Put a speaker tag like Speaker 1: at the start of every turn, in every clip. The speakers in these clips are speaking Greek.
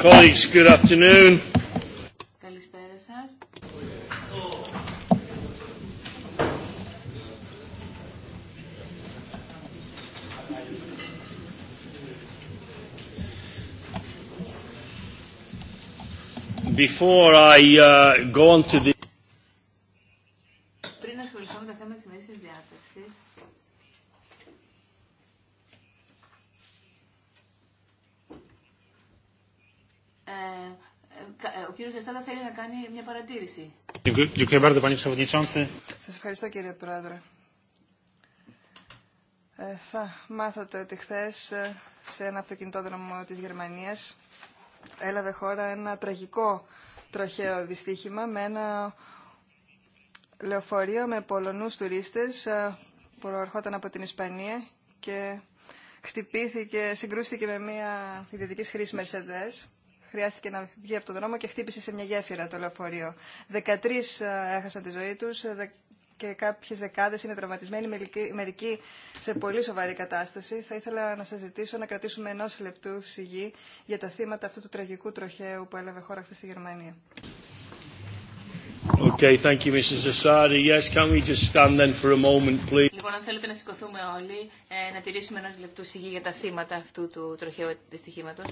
Speaker 1: Colleagues, good afternoon. Before I go on to the
Speaker 2: Σας ευχαριστώ κύριε Πρόεδρε. Ε, θα μάθατε ότι χθε ε, σε ένα αυτοκινητόδρομο της Γερμανίας έλαβε χώρα ένα τραγικό τροχαίο δυστύχημα με ένα λεωφορείο με Πολωνούς τουρίστες ε, που προερχόταν από την Ισπανία και χτυπήθηκε, συγκρούστηκε με μια ιδιωτική χρήση Mercedes χρειάστηκε να βγει από το δρόμο και χτύπησε σε μια γέφυρα το λεωφορείο. 13 ε, έχασαν τη ζωή του ε, και κάποιες δεκάδε είναι τραυματισμένοι, μερικοί σε πολύ σοβαρή κατάσταση. Θα ήθελα να σα ζητήσω να κρατήσουμε ενό λεπτού σιγή για τα θύματα αυτού του τραγικού τροχαίου που έλαβε χώρα χθε στη Γερμανία.
Speaker 1: Okay, thank you, Mrs. Asadi. Yes, can we just stand then for a moment, please?
Speaker 2: Λοιπόν, αν θέλετε να σηκωθούμε όλοι, ε,
Speaker 3: να τηρήσουμε ένα λεπτού σιγή για τα θύματα αυτού του τροχαίου δυστυχήματος.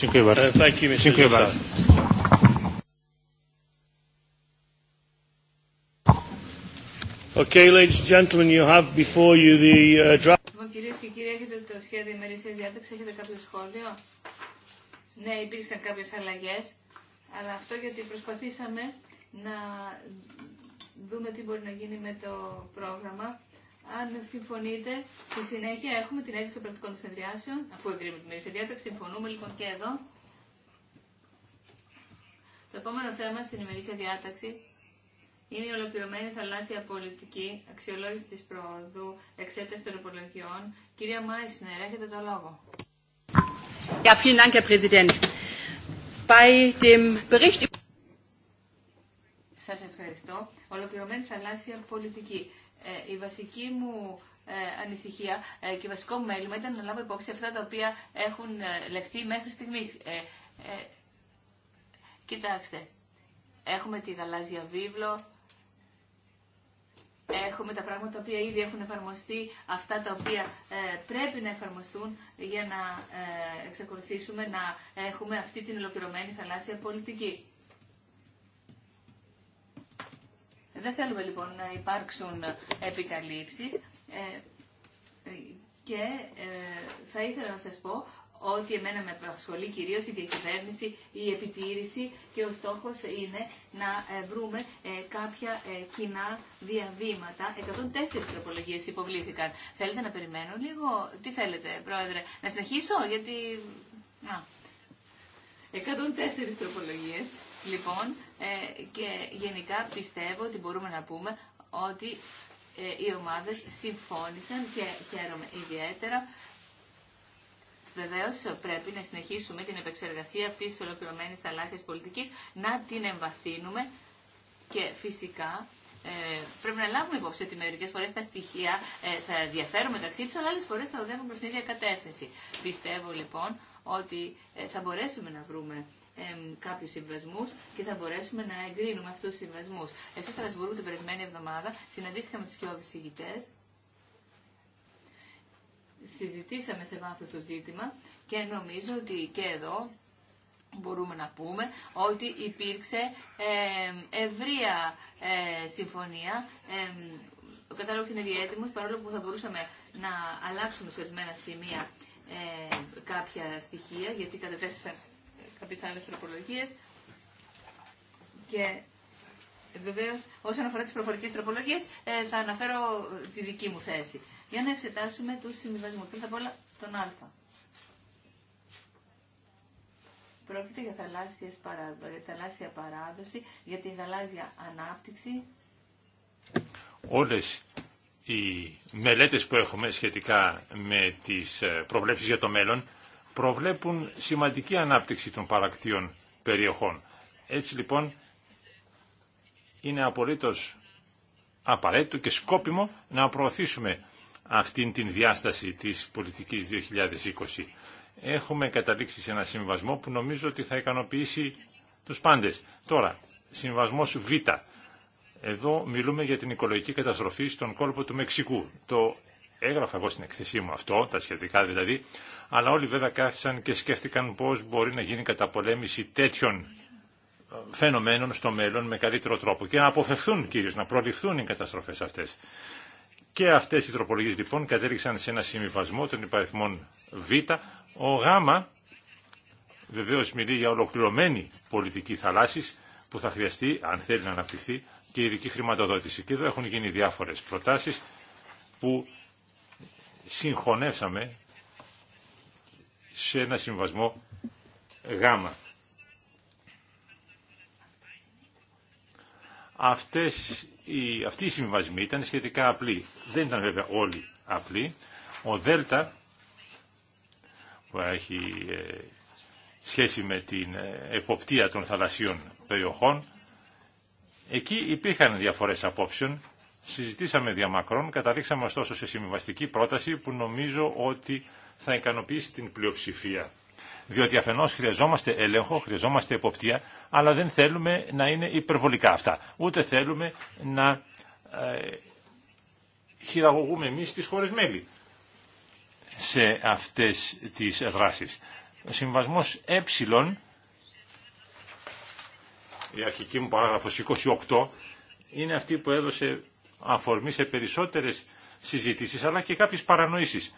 Speaker 4: Dziękuję bardzo. E, thank Dziękuję bardzo.
Speaker 1: Okay, ladies and gentlemen, you have before you the uh, draft.
Speaker 3: Λοιπόν, κυρίες και κύριοι, έχετε το σχέδιο ημερησίας διάταξης, έχετε κάποιο σχόλιο. Ναι, υπήρξαν κάποιες αλλαγές, αλλά αυτό γιατί προσπαθήσαμε να δούμε τι μπορεί να γίνει με το πρόγραμμα αν συμφωνείτε, στη συνέχεια έχουμε την έκδοση των πρακτικών των συνεδριάσεων, αφού εγκρίνουμε την ημερήσια διάταξη. Συμφωνούμε λοιπόν και εδώ. Το επόμενο θέμα στην ημερήσια διάταξη είναι η ολοκληρωμένη θαλάσσια πολιτική αξιολόγηση τη προοδού εξέταση των υπολογιών. Κυρία Μάισνερ, έχετε το λόγο. Ja, vielen Dank, Herr Präsident. Bei dem Bericht Σα ευχαριστώ. Ολοκληρωμένη θαλάσσια πολιτική. Ε, η βασική μου ε, ανησυχία ε, και βασικό μου μέλημα ήταν να λάβω υπόψη αυτά τα οποία έχουν λεχθεί μέχρι στιγμής. Κοιτάξτε, έχουμε τη γαλάζια βίβλο, έχουμε τα πράγματα τα οποία ήδη έχουν εφαρμοστεί, αυτά τα οποία πρέπει να εφαρμοστούν για να ε, εξακολουθήσουμε να έχουμε αυτή την ολοκληρωμένη θαλάσσια πολιτική. Δεν θέλουμε λοιπόν να υπάρξουν επικαλύψεις ε, και ε, θα ήθελα να σας πω ότι εμένα με απασχολεί κυρίως η διακυβέρνηση, η επιτήρηση και ο στόχος είναι να ε, βρούμε κάποια κοινά διαβήματα. 104 τροπολογίες υποβλήθηκαν. Θέλετε να περιμένω λίγο. Τι θέλετε, Πρόεδρε, να συνεχίσω, γιατί... Να. 104 τροπολογίες, λοιπόν, ε, και γενικά πιστεύω ότι μπορούμε να πούμε ότι ε, οι ομάδες συμφώνησαν και χαίρομαι ιδιαίτερα. Βεβαίω πρέπει να συνεχίσουμε την επεξεργασία αυτή τη ολοκληρωμένη θαλάσσια πολιτική, να την εμβαθύνουμε και φυσικά ε, πρέπει να λάβουμε υπόψη ότι μερικέ φορέ τα στοιχεία ε, θα διαφέρουν μεταξύ του, αλλά άλλε φορέ θα οδεύουν προ την ίδια κατεύθυνση. Πιστεύω λοιπόν ότι θα μπορέσουμε να βρούμε κάποιου συμβασμού και θα μπορέσουμε να εγκρίνουμε αυτού του συμβασμού. Εσεί στο Στρασβούργο την περασμένη εβδομάδα συναντήθηκα με του κοιόδου ηγητέ. Συζητήσαμε σε βάθο το ζήτημα και νομίζω ότι και εδώ μπορούμε να πούμε ότι υπήρξε ε, ευρεία συμφωνία. Ε, ο κατάλογος είναι διέτοιμο, παρόλο που θα μπορούσαμε να αλλάξουμε σε ορισμένα σημεία ε, κάποια στοιχεία, γιατί κατατέθησαν τις άλλε τροπολογίες. Και βεβαίω, όσον αφορά τις προφορικές τροπολογίες, ε, θα αναφέρω ε, τη δική μου θέση. Για να εξετάσουμε του συμβιβασμού Πρώτα απ' όλα τον Α. Πρόκειται για, θαλάσσιες θαλάσσια παράδοση, για την θαλάσσια ανάπτυξη.
Speaker 4: Όλες οι μελέτες που έχουμε σχετικά με τις ε, προβλέψεις για το μέλλον προβλέπουν σημαντική ανάπτυξη των παρακτήων περιοχών. Έτσι λοιπόν είναι απολύτως απαραίτητο και σκόπιμο να προωθήσουμε αυτήν την διάσταση της πολιτικής 2020. Έχουμε καταλήξει σε ένα συμβασμό που νομίζω ότι θα ικανοποιήσει τους πάντες. Τώρα, συμβασμός Β. Εδώ μιλούμε για την οικολογική καταστροφή στον κόλπο του Μεξικού. Το έγραφα εγώ στην εκθεσή μου αυτό, τα σχετικά δηλαδή, αλλά όλοι βέβαια κάθισαν και σκέφτηκαν πώς μπορεί να γίνει καταπολέμηση τέτοιων ε, φαινομένων στο μέλλον με καλύτερο τρόπο και να αποφευθούν κυρίως, να προληφθούν οι καταστροφές αυτές. Και αυτές οι τροπολογίες λοιπόν κατέληξαν σε ένα συμβιβασμό των υπαριθμών Β. Ο Γ βεβαίως μιλεί για ολοκληρωμένη πολιτική θαλάσσης που θα χρειαστεί, αν θέλει να αναπτυχθεί, και ειδική χρηματοδότηση. Και εδώ έχουν γίνει διάφορες προτάσεις που συγχωνεύσαμε σε ένα συμβασμό Γ. Αυτές οι, αυτοί οι συμβασμοί ήταν σχετικά απλή. Δεν ήταν βέβαια όλοι απλοί. Ο Δέλτα που έχει ε, σχέση με την ε, εποπτεία των θαλασσίων περιοχών εκεί υπήρχαν διαφορές απόψεων. Συζητήσαμε διαμακρών, καταλήξαμε ωστόσο σε συμβαστική πρόταση που νομίζω ότι θα ικανοποιήσει την πλειοψηφία. Διότι αφενός χρειαζόμαστε έλεγχο, χρειαζόμαστε εποπτεία, αλλά δεν θέλουμε να είναι υπερβολικά αυτά. Ούτε θέλουμε να ε, χειραγωγούμε εμεί τι χώρες μέλη σε αυτές τις δράσει. Ο συμβασμό ε, η αρχική μου παράγραφος 28, είναι αυτή που έδωσε αφορμή σε περισσότερε συζητήσεις αλλά και κάποιε παρανοήσει.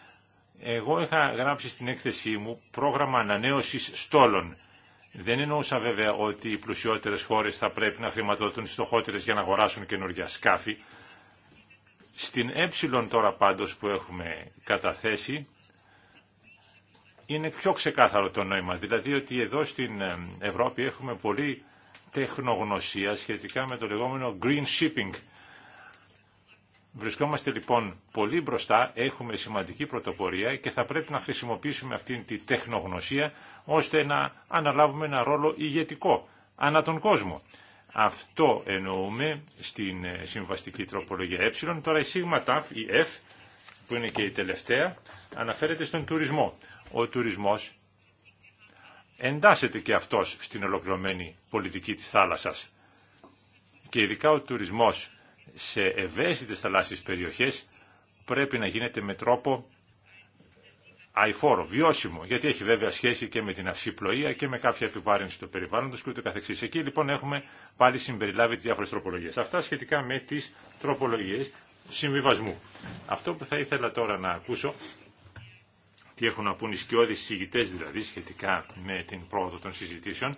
Speaker 4: Εγώ είχα γράψει στην έκθεσή μου πρόγραμμα ανανέωση στόλων. Δεν εννοούσα βέβαια ότι οι πλουσιότερες χώρες θα πρέπει να χρηματοδοτούν τις για να αγοράσουν καινούργια σκάφη. Στην ε τώρα πάντως που έχουμε καταθέσει είναι πιο ξεκάθαρο το νόημα. Δηλαδή ότι εδώ στην ε, Ευρώπη έχουμε πολύ τεχνογνωσία σχετικά με το λεγόμενο green shipping Βρισκόμαστε λοιπόν πολύ μπροστά, έχουμε σημαντική πρωτοπορία και θα πρέπει να χρησιμοποιήσουμε αυτήν τη τεχνογνωσία ώστε να αναλάβουμε ένα ρόλο ηγετικό ανά τον κόσμο. Αυτό εννοούμε στην ε, συμβαστική τροπολογία ε. Τώρα η σίγμα ταφ, η F, που είναι και η τελευταία, αναφέρεται στον τουρισμό. Ο τουρισμός εντάσσεται και αυτός στην ολοκληρωμένη πολιτική της θάλασσας. Και ειδικά ο τουρισμός σε ευαίσθητες θαλάσσιες περιοχές πρέπει να γίνεται με τρόπο αηφόρο, βιώσιμο, γιατί έχει βέβαια σχέση και με την αυσιπλοεία και με κάποια επιβάρυνση του περιβάλλοντος και ούτω καθεξής. Εκεί λοιπόν έχουμε πάλι συμπεριλάβει τις διάφορες τροπολογίες. Αυτά σχετικά με τις τροπολογίες συμβιβασμού. Αυτό που θα ήθελα τώρα να ακούσω, τι έχουν να πούν οι σκιώδεις συζητητές δηλαδή σχετικά με την πρόοδο των συζητήσεων,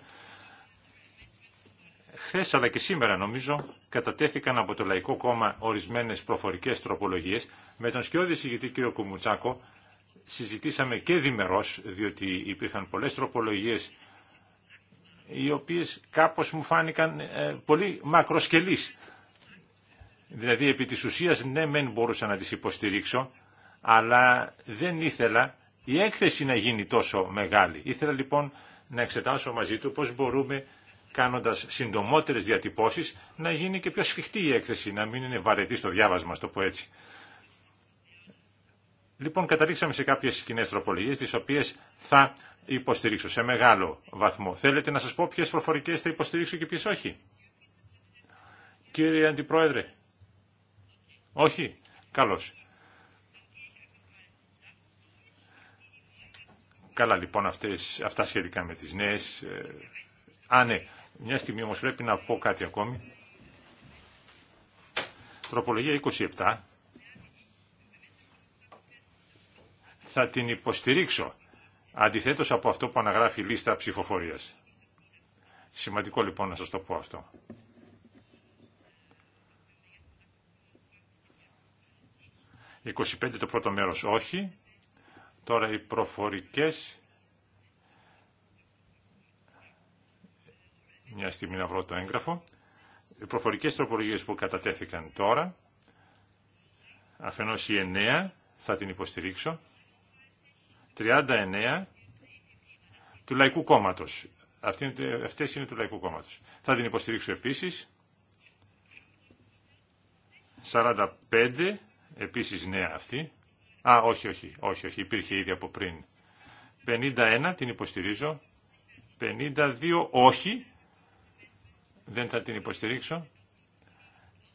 Speaker 4: χθε αλλά και σήμερα νομίζω κατατέθηκαν από το Λαϊκό Κόμμα ορισμένες προφορικές τροπολογίες. Με τον σκιώδη συγητή κ. Κουμουτσάκο συζητήσαμε και διμερό, διότι υπήρχαν πολλές τροπολογίες οι οποίες κάπως μου φάνηκαν ε, πολύ μακροσκελεί. Δηλαδή επί της ουσίας ναι μεν μπορούσα να τις υποστηρίξω, αλλά δεν ήθελα η έκθεση να γίνει τόσο μεγάλη. Ήθελα λοιπόν να εξετάσω μαζί του πώς μπορούμε κάνοντας συντομότερες διατυπώσεις, να γίνει και πιο σφιχτή η έκθεση, να μην είναι βαρετή στο διάβασμα, στο πω έτσι. Λοιπόν, καταλήξαμε σε κάποιες κοινέ τροπολογίες, τις οποίες θα υποστηρίξω σε μεγάλο βαθμό. Θέλετε να σας πω ποιες προφορικές θα υποστηρίξω και ποιες όχι. Κύριε Αντιπρόεδρε. Όχι. Καλώς. Καλά λοιπόν αυτές, αυτά σχετικά με τις νέες. Ε, Α, ναι. Μια στιγμή όμως πρέπει να πω κάτι ακόμη. Τροπολογία 27. Θα την υποστηρίξω, αντιθέτως από αυτό που αναγράφει η λίστα ψηφοφορίας. Σημαντικό λοιπόν να σας το πω αυτό. «25 το πρώτο μέρος όχι». Τώρα οι προφορικές μια στιγμή να βρω το έγγραφο, οι προφορικές τροπολογίες που κατατέθηκαν τώρα, αφενός η 9, θα την υποστηρίξω, 39 του Λαϊκού Κόμματος. Αυτές είναι του Λαϊκού Κόμματος. Θα την υποστηρίξω επίσης. 45, επίσης νέα αυτή. Α, όχι, όχι, όχι, όχι, υπήρχε ήδη από πριν. 51 την υποστηρίζω. 52 όχι, δεν θα την υποστηρίξω,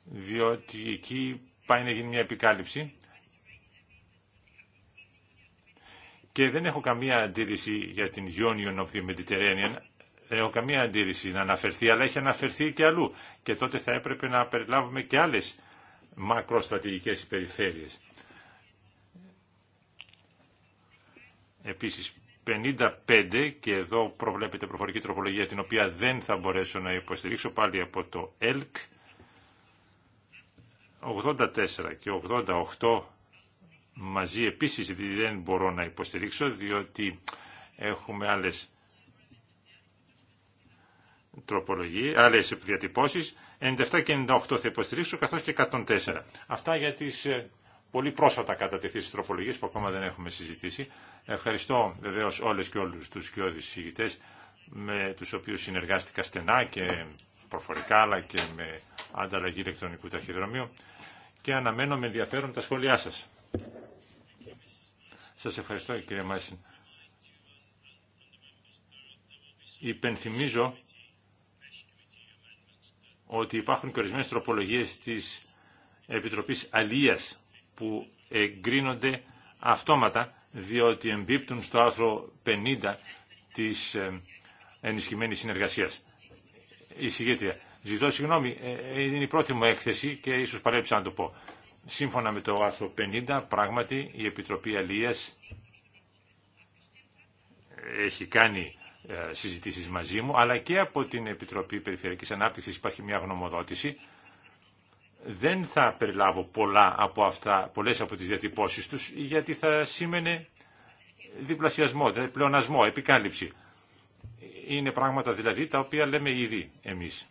Speaker 4: διότι εκεί πάει να γίνει μια επικάλυψη και δεν έχω καμία αντίρρηση για την Union of the Mediterranean, δεν έχω καμία αντίρρηση να αναφερθεί, αλλά έχει αναφερθεί και αλλού και τότε θα έπρεπε να περιλάβουμε και άλλες μακροστρατηγικές περιφέρειες. Επίσης, 55 και εδώ προβλέπεται προφορική τροπολογία την οποία δεν θα μπορέσω να υποστηρίξω πάλι από το ΕΛΚ 84 και 88 μαζί επίσης δεν μπορώ να υποστηρίξω διότι έχουμε άλλες τροπολογίες, άλλες διατυπώσεις 97 και 98 θα υποστηρίξω καθώς και 104 αυτά για τις ε, πολύ πρόσφατα κατατεθεί στις τροπολογίες που ακόμα δεν έχουμε συζητήσει. Ευχαριστώ βεβαίω όλες και όλους τους κοιόδης συζητητές με τους οποίους συνεργάστηκα στενά και προφορικά αλλά και με ανταλλαγή ηλεκτρονικού ταχυδρομείου και αναμένω με ενδιαφέρον τα σχόλιά σας. Σας ευχαριστώ κύριε Μάσιν. Υπενθυμίζω ότι υπάρχουν και ορισμένες τροπολογίες της Επιτροπής Αλίας που εγκρίνονται αυτόματα διότι εμπίπτουν στο άρθρο 50 της ε, ενισχυμένης συνεργασίας. Η Ζητώ συγγνώμη, ε, ε, είναι η πρώτη μου έκθεση και ίσως παρέψα να το πω. Σύμφωνα με το άρθρο 50, πράγματι η Επιτροπή Αλίας έχει κάνει συζητήσεις μαζί μου, αλλά και από την Επιτροπή Περιφερειακής Ανάπτυξης υπάρχει μια γνωμοδότηση δεν θα περιλάβω πολλά από αυτά, πολλές από τις διατυπώσεις τους, γιατί θα σήμαινε διπλασιασμό, πλεονασμό, επικάλυψη. Είναι πράγματα δηλαδή τα οποία λέμε ήδη εμείς.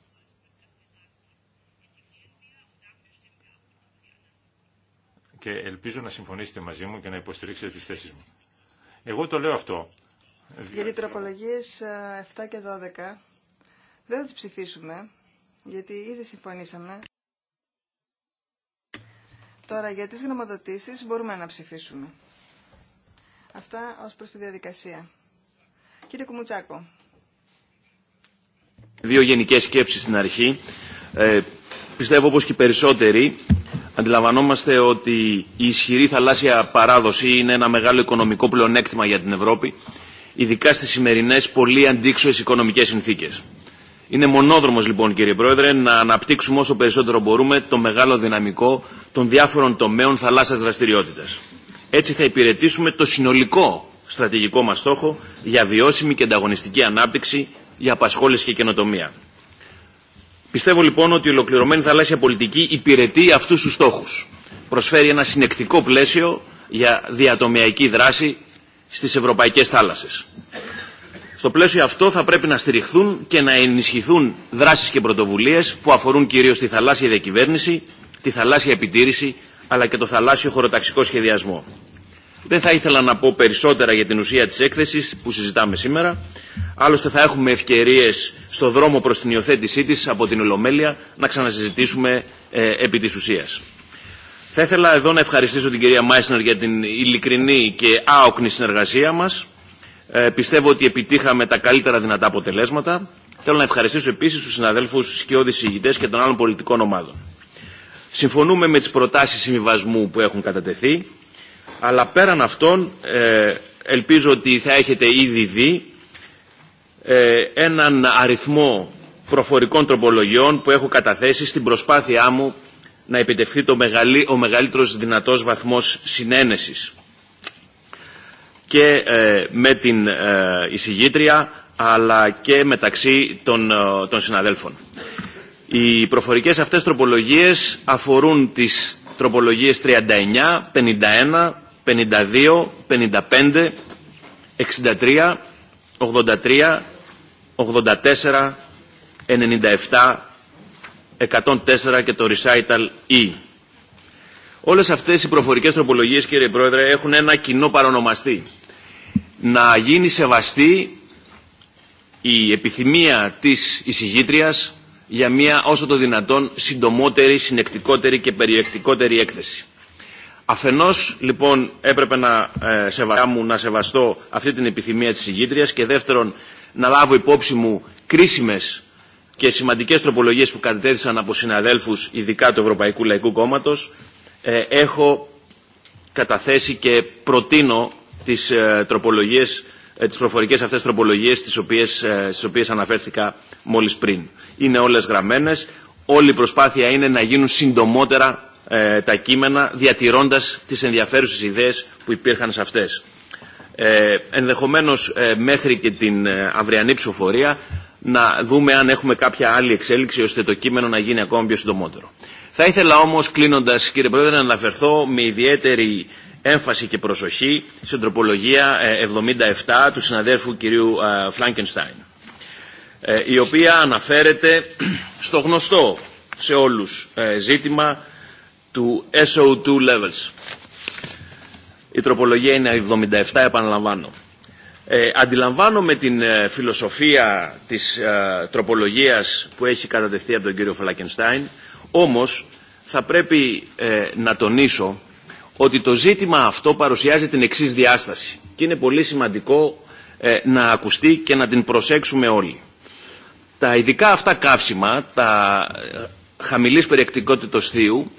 Speaker 4: Και ελπίζω να συμφωνήσετε μαζί μου και να υποστηρίξετε τις θέσεις μου. Εγώ το λέω αυτό. Γιατί
Speaker 2: τροπολογίες 7 ε, και 12 δεν θα τις ψηφίσουμε, γιατί ήδη συμφωνήσαμε. Τώρα για τις γνωμοδοτήσεις μπορούμε να ψηφίσουμε. Αυτά ως προς τη διαδικασία. Κύριε Κουμουτσάκο.
Speaker 1: Δύο γενικές σκέψεις στην αρχή. Ε, πιστεύω όπως και οι περισσότεροι αντιλαμβανόμαστε ότι η ισχυρή θαλάσσια παράδοση είναι ένα μεγάλο οικονομικό πλεονέκτημα για την Ευρώπη, ειδικά στις σημερινές πολύ αντίξωες οικονομικές συνθήκες. Είναι μονόδρομος λοιπόν κύριε Πρόεδρε να αναπτύξουμε όσο περισσότερο μπορούμε το μεγάλο δυναμικό των διάφορων τομέων θαλάσσας δραστηριότητα. Έτσι θα υπηρετήσουμε το συνολικό στρατηγικό μας στόχο για βιώσιμη και ανταγωνιστική ανάπτυξη, για απασχόληση και καινοτομία. Πιστεύω λοιπόν ότι η ολοκληρωμένη θαλάσσια πολιτική υπηρετεί αυτούς τους στόχους. Προσφέρει ένα συνεκτικό πλαίσιο για διατομιακή δράση στις ευρωπαϊκές θάλασσες. Στο πλαίσιο αυτό θα πρέπει να στηριχθούν και να ενισχυθούν δράσεις και πρωτοβουλίες που αφορούν κυρίως τη θαλάσσια διακυβέρνηση, τη θαλάσσια επιτήρηση αλλά και το θαλάσσιο χωροταξικό σχεδιασμό. Δεν θα ήθελα να πω περισσότερα για την ουσία της έκθεσης που συζητάμε σήμερα. Άλλωστε θα έχουμε ευκαιρίες στο δρόμο προς την υιοθέτησή της από την Ολομέλεια να ξανασυζητήσουμε ε, επί της ουσίας. Θα ήθελα εδώ να ευχαριστήσω την κυρία Μάισνερ για την ειλικρινή και άοκνη συνεργασία μας. Ε, πιστεύω ότι επιτύχαμε τα καλύτερα δυνατά αποτελέσματα. Θέλω να ευχαριστήσω επίσης τους συναδέλφους σκιώδεις ηγητές και των άλλων πολιτικών ομάδων. Συμφωνούμε με τις προτάσεις συμβιβασμού που έχουν κατατεθεί, αλλά πέραν αυτών ε, ελπίζω ότι θα έχετε ήδη δει ε, έναν αριθμό προφορικών τροπολογιών που έχω καταθέσει στην προσπάθειά μου να επιτευχθεί το ο μεγαλύτερος δυνατός βαθμός συνένεσης. Και ε, με την εισηγήτρια αλλά και μεταξύ των, των συναδέλφων. Οι προφορικές αυτές τροπολογίες αφορούν τις τροπολογίες 39, 51, 52, 55, 63, 83, 84, 97, 104 και το Recital E. Όλες αυτές οι προφορικές τροπολογίες, κύριε Πρόεδρε, έχουν ένα κοινό παρονομαστή. Να γίνει σεβαστή η επιθυμία της εισηγήτριας για μια όσο το δυνατόν συντομότερη, συνεκτικότερη και περιεκτικότερη έκθεση. Αφενός, λοιπόν, έπρεπε να, ε, να σεβαστώ αυτή την επιθυμία της συγκήτριας και δεύτερον, να λάβω υπόψη μου κρίσιμες και σημαντικές τροπολογίες που κατέθεσαν από συναδέλφους, ειδικά του Ευρωπαϊκού Λαϊκού Κόμματος. Ε, έχω καταθέσει και προτείνω τις, ε, τροπολογίες, ε, τις προφορικές αυτές τροπολογίες στις οποίες, ε, στις οποίες αναφέρθηκα μόλις πριν. Είναι όλες γραμμένες, όλη η προσπάθεια είναι να γίνουν συντομότερα ε, τα κείμενα, διατηρώντας τις ενδιαφέρουσες ιδέες που υπήρχαν σε αυτές. Ε, ενδεχομένως ε, μέχρι και την ε, αυριανή ψηφοφορία να δούμε αν έχουμε κάποια άλλη εξέλιξη ώστε το κείμενο να γίνει ακόμα πιο συντομότερο. Θα ήθελα όμως κλείνοντας κύριε Πρόεδρε να αναφερθώ με ιδιαίτερη έμφαση και προσοχή στην τροπολογία 77 του συναδέλφου κυρίου Φλάνκενστάιν. Ε, η οποία αναφέρεται στο γνωστό σε όλους ε, ζήτημα του SO2 levels. Η τροπολογία είναι 77, επαναλαμβάνω. Ε, αντιλαμβάνομαι την φιλοσοφία της τροπολογίας που έχει κατατεθεί από τον κύριο Φλακενστάιν, όμως θα πρέπει να τονίσω ότι το ζήτημα αυτό παρουσιάζει την εξής διάσταση και είναι πολύ σημαντικό να ακουστεί και να την προσέξουμε όλοι. Τα ειδικά αυτά καύσιμα, τα ε, χαμηλής περιεκτικότητος θείου,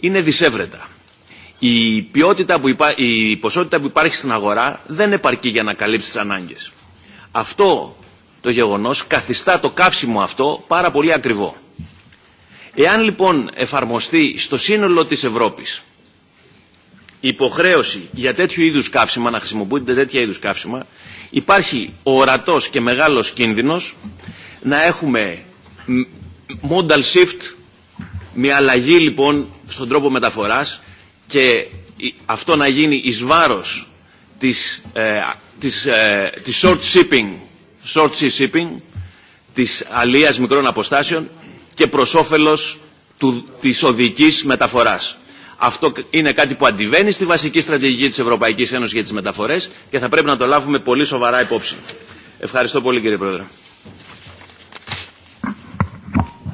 Speaker 1: είναι δυσέβρετα. Η, ποιότητα η ποσότητα που υπάρχει στην αγορά δεν επαρκεί για να καλύψει τις ανάγκες. Αυτό το γεγονός καθιστά το καύσιμο αυτό πάρα πολύ ακριβό. Εάν λοιπόν εφαρμοστεί στο σύνολο της Ευρώπης η υποχρέωση για τέτοιου είδους καύσιμα, να χρησιμοποιούνται τέτοια είδους καύσιμα, υπάρχει ορατός και μεγάλος κίνδυνος να έχουμε modal shift, μια αλλαγή λοιπόν στον τρόπο μεταφοράς και αυτό να γίνει εις βάρος της, ε, της, ε, της short shipping, short sea shipping, της αλίας μικρών αποστάσεων και προς όφελος του, της οδικής μεταφοράς. Αυτό είναι κάτι που αντιβαίνει στη βασική στρατηγική της Ευρωπαϊκής Ένωσης για τις μεταφορές και θα πρέπει να το λάβουμε πολύ σοβαρά υπόψη. Ευχαριστώ πολύ κύριε Πρόεδρε.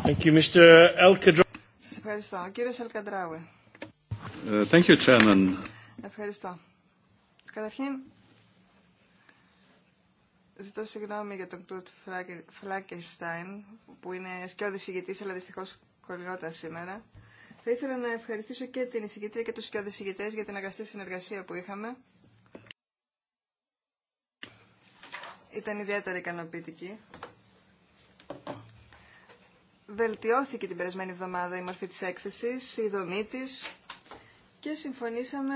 Speaker 1: Thank you,
Speaker 2: ευχαριστώ. Ο κύριος Αλκαντράουε. Ευχαριστώ. Καταρχήν, ζητώ συγγνώμη για τον Κλουτ Φλάκενστάιν, που είναι σκιώδη ηγητή, αλλά δυστυχώ σήμερα. Θα ήθελα να ευχαριστήσω και την εισηγητρία και του σκιώδη ηγητέ για την αγαστή συνεργασία που είχαμε. Ήταν ιδιαίτερα ικανοποιητική βελτιώθηκε την περασμένη εβδομάδα η μορφή της έκθεσης, η δομή της και συμφωνήσαμε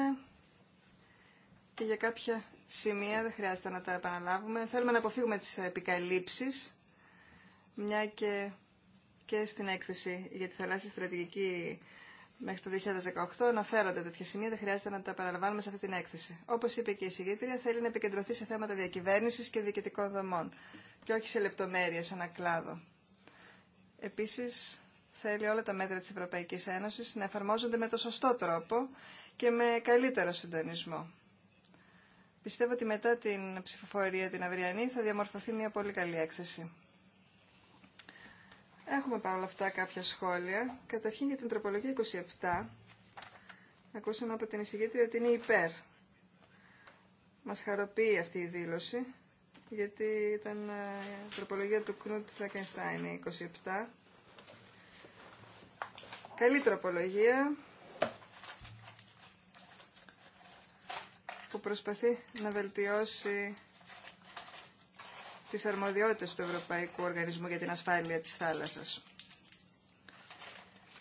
Speaker 2: και για κάποια σημεία, δεν χρειάζεται να τα επαναλάβουμε. Θέλουμε να αποφύγουμε τις επικαλύψεις, μια και, στην έκθεση για τη θαλάσσια στρατηγική μέχρι το 2018 αναφέρονται τέτοια σημεία, δεν χρειάζεται να τα παραλαμβάνουμε σε αυτή την έκθεση. Όπω είπε και η συγγήτρια, θέλει να επικεντρωθεί σε θέματα διακυβέρνηση και διοικητικών δομών και όχι σε λεπτομέρειε ανακλάδο. Επίσης, θέλει όλα τα μέτρα της Ευρωπαϊκής Ένωσης να εφαρμόζονται με το σωστό τρόπο και με καλύτερο συντονισμό. Πιστεύω ότι μετά την ψηφοφορία την αυριανή θα διαμορφωθεί μια πολύ καλή έκθεση. Έχουμε παρόλα αυτά κάποια σχόλια. Καταρχήν για την τροπολογία 27. Ακούσαμε από την εισηγήτρια ότι είναι υπέρ. Μας χαροποιεί αυτή η δήλωση γιατί ήταν ε, η τροπολογία του Κνούτ Φλακενστάιν, 27. Καλή τροπολογία που προσπαθεί να βελτιώσει τις αρμοδιότητες του Ευρωπαϊκού Οργανισμού για την Ασφάλεια της Θάλασσας.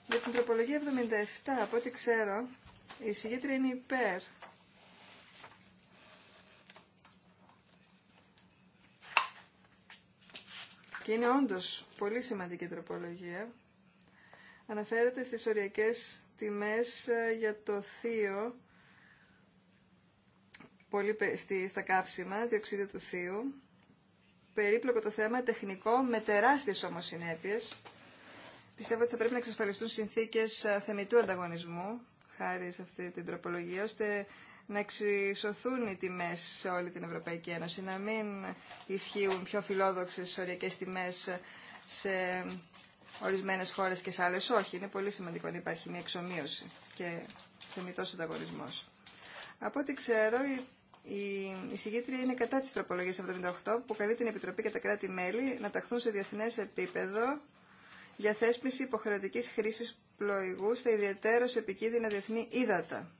Speaker 2: Για την τροπολογία 77, από ό,τι ξέρω, η συγκέντρια είναι υπέρ και είναι όντως πολύ σημαντική τροπολογία, αναφέρεται στις οριακές τιμές ε, για το θείο, πολύ, στα κάψιμα, διοξίδιο του θείου. Περίπλοκο το θέμα, τεχνικό, με τεράστιες όμως συνέπειες. Πιστεύω ότι θα πρέπει να εξασφαλιστούν συνθήκες ε, θεμητού ανταγωνισμού, χάρη σε αυτή την τροπολογία, ώστε να εξισωθούν οι τιμές σε όλη την Ευρωπαϊκή Ένωση, να μην ισχύουν πιο φιλόδοξες οριακέ τιμές σε ορισμένες χώρες και σε άλλες όχι. Είναι πολύ σημαντικό να υπάρχει μια εξομοίωση και θεμητός ανταγωνισμός. Από ό,τι ξέρω, η εισηγήτρια είναι κατά της τροπολογίας 78 που καλεί την Επιτροπή και τα κράτη-μέλη να ταχθούν σε διεθνές επίπεδο για θέσπιση υποχρεωτικής χρήσης πλοηγού στα ιδιαίτερως επικίνδυνα διεθνή ύδατα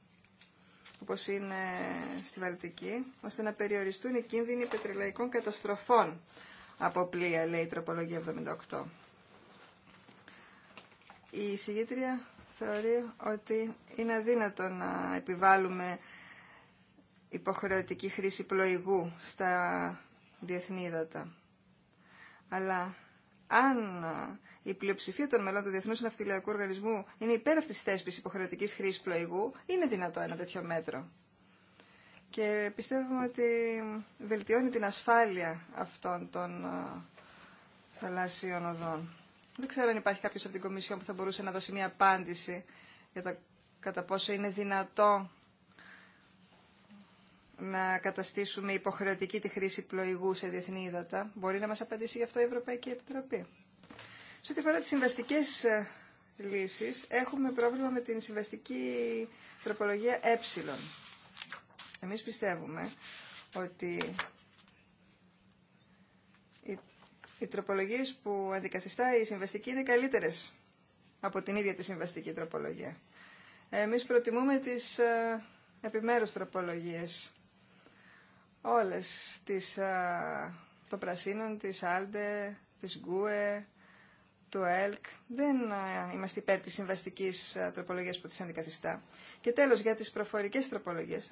Speaker 2: όπως είναι στη Βαλτική, ώστε να περιοριστούν οι κίνδυνοι πετρελαϊκών καταστροφών από πλοία, λέει η τροπολογία 78. Η εισηγήτρια θεωρεί ότι είναι αδύνατο να επιβάλλουμε υποχρεωτική χρήση πλοηγού στα διεθνή ύδατα. Αλλά αν ε, η πλειοψηφία των μελών του Διεθνούς Ναυτιλιακού Οργανισμού είναι υπέρ αυτής της θέσπης υποχρεωτικής χρήσης πλοηγού, είναι δυνατό ένα τέτοιο μέτρο. Και πιστεύουμε ότι βελτιώνει την ασφάλεια αυτών των ε, θαλάσσιων οδών. Δεν ξέρω αν υπάρχει κάποιος από την Κομισιόν που θα μπορούσε να δώσει μια απάντηση για κατά πόσο είναι δυνατό να καταστήσουμε υποχρεωτική τη χρήση πλοηγού σε διεθνή ύδατα. Μπορεί να μας απαντήσει γι' αυτό η Ευρωπαϊκή Επιτροπή. Σε ό,τι αφορά τις συμβαστικές ε, λύσεις, έχουμε πρόβλημα με την συμβαστική τροπολογία ε. Εμείς πιστεύουμε ότι οι τροπολογίες που αντικαθιστά η συμβαστική είναι καλύτερες από την ίδια τη συμβαστική τροπολογία. Εμείς προτιμούμε τις ε, επιμέρους τροπολογίες όλες τις, το πρασίνων, της Άλντε, της Γκούε, του ΕΛΚ. Δεν είμαστε υπέρ της συμβαστικής τροπολογίας που τις αντικαθιστά. Και τέλος, για τις προφορικές τροπολογίες,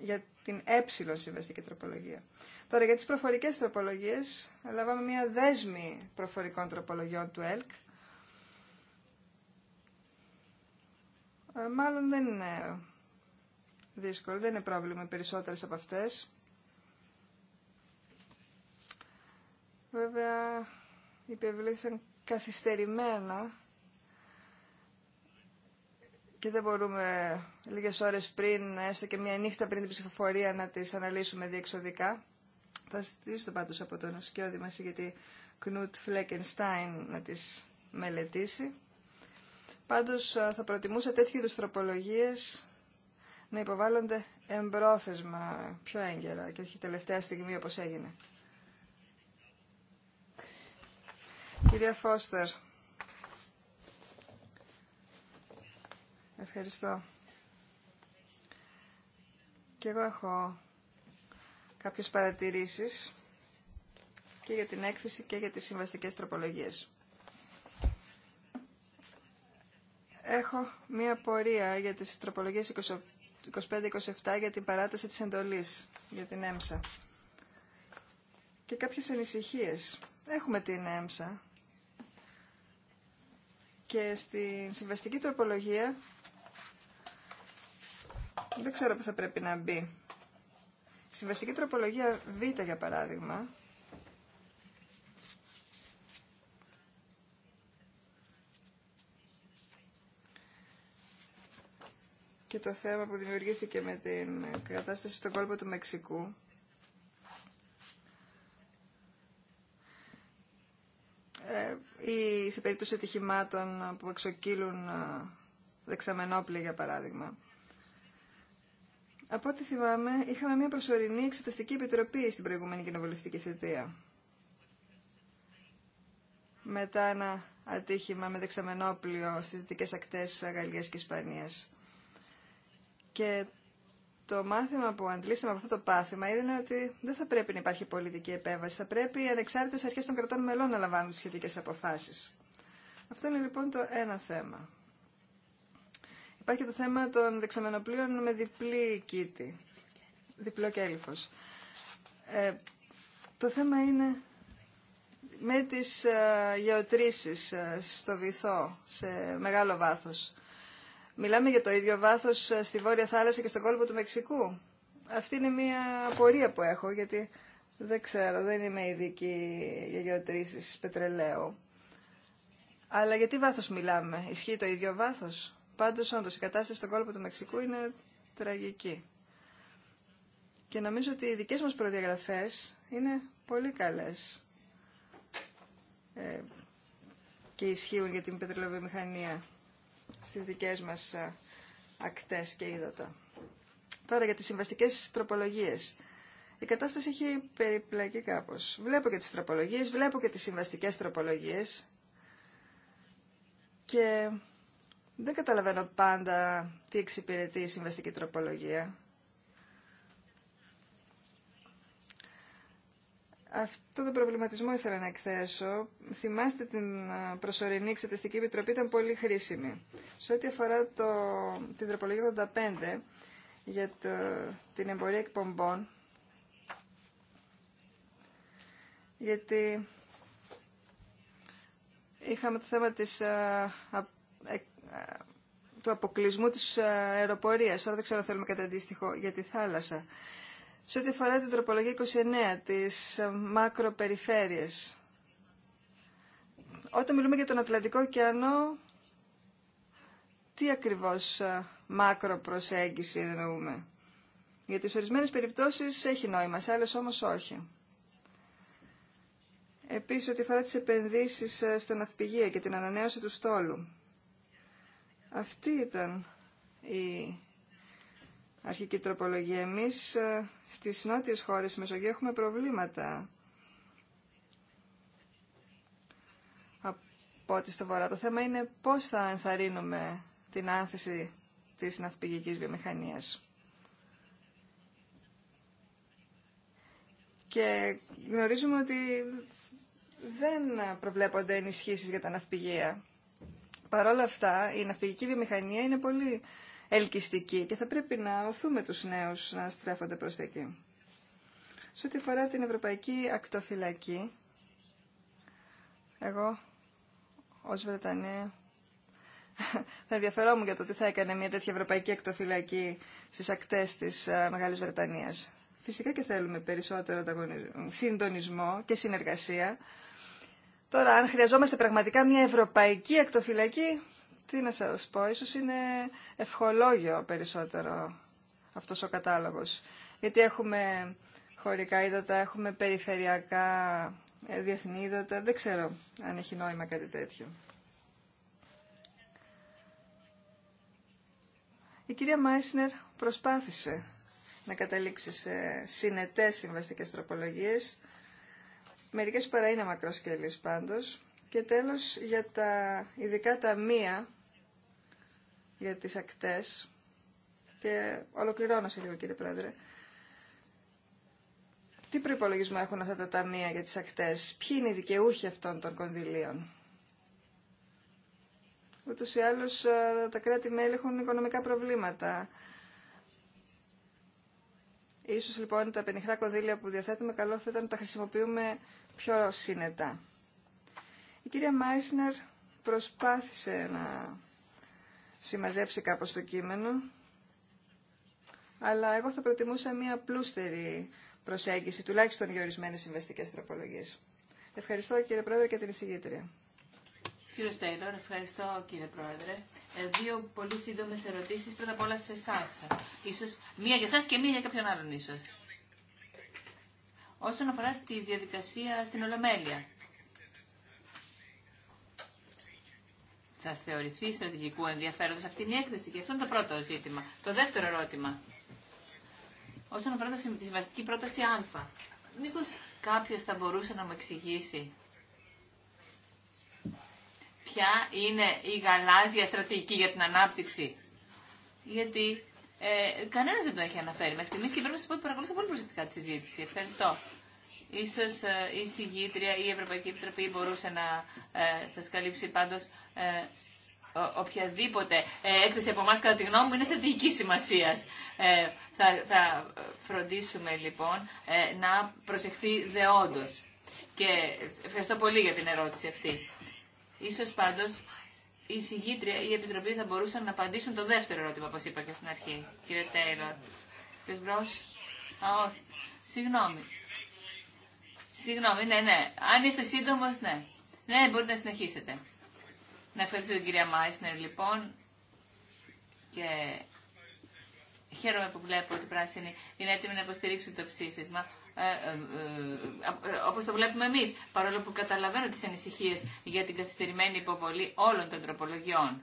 Speaker 2: για την ε συμβαστική τροπολογία. Τώρα, για τις προφορικές τροπολογίες, λάβαμε μια δέσμη προφορικών τροπολογιών του ΕΛΚ. Ε, μάλλον δεν είναι δύσκολο, δεν είναι πρόβλημα περισσότερες από αυτές. Βέβαια, υπευλήθησαν καθυστερημένα και δεν μπορούμε λίγες ώρες πριν, έστω και μια νύχτα πριν την ψηφοφορία, να τις αναλύσουμε διεξοδικά. Θα ζητήσω το πάντως από τον σκιώδη μας γιατί Κνούτ Φλέκενστάιν να τις μελετήσει. Πάντως θα προτιμούσα τέτοιου είδους τροπολογίες να υποβάλλονται εμπρόθεσμα πιο έγκαιρα και όχι τελευταία στιγμή όπως έγινε. Κυρία Φώστερ. Ευχαριστώ. Και εγώ έχω κάποιες παρατηρήσεις και για την έκθεση και για τις συμβαστικές τροπολογίες. Έχω μία πορεία για τις τροπολογίες 25-27 για την παράταση της εντολής για την έμσα. Και κάποιες ανησυχίες. Έχουμε την έμσα, και στην συμβαστική τροπολογία δεν ξέρω που θα πρέπει να μπει. Συμβαστική τροπολογία Β, για παράδειγμα, και το θέμα που δημιουργήθηκε με την κατάσταση στον κόλπο του Μεξικού Ε, ή σε περίπτωση ατυχημάτων που εξοκύλουν ε, δεξαμενόπλη για παράδειγμα. Από ό,τι θυμάμαι, είχαμε μια προσωρινή εξεταστική επιτροπή στην προηγούμενη κοινοβουλευτική θητεία. Μετά ένα ατύχημα με δεξαμενόπλιο στις δυτικές ακτές Γαλλίας και Ισπανίας. Και το μάθημα που αντλήσαμε από αυτό το πάθημα είναι ότι δεν θα πρέπει να υπάρχει πολιτική επέμβαση. Θα πρέπει οι ανεξάρτητες αρχές των κρατών μελών να λαμβάνουν τι σχετικέ αποφάσεις. Αυτό είναι λοιπόν το ένα θέμα. Υπάρχει το θέμα των δεξαμενοπλοίων με διπλή κήτη, διπλό κέλυφος. Ε, το θέμα είναι με τις ε, γεωτρήσεις ε, στο βυθό, σε μεγάλο βάθος. Μιλάμε για το ίδιο βάθος ε, στη Βόρεια Θάλασσα και στον κόλπο του Μεξικού. Αυτή είναι μια απορία που έχω, γιατί δεν ξέρω, δεν είμαι ειδική για γεωτρήσεις πετρελαίου. Αλλά για τι βάθος μιλάμε, ισχύει το ίδιο βάθος. Πάντω, όντως η κατάσταση στον κόλπο του Μεξικού είναι τραγική. Και νομίζω ότι οι δικές μα προδιαγραφέ είναι πολύ καλές ε, και ισχύουν για την πετρελαιοβιομηχανία στις δικές μας ε, ακτές και είδωτα. Τώρα για τις συμβαστικές τροπολογίες. Η κατάσταση έχει περιπλακεί κάπως. Βλέπω και τις τροπολογίες, βλέπω και τις συμβαστικές τροπολογίες και δεν καταλαβαίνω πάντα τι εξυπηρετεί η συμβαστική τροπολογία. Αυτό τον προβληματισμό ήθελα να εκθέσω. Θυμάστε την ε, προσωρινή εξεταστική επιτροπή, ήταν πολύ χρήσιμη. Σε ό,τι αφορά το, την τροπολογία 85 για την εμπορία εκπομπών, γιατί είχαμε το θέμα της, ε, ε, του αποκλεισμού της αεροπορίας. Τώρα δεν ξέρω αν θέλουμε κατά αντίστοιχο για τη θάλασσα. Σε ό,τι αφορά την τροπολογία 29, τις ε, μακροπεριφέρειες. Όταν μιλούμε για τον Ατλαντικό ωκεανό, τι ακριβώς ε, μακροπροσέγγιση εννοούμε. Γιατί τις ορισμένες περιπτώσεις έχει νόημα, σε άλλες όμως όχι. Επίσης, ό,τι αφορά τις επενδύσεις ε, στα ναυπηγεία και την ανανέωση του στόλου. Αυτή ήταν η αρχική τροπολογία. Εμείς ε, στις νότιες χώρες Μεσογείου έχουμε προβλήματα από ό,τι στο βορρά. Το θέμα είναι πώς θα ενθαρρύνουμε την άνθηση της ναυπηγικής βιομηχανίας. Και γνωρίζουμε ότι δεν προβλέπονται ενισχύσεις για τα ναυπηγεία. Παρ' όλα αυτά, η ναυπηγική βιομηχανία είναι πολύ ελκυστική και θα πρέπει να οθούμε τους νέους να στρέφονται προς εκεί. Σε ό,τι αφορά την Ευρωπαϊκή Ακτοφυλακή, εγώ ως Βρετανία θα ενδιαφερόμουν για το τι θα έκανε μια τέτοια Ευρωπαϊκή Ακτοφυλακή στις ακτές της ε, Μεγάλης Βρετανίας. Φυσικά και θέλουμε περισσότερο συντονισμό και συνεργασία. Τώρα, αν χρειαζόμαστε πραγματικά μια Ευρωπαϊκή Ακτοφυλακή, τι να σας πω, ίσως είναι ευχολόγιο περισσότερο αυτός ο κατάλογος. Γιατί έχουμε χωρικά ύδατα, έχουμε περιφερειακά ε, διεθνή ύδατα, δεν ξέρω αν έχει νόημα κάτι τέτοιο. Η κυρία Μάισνερ προσπάθησε να καταλήξει σε συνετές συμβαστικές τροπολογίες. Μερικές παρά είναι μακροσκελής πάντως. Και τέλος για τα ειδικά μία για τις ακτές και ολοκληρώνω σε λίγο κύριε Πρόεδρε. Τι προπολογισμό έχουν αυτά τα ταμεία για τις ακτές, ποιοι είναι οι δικαιούχοι αυτών των κονδυλίων. Ούτως ή άλλως ε, τα κράτη-μέλη έχουν οικονομικά προβλήματα. Ίσως λοιπόν τα πενιχρά κονδύλια που διαθέτουμε καλό θα ήταν να τα χρησιμοποιούμε πιο σύνετα. Η κυρία Μάισνερ προσπάθησε να συμμαζέψει κάπως το κείμενο. Αλλά εγώ θα προτιμούσα μία πλούστερη προσέγγιση, τουλάχιστον για ορισμένε συμβαστικέ τροπολογίε. Ευχαριστώ κύριε Πρόεδρε και την εισηγήτρια.
Speaker 3: Κύριο Στέιλορ, ευχαριστώ κύριε Πρόεδρε. Ε, δύο πολύ σύντομε ερωτήσει πρώτα απ' όλα σε εσά. Ίσως μία για εσά και μία για κάποιον άλλον ίσω. Όσον αφορά τη διαδικασία στην Ολομέλεια. θα θεωρηθεί στρατηγικού ενδιαφέροντος αυτή είναι η έκθεση και αυτό είναι το πρώτο ζήτημα. Το δεύτερο ερώτημα. Όσον αφορά τη συμβαστική πρόταση Α, μήπως κάποιο θα μπορούσε να μου εξηγήσει ποια είναι η γαλάζια στρατηγική για την ανάπτυξη. Γιατί ε, κανένα δεν το έχει αναφέρει μέχρι στιγμή και πρέπει να σα πω ότι πολύ προσεκτικά τη συζήτηση. Ευχαριστώ. Ίσως ε, η συγγήτρια ή η Ευρωπαϊκή Επιτροπή μπορούσε να ε, σας καλύψει πάντως ε, οποιαδήποτε έκθεση από εμά, κατά τη γνώμη μου, είναι στρατηγική σημασία. θα, θα φροντίσουμε λοιπόν να προσεχθεί δεόντως. Και ευχαριστώ πολύ για την ερώτηση αυτή. Ίσως πάντως η Συγγήτρια ή η Επιτροπή θα μπορούσαν να απαντήσουν το δεύτερο ερώτημα, όπως είπα και στην αρχή, κύριε Τέιλορ. Κύριε Συγγνώμη. Συγγνώμη, ναι, ναι. Αν είστε σύντομο, ναι. Ναι, μπορείτε να συνεχίσετε. Να ευχαριστήσω την κυρία Μάισνερ, λοιπόν. Και χαίρομαι που βλέπω ότι οι πράσινοι είναι έτοιμοι να υποστηρίξουν το ψήφισμα. Ε ε, ε, ε, όπως το βλέπουμε εμείς, παρόλο που καταλαβαίνω τις ανησυχίες για την καθυστερημένη υποβολή όλων των τροπολογιών,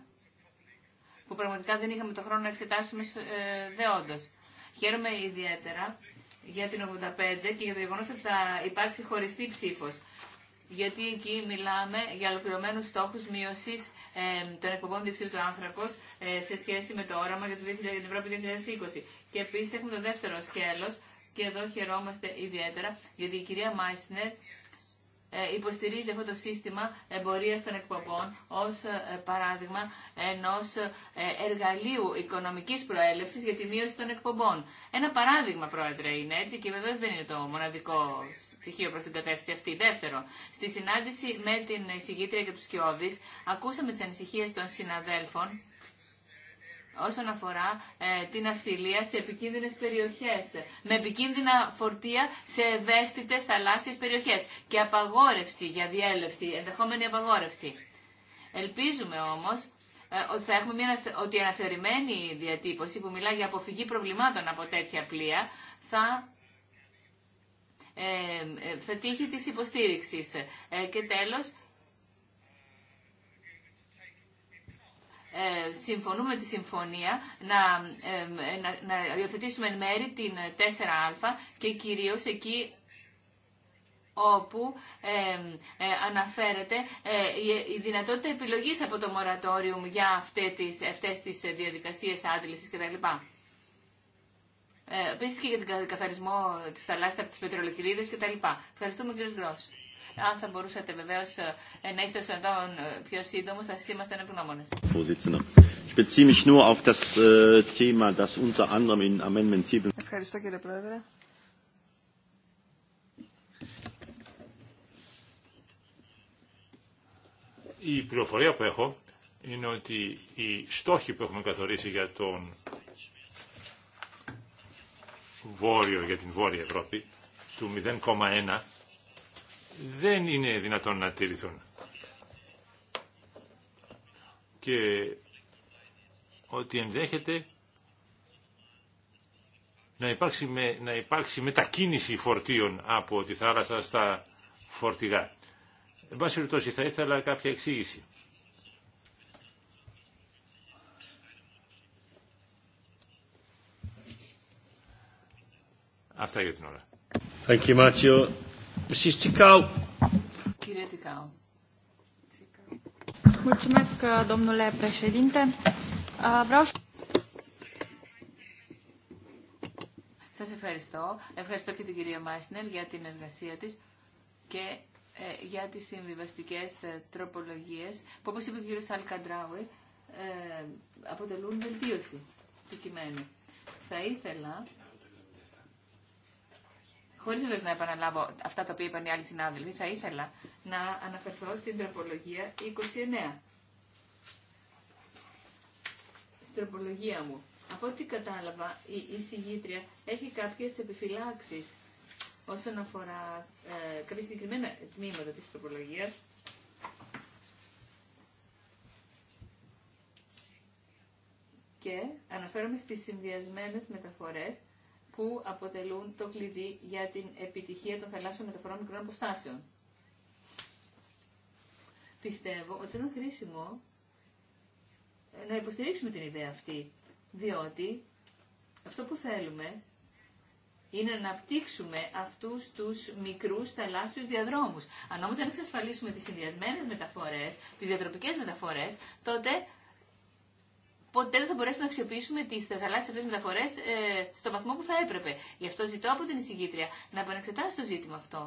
Speaker 3: που πραγματικά δεν είχαμε το χρόνο να εξετάσουμε ε, δεόντως. Χαίρομαι ιδιαίτερα για την 85 και για το γεγονό ότι θα υπάρξει χωριστή ψήφο. Γιατί εκεί μιλάμε για ολοκληρωμένου στόχου μείωση ε, των εκπομπών διοξιδίου του άνθρακο ε, σε σχέση με το όραμα για, το 2000, για την Ευρώπη 2020. Και επίση έχουμε το δεύτερο σκέλο, και εδώ χαιρόμαστε ιδιαίτερα, γιατί η κυρία Μάισνερ ε, υποστηρίζει αυτό το σύστημα εμπορίας των εκπομπών ως ε, παράδειγμα ενός ε, εργαλείου οικονομικής προέλευσης για τη μείωση των εκπομπών. Ένα παράδειγμα, Πρόεδρε, είναι έτσι και βεβαίως δεν είναι το μοναδικό στοιχείο προς την κατεύθυνση αυτή. Δεύτερο, στη συνάντηση με την εισηγήτρια και τους Κιώδης ακούσαμε τις ανησυχίες των συναδέλφων όσον αφορά ε, την αυθυλία σε επικίνδυνες περιοχές, με επικίνδυνα φορτία σε ευαίσθητες θαλάσσιες περιοχές και απαγόρευση για διέλευση, ενδεχόμενη απαγόρευση. Ελπίζουμε όμως ε, ότι, θα έχουμε μια, ότι η αναθεωρημένη διατύπωση που μιλά για αποφυγή προβλημάτων από τέτοια πλοία θα ε, ε θα τύχει της υποστήριξης. και τέλος, ε, συμφωνούμε με τη συμφωνία να, ε, να, να υιοθετήσουμε εν μέρη την 4α ε, και κυρίως εκεί όπου ε, ε αναφέρεται η, δυνατότητα επιλογής από το μορατόριουμ για αυτές τις, αυτές τις διαδικασίες άντλησης κτλ. Επίση και για τον καθαρισμό της θαλάσσης από τις τα κτλ. Ευχαριστούμε κύριο Γκρός. Αν θα μπορούσατε βεβαίω ε, να είστε στον ε, πιο σύντομο, θα είμαστε ευγνώμονε.
Speaker 1: Äh,
Speaker 2: Ευχαριστώ κύριε Πρόεδρε.
Speaker 4: Η πληροφορία που έχω είναι ότι οι στόχοι που έχουμε καθορίσει για τον Βόρειο, για την Βόρεια Ευρώπη, του 0,1 δεν είναι δυνατόν να τηρηθούν. Και ότι ενδέχεται να υπάρξει, με, να υπάρξει μετακίνηση φορτίων από τη θάλασσα στα φορτηγά. Εν πάση περιπτώσει θα ήθελα κάποια εξήγηση. Αυτά για την ώρα.
Speaker 1: Thank you, Σα Σας ευχαριστώ.
Speaker 3: Ευχαριστώ και την κυρία Μάισνελ για την εργασία της και ε, για τις συμβιβαστικές ε, τροπολογίες που όπως είπε ο κύριος Αλκαντράουι ε, αποτελούν βελτίωση του κειμένου. Θα ήθελα Χωρί να επαναλάβω αυτά τα οποία είπαν οι άλλοι συνάδελφοι, θα ήθελα να αναφερθώ στην τροπολογία 29. Στην τροπολογία μου. Από ό,τι κατάλαβα, η εισηγήτρια έχει κάποιε επιφυλάξει όσον αφορά ε, κάποια συγκεκριμένα τμήματα τη τροπολογία. Και αναφέρομαι στις συνδυασμένες μεταφορές που αποτελούν το κλειδί για την επιτυχία των θαλάσσιων μεταφορών μικρών αποστάσεων. Πιστεύω ότι είναι χρήσιμο να υποστηρίξουμε την ιδέα αυτή, διότι αυτό που θέλουμε είναι να αναπτύξουμε αυτούς τους μικρούς θαλάσσιους διαδρόμους. Αν όμως δεν εξασφαλίσουμε τις συνδυασμένες μεταφορές, τις διατροπικέ μεταφορέ, τότε ποτέ δεν θα μπορέσουμε να αξιοποιήσουμε τι θαλάσσιε αυτέ μεταφορέ ε, στο βαθμό που θα έπρεπε. Γι' αυτό ζητώ από την εισηγήτρια να επαναξετάσει το ζήτημα αυτό.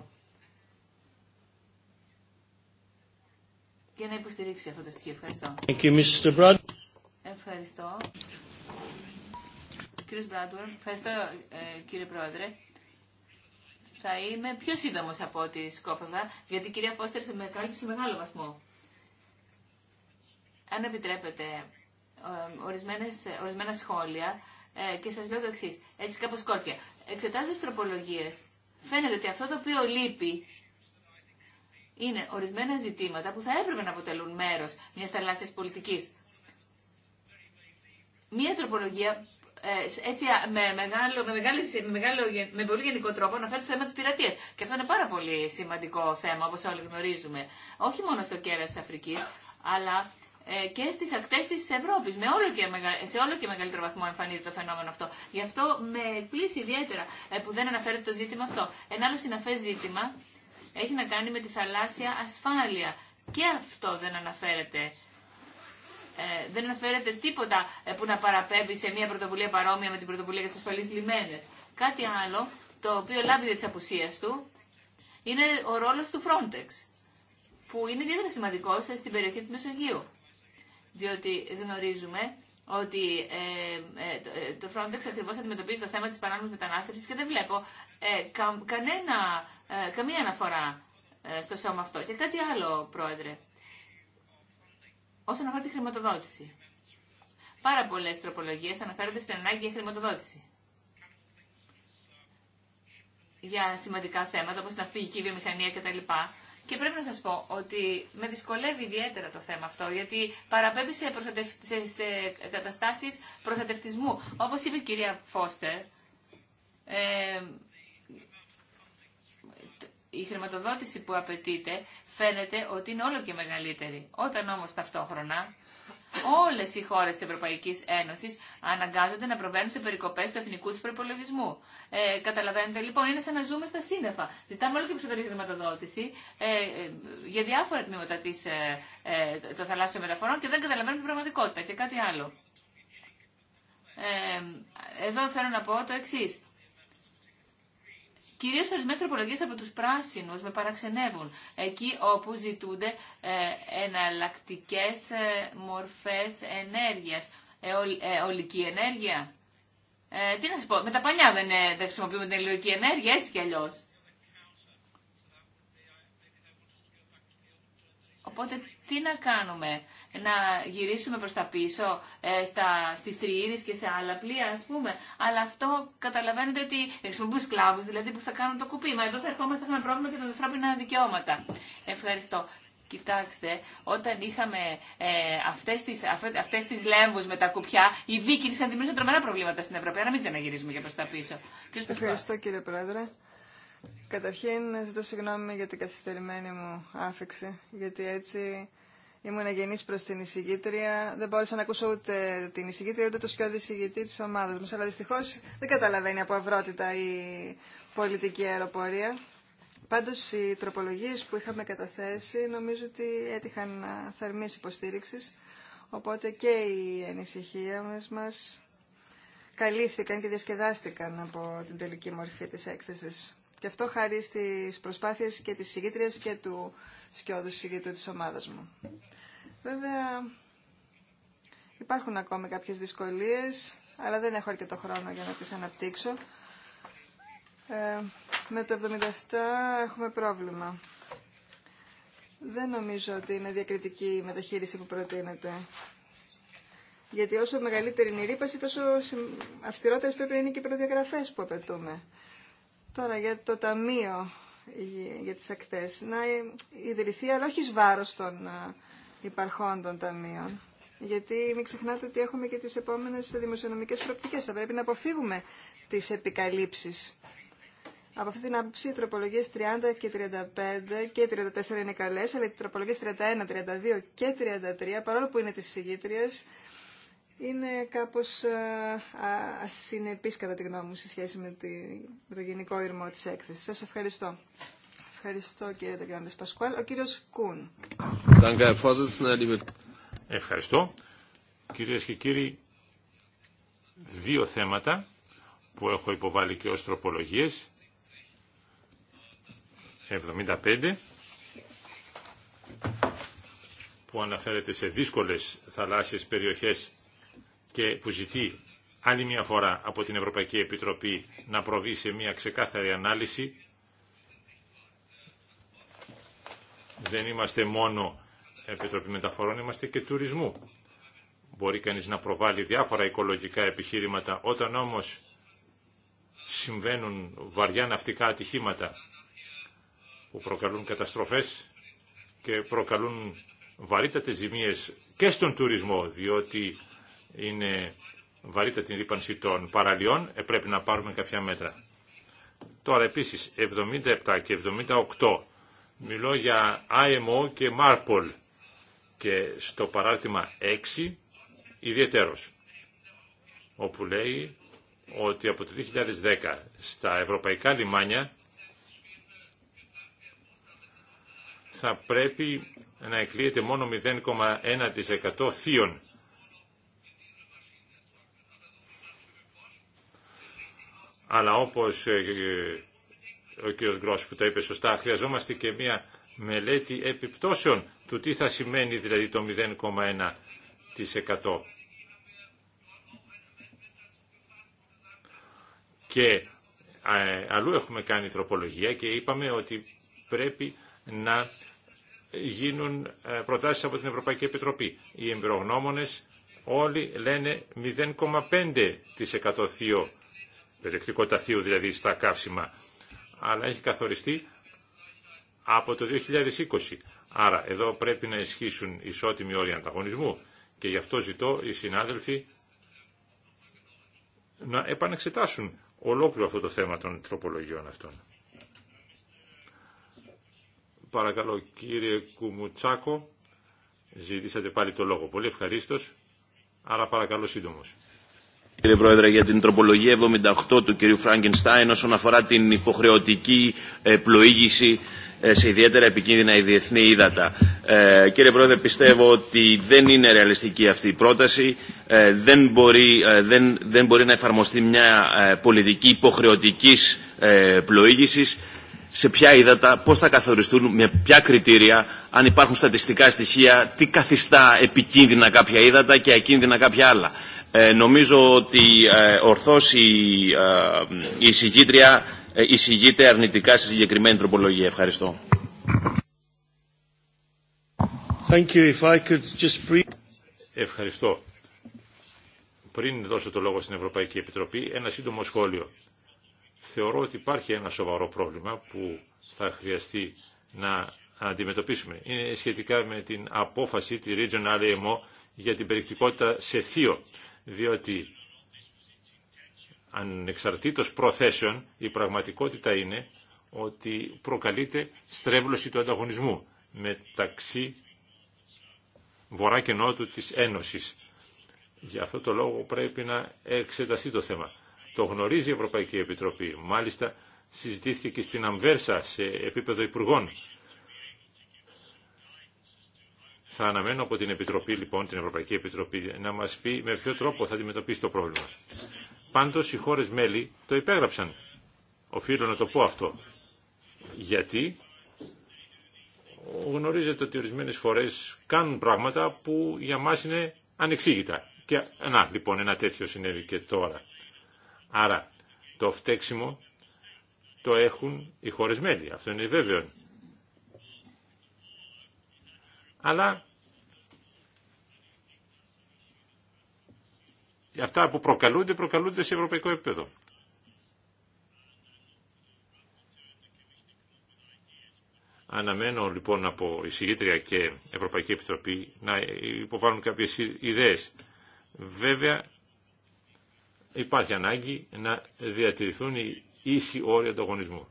Speaker 3: Και να υποστηρίξει αυτό το στοιχείο. Ευχαριστώ. Ευχαριστώ. κύριο ευχαριστώ ε, κύριε Πρόεδρε. Θα είμαι πιο σύντομο από ό,τι σκόπευα, γιατί η κυρία Φώστερ με κάλυψε μεγάλο βαθμό. Αν επιτρέπετε, ορισμένες, ε, ορισμένα σχόλια ε, και σας λέω το εξή, έτσι κάπως σκόρπια. Εξετάζοντας τις τροπολογίες, φαίνεται ότι αυτό το οποίο λείπει είναι ορισμένα ζητήματα που θα έπρεπε να αποτελούν μέρος μιας θαλάσσιας πολιτικής. Μία τροπολογία ε, έτσι με, μεγάλο, με, με, μεγάλο, με πολύ γενικό τρόπο αναφέρει το θέμα τη πειρατείας. Και αυτό είναι πάρα πολύ σημαντικό θέμα, όπως όλοι γνωρίζουμε. Όχι μόνο στο κέρα της Αφρικής, αλλά ε, και στι ακτέ τη Ευρώπη, σε όλο και μεγαλύτερο βαθμό εμφανίζεται το φαινόμενο αυτό. Γι' αυτό με εκπλήσει ιδιαίτερα ε, που δεν αναφέρεται το ζήτημα αυτό. Ένα άλλο συναφέ ζήτημα έχει να κάνει με τη θαλάσσια ασφάλεια. Και αυτό δεν αναφέρεται. Ε, δεν αναφέρεται τίποτα ε, που να παραπέμπει σε μια πρωτοβουλία παρόμοια με την πρωτοβουλία για τι ασφαλεί λιμένε. Κάτι άλλο, το οποίο λάβει τη απουσία του, είναι ο ρόλο του Frontex, που είναι ιδιαίτερα σημαντικό στην περιοχή τη Μεσογείου διότι γνωρίζουμε ότι ε, ε, ε το Frontex ακριβώ αντιμετωπίζει το θέμα της παράνομης μετανάστευσης και δεν βλέπω ε, κα, κανένα, καμία αναφορά στο σώμα αυτό. Και κάτι άλλο, Πρόεδρε, όσον αφορά τη χρηματοδότηση. Πάρα πολλέ τροπολογίε αναφέρονται στην ανάγκη για χρηματοδότηση. Για σημαντικά θέματα όπω την αυπηγική βιομηχανία κτλ. Και πρέπει να σα πω ότι με δυσκολεύει ιδιαίτερα το θέμα αυτό, γιατί παραπέμπει σε, προστατευ... σε... σε καταστάσει προστατευτισμού. Όπω είπε η κυρία Φώστερ, η χρηματοδότηση που απαιτείται φαίνεται ότι είναι όλο και μεγαλύτερη. Όταν όμως ταυτόχρονα Όλε οι χώρε τη Ευρωπαϊκή Ένωση αναγκάζονται να προβαίνουν σε περικοπέ του εθνικού του προπολογισμού. Ε, καταλαβαίνετε λοιπόν, είναι σαν να ζούμε στα σύννεφα. Ζητάμε όλο και περισσότερη χρηματοδότηση ε, ε για διάφορα τμήματα της, ε, ε, των θαλάσσιων μεταφορών και δεν καταλαβαίνουμε την πραγματικότητα. Και κάτι άλλο. Ε, εδώ θέλω να πω το εξή. Κυρίω ορισμένε τροπολογίε από του πράσινου με παραξενεύουν. Εκεί όπου ζητούνται ε, εναλλακτικέ ε, μορφέ ενέργεια. Ε, ολική ενέργεια. τι να σα πω, με τα πανιά δεν, δεν χρησιμοποιούμε την ελληνική ενέργεια, έτσι κι αλλιώ. Οπότε τι να κάνουμε, να γυρίσουμε προς τα πίσω ε, στα, στις Τριήρες και σε άλλα πλοία ας πούμε. Αλλά αυτό καταλαβαίνετε ότι χρησιμοποιούν σκλάβους δηλαδή που θα κάνουν το κουπί. Μα εδώ θα ερχόμαστε θα έχουμε πρόβλημα και τα ανθρώπινα δικαιώματα. Ευχαριστώ. Κοιτάξτε, όταν είχαμε ε, αυτές, τις, αυτές τις λέμβους με τα κουπιά, οι δίκοι είχαν δημιουργήσει τρομερά προβλήματα στην Ευρωπαϊκή. Να μην ξαναγυρίζουμε και προς τα πίσω. Ευχαριστώ
Speaker 2: κύριε Πρόεδρε. Καταρχήν, ζητώ συγγνώμη για την καθυστερημένη μου άφηξη, γιατί έτσι Ήμουν γενή προ την εισηγήτρια. Δεν μπόρεσα να ακούσω ούτε την εισηγήτρια, ούτε το σκιώδη εισηγητή τη ομάδα μα. Αλλά δυστυχώ δεν καταλαβαίνει από αυρότητα η πολιτική αεροπορία. Πάντω οι τροπολογίε που είχαμε καταθέσει νομίζω ότι έτυχαν θερμής υποστήριξης. Οπότε και οι ανησυχία μα καλύφθηκαν και διασκεδάστηκαν από την τελική μορφή τη έκθεση. Και αυτό χάρη στι προσπάθειε και τη εισηγήτρια και του σκιώδους συγκεκριτή της ομάδας μου. Βέβαια, υπάρχουν ακόμη κάποιες δυσκολίες, αλλά δεν έχω αρκετό χρόνο για να τις αναπτύξω. Ε, με το 77 έχουμε πρόβλημα. Δεν νομίζω ότι είναι διακριτική η μεταχείριση που προτείνεται. Γιατί όσο μεγαλύτερη είναι η ρήπαση, τόσο αυστηρότερες πρέπει να είναι και οι προδιαγραφέ που απαιτούμε. Τώρα για το ταμείο για τις ακτές, να ιδρυθεί αλλά όχι βάρος των ε, υπαρχών των ταμείων. Γιατί μην ξεχνάτε ότι έχουμε και τις επόμενες δημοσιονομικές προοπτικές. Θα πρέπει να αποφύγουμε τις επικαλύψεις. Από αυτή την άποψη οι τροπολογίες 30 και 35 και 34 είναι καλές, αλλά οι τροπολογίες 31, 32 και 33, παρόλο που είναι τις συγγήτριες, είναι κάπως ε, ασυνεπής κατά τη γνώμη μου σε σχέση με, τη, το γενικό ήρμο της έκθεσης. Σας ευχαριστώ. Ευχαριστώ κύριε Τεγκάντες Πασκουάλ. Ο κύριος Κούν.
Speaker 4: Ευχαριστώ. Κυρίες και κύριοι, δύο θέματα που έχω υποβάλει και ως τροπολογίες. 75 που αναφέρεται σε δύσκολες θαλάσσιες περιοχές και που ζητεί άλλη μια φορά από την Ευρωπαϊκή Επιτροπή να προβεί σε μια ξεκάθαρη ανάλυση. Δεν είμαστε μόνο Επιτροπή Μεταφορών, είμαστε και τουρισμού. Μπορεί κανείς να προβάλλει διάφορα οικολογικά επιχείρηματα, όταν όμως συμβαίνουν βαριά ναυτικά ατυχήματα που προκαλούν καταστροφές και προκαλούν βαρύτατες ζημίες και στον τουρισμό, διότι είναι βαρύτατη την ρήπανση των παραλιών, ε, πρέπει να πάρουμε κάποια μέτρα. Τώρα επίσης 77 και 78 μιλώ για IMO και MARPOL και στο παράρτημα 6 ιδιαίτερος όπου λέει ότι από το 2010 στα ευρωπαϊκά λιμάνια θα πρέπει να εκλείεται μόνο 0,1% θείων Αλλά όπως ε, ε, ο κ. Γκρός που τα είπε σωστά, χρειαζόμαστε και μια μελέτη επιπτώσεων του τι θα σημαίνει δηλαδή το 0,1%. Και ε, αλλού έχουμε κάνει τροπολογία και είπαμε ότι πρέπει να γίνουν προτάσεις από την Ευρωπαϊκή Επιτροπή. Οι εμπειρογνώμονες όλοι λένε 0,5% θείο περιεκτικό ταφείο δηλαδή στα καύσιμα, αλλά έχει καθοριστεί από το 2020. Άρα εδώ πρέπει να ισχύσουν ισότιμοι όροι ανταγωνισμού και γι' αυτό ζητώ οι συνάδελφοι να επανεξετάσουν ολόκληρο αυτό το θέμα των τροπολογιών αυτών. Παρακαλώ κύριε Κουμουτσάκο, ζητήσατε πάλι το λόγο. Πολύ ευχαρίστως, άρα παρακαλώ σύντομος.
Speaker 1: Κύριε Πρόεδρε, για την τροπολογία 78 του κύριου Φράγκενστάιν όσον αφορά την υποχρεωτική ε, πλοήγηση ε, σε ιδιαίτερα επικίνδυνα η διεθνή ύδατα. Ε, κύριε Πρόεδρε, πιστεύω ότι δεν είναι ρεαλιστική αυτή η πρόταση. δεν, μπορεί, δεν, δεν μπορεί να εφαρμοστεί μια πολιτική υποχρεωτικής πλοήγησης σε ποια ύδατα, πώς θα καθοριστούν, με ποια κριτήρια, αν υπάρχουν στατιστικά στοιχεία, τι καθιστά επικίνδυνα κάποια ύδατα και ακίνδυνα κάποια άλλα. Ε, νομίζω ότι ε, ορθώς η ε, συγκήτρια εισηγείται αρνητικά στη συγκεκριμένη τροπολογία. Ευχαριστώ.
Speaker 4: Thank you. If I could just... Ευχαριστώ. Πριν δώσω το λόγο στην Ευρωπαϊκή Επιτροπή, ένα σύντομο σχόλιο. Θεωρώ ότι υπάρχει ένα σοβαρό πρόβλημα που θα χρειαστεί να αντιμετωπίσουμε. Είναι σχετικά με την απόφαση τη Regional AMO για την περιεκτικότητα σε θείο διότι ανεξαρτήτως προθέσεων η πραγματικότητα είναι ότι προκαλείται στρέβλωση του ανταγωνισμού μεταξύ βορρά και νότου της Ένωσης. Για αυτό το λόγο πρέπει να εξεταστεί το θέμα. Το γνωρίζει η Ευρωπαϊκή Επιτροπή. Μάλιστα συζητήθηκε και στην Αμβέρσα σε επίπεδο υπουργών θα αναμένω από την Επιτροπή, λοιπόν, την Ευρωπαϊκή Επιτροπή, να μας πει με ποιο τρόπο θα αντιμετωπίσει το πρόβλημα. Πάντως, οι χώρες μέλη το υπέγραψαν. Οφείλω να το πω αυτό. Γιατί γνωρίζετε ότι ορισμένε φορέ κάνουν πράγματα που για μα είναι ανεξήγητα. Και, να, λοιπόν, ένα τέτοιο συνέβη και τώρα. Άρα, το φταίξιμο το έχουν οι χώρες μέλη. Αυτό είναι βέβαιο. Αλλά αυτά που προκαλούνται, προκαλούνται σε ευρωπαϊκό επίπεδο. Αναμένω λοιπόν από εισηγήτρια και Ευρωπαϊκή Επιτροπή να υποβάλουν κάποιες ιδέες. Βέβαια υπάρχει ανάγκη να διατηρηθούν οι ίσοι όροι ανταγωνισμού.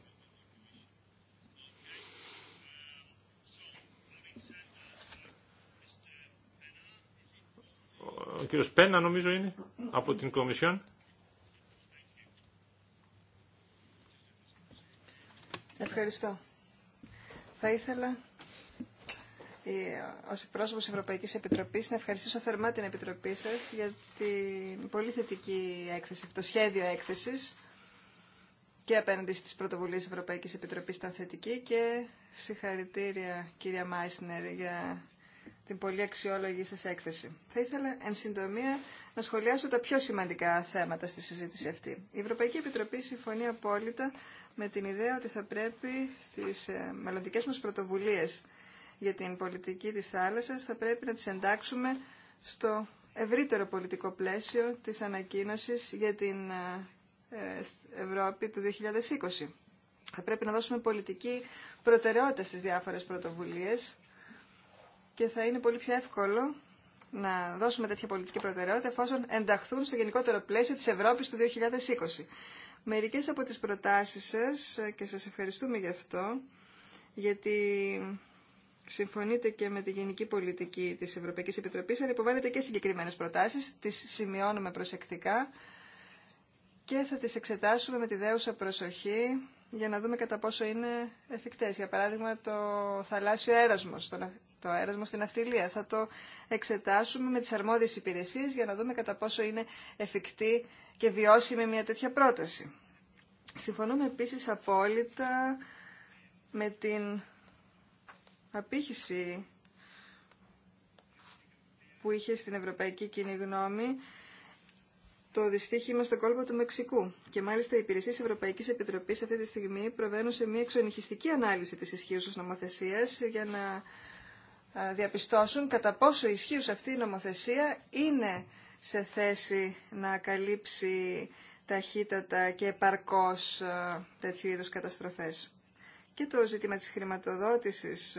Speaker 4: ο κύριος Πένα νομίζω είναι από την Κομισιόν.
Speaker 2: Ευχαριστώ. Θα ήθελα ε, ω εκπρόσωπο τη Ευρωπαϊκή Επιτροπή να ευχαριστήσω θερμά την Επιτροπή σα για την πολύ θετική έκθεση, το σχέδιο έκθεση και απέναντι στι πρωτοβουλίε Ευρωπαϊκή Επιτροπή ήταν θετική και συγχαρητήρια κυρία Μάισνερ για την πολύ αξιόλογη σας έκθεση. Θα ήθελα εν συντομία να σχολιάσω τα πιο σημαντικά θέματα στη συζήτηση αυτή. Η Ευρωπαϊκή Επιτροπή συμφωνεί απόλυτα με την ιδέα ότι θα πρέπει στις ε, μελλοντικές μας πρωτοβουλίες για την πολιτική της θάλασσας θα πρέπει να τις εντάξουμε στο ευρύτερο πολιτικό πλαίσιο της ανακοίνωσης για την ε, ε, Ευρώπη του 2020. Θα πρέπει να δώσουμε πολιτική προτεραιότητα στις διάφορες πρωτοβουλίες και θα είναι πολύ πιο εύκολο να δώσουμε τέτοια πολιτική προτεραιότητα εφόσον ενταχθούν στο γενικότερο πλαίσιο της Ευρώπης του 2020. Μερικές από τις προτάσεις σας και σας ευχαριστούμε γι' αυτό γιατί συμφωνείτε και με τη γενική πολιτική της Ευρωπαϊκής Επιτροπής αν υποβάλλετε και συγκεκριμένες προτάσεις, τις σημειώνουμε προσεκτικά και θα τις εξετάσουμε με τη δέουσα προσοχή για να δούμε κατά πόσο είναι εφικτές. Για παράδειγμα το θαλάσσιο έρασμος, το να το αέρασμα στην αυτιλία. Θα το εξετάσουμε με τις αρμόδιες υπηρεσίες για να δούμε κατά πόσο είναι εφικτή και βιώσιμη μια τέτοια πρόταση. Συμφωνούμε επίσης απόλυτα με την απήχηση που είχε στην Ευρωπαϊκή Κοινή Γνώμη το δυστύχημα στο κόλπο του Μεξικού. Και μάλιστα οι υπηρεσίε Ευρωπαϊκή Επιτροπή αυτή τη στιγμή προβαίνουν σε μια εξονυχιστική ανάλυση τη ισχύουσα νομοθεσία για να διαπιστώσουν κατά πόσο ισχύουσα αυτή η νομοθεσία είναι σε θέση να καλύψει ταχύτατα και επαρκώς τέτοιου είδους καταστροφές. Και το ζήτημα της χρηματοδότησης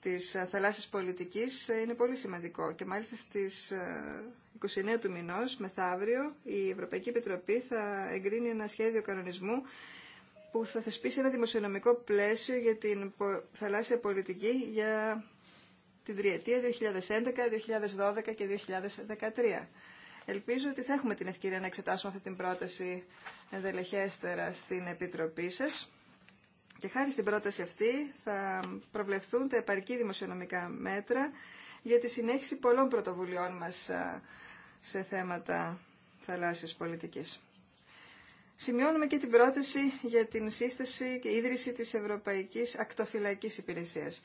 Speaker 2: της θαλάσσης πολιτικής είναι πολύ σημαντικό και μάλιστα στις 29 του μηνός, μεθαύριο, η Ευρωπαϊκή Επιτροπή θα εγκρίνει ένα σχέδιο κανονισμού που θα θεσπίσει ένα δημοσιονομικό πλαίσιο για την θαλάσσια πολιτική για την τριετία 2011, 2012 και 2013. Ελπίζω ότι θα έχουμε την ευκαιρία να εξετάσουμε αυτή την πρόταση ενδελεχέστερα στην Επιτροπή σας. Και χάρη στην πρόταση αυτή θα προβλεφθούν τα επαρκή δημοσιονομικά μέτρα για τη συνέχιση πολλών πρωτοβουλειών μας σε θέματα θαλάσσιας πολιτικής. Σημειώνουμε και την πρόταση για την σύσταση και ίδρυση της Ευρωπαϊκής Ακτοφυλακής Υπηρεσίας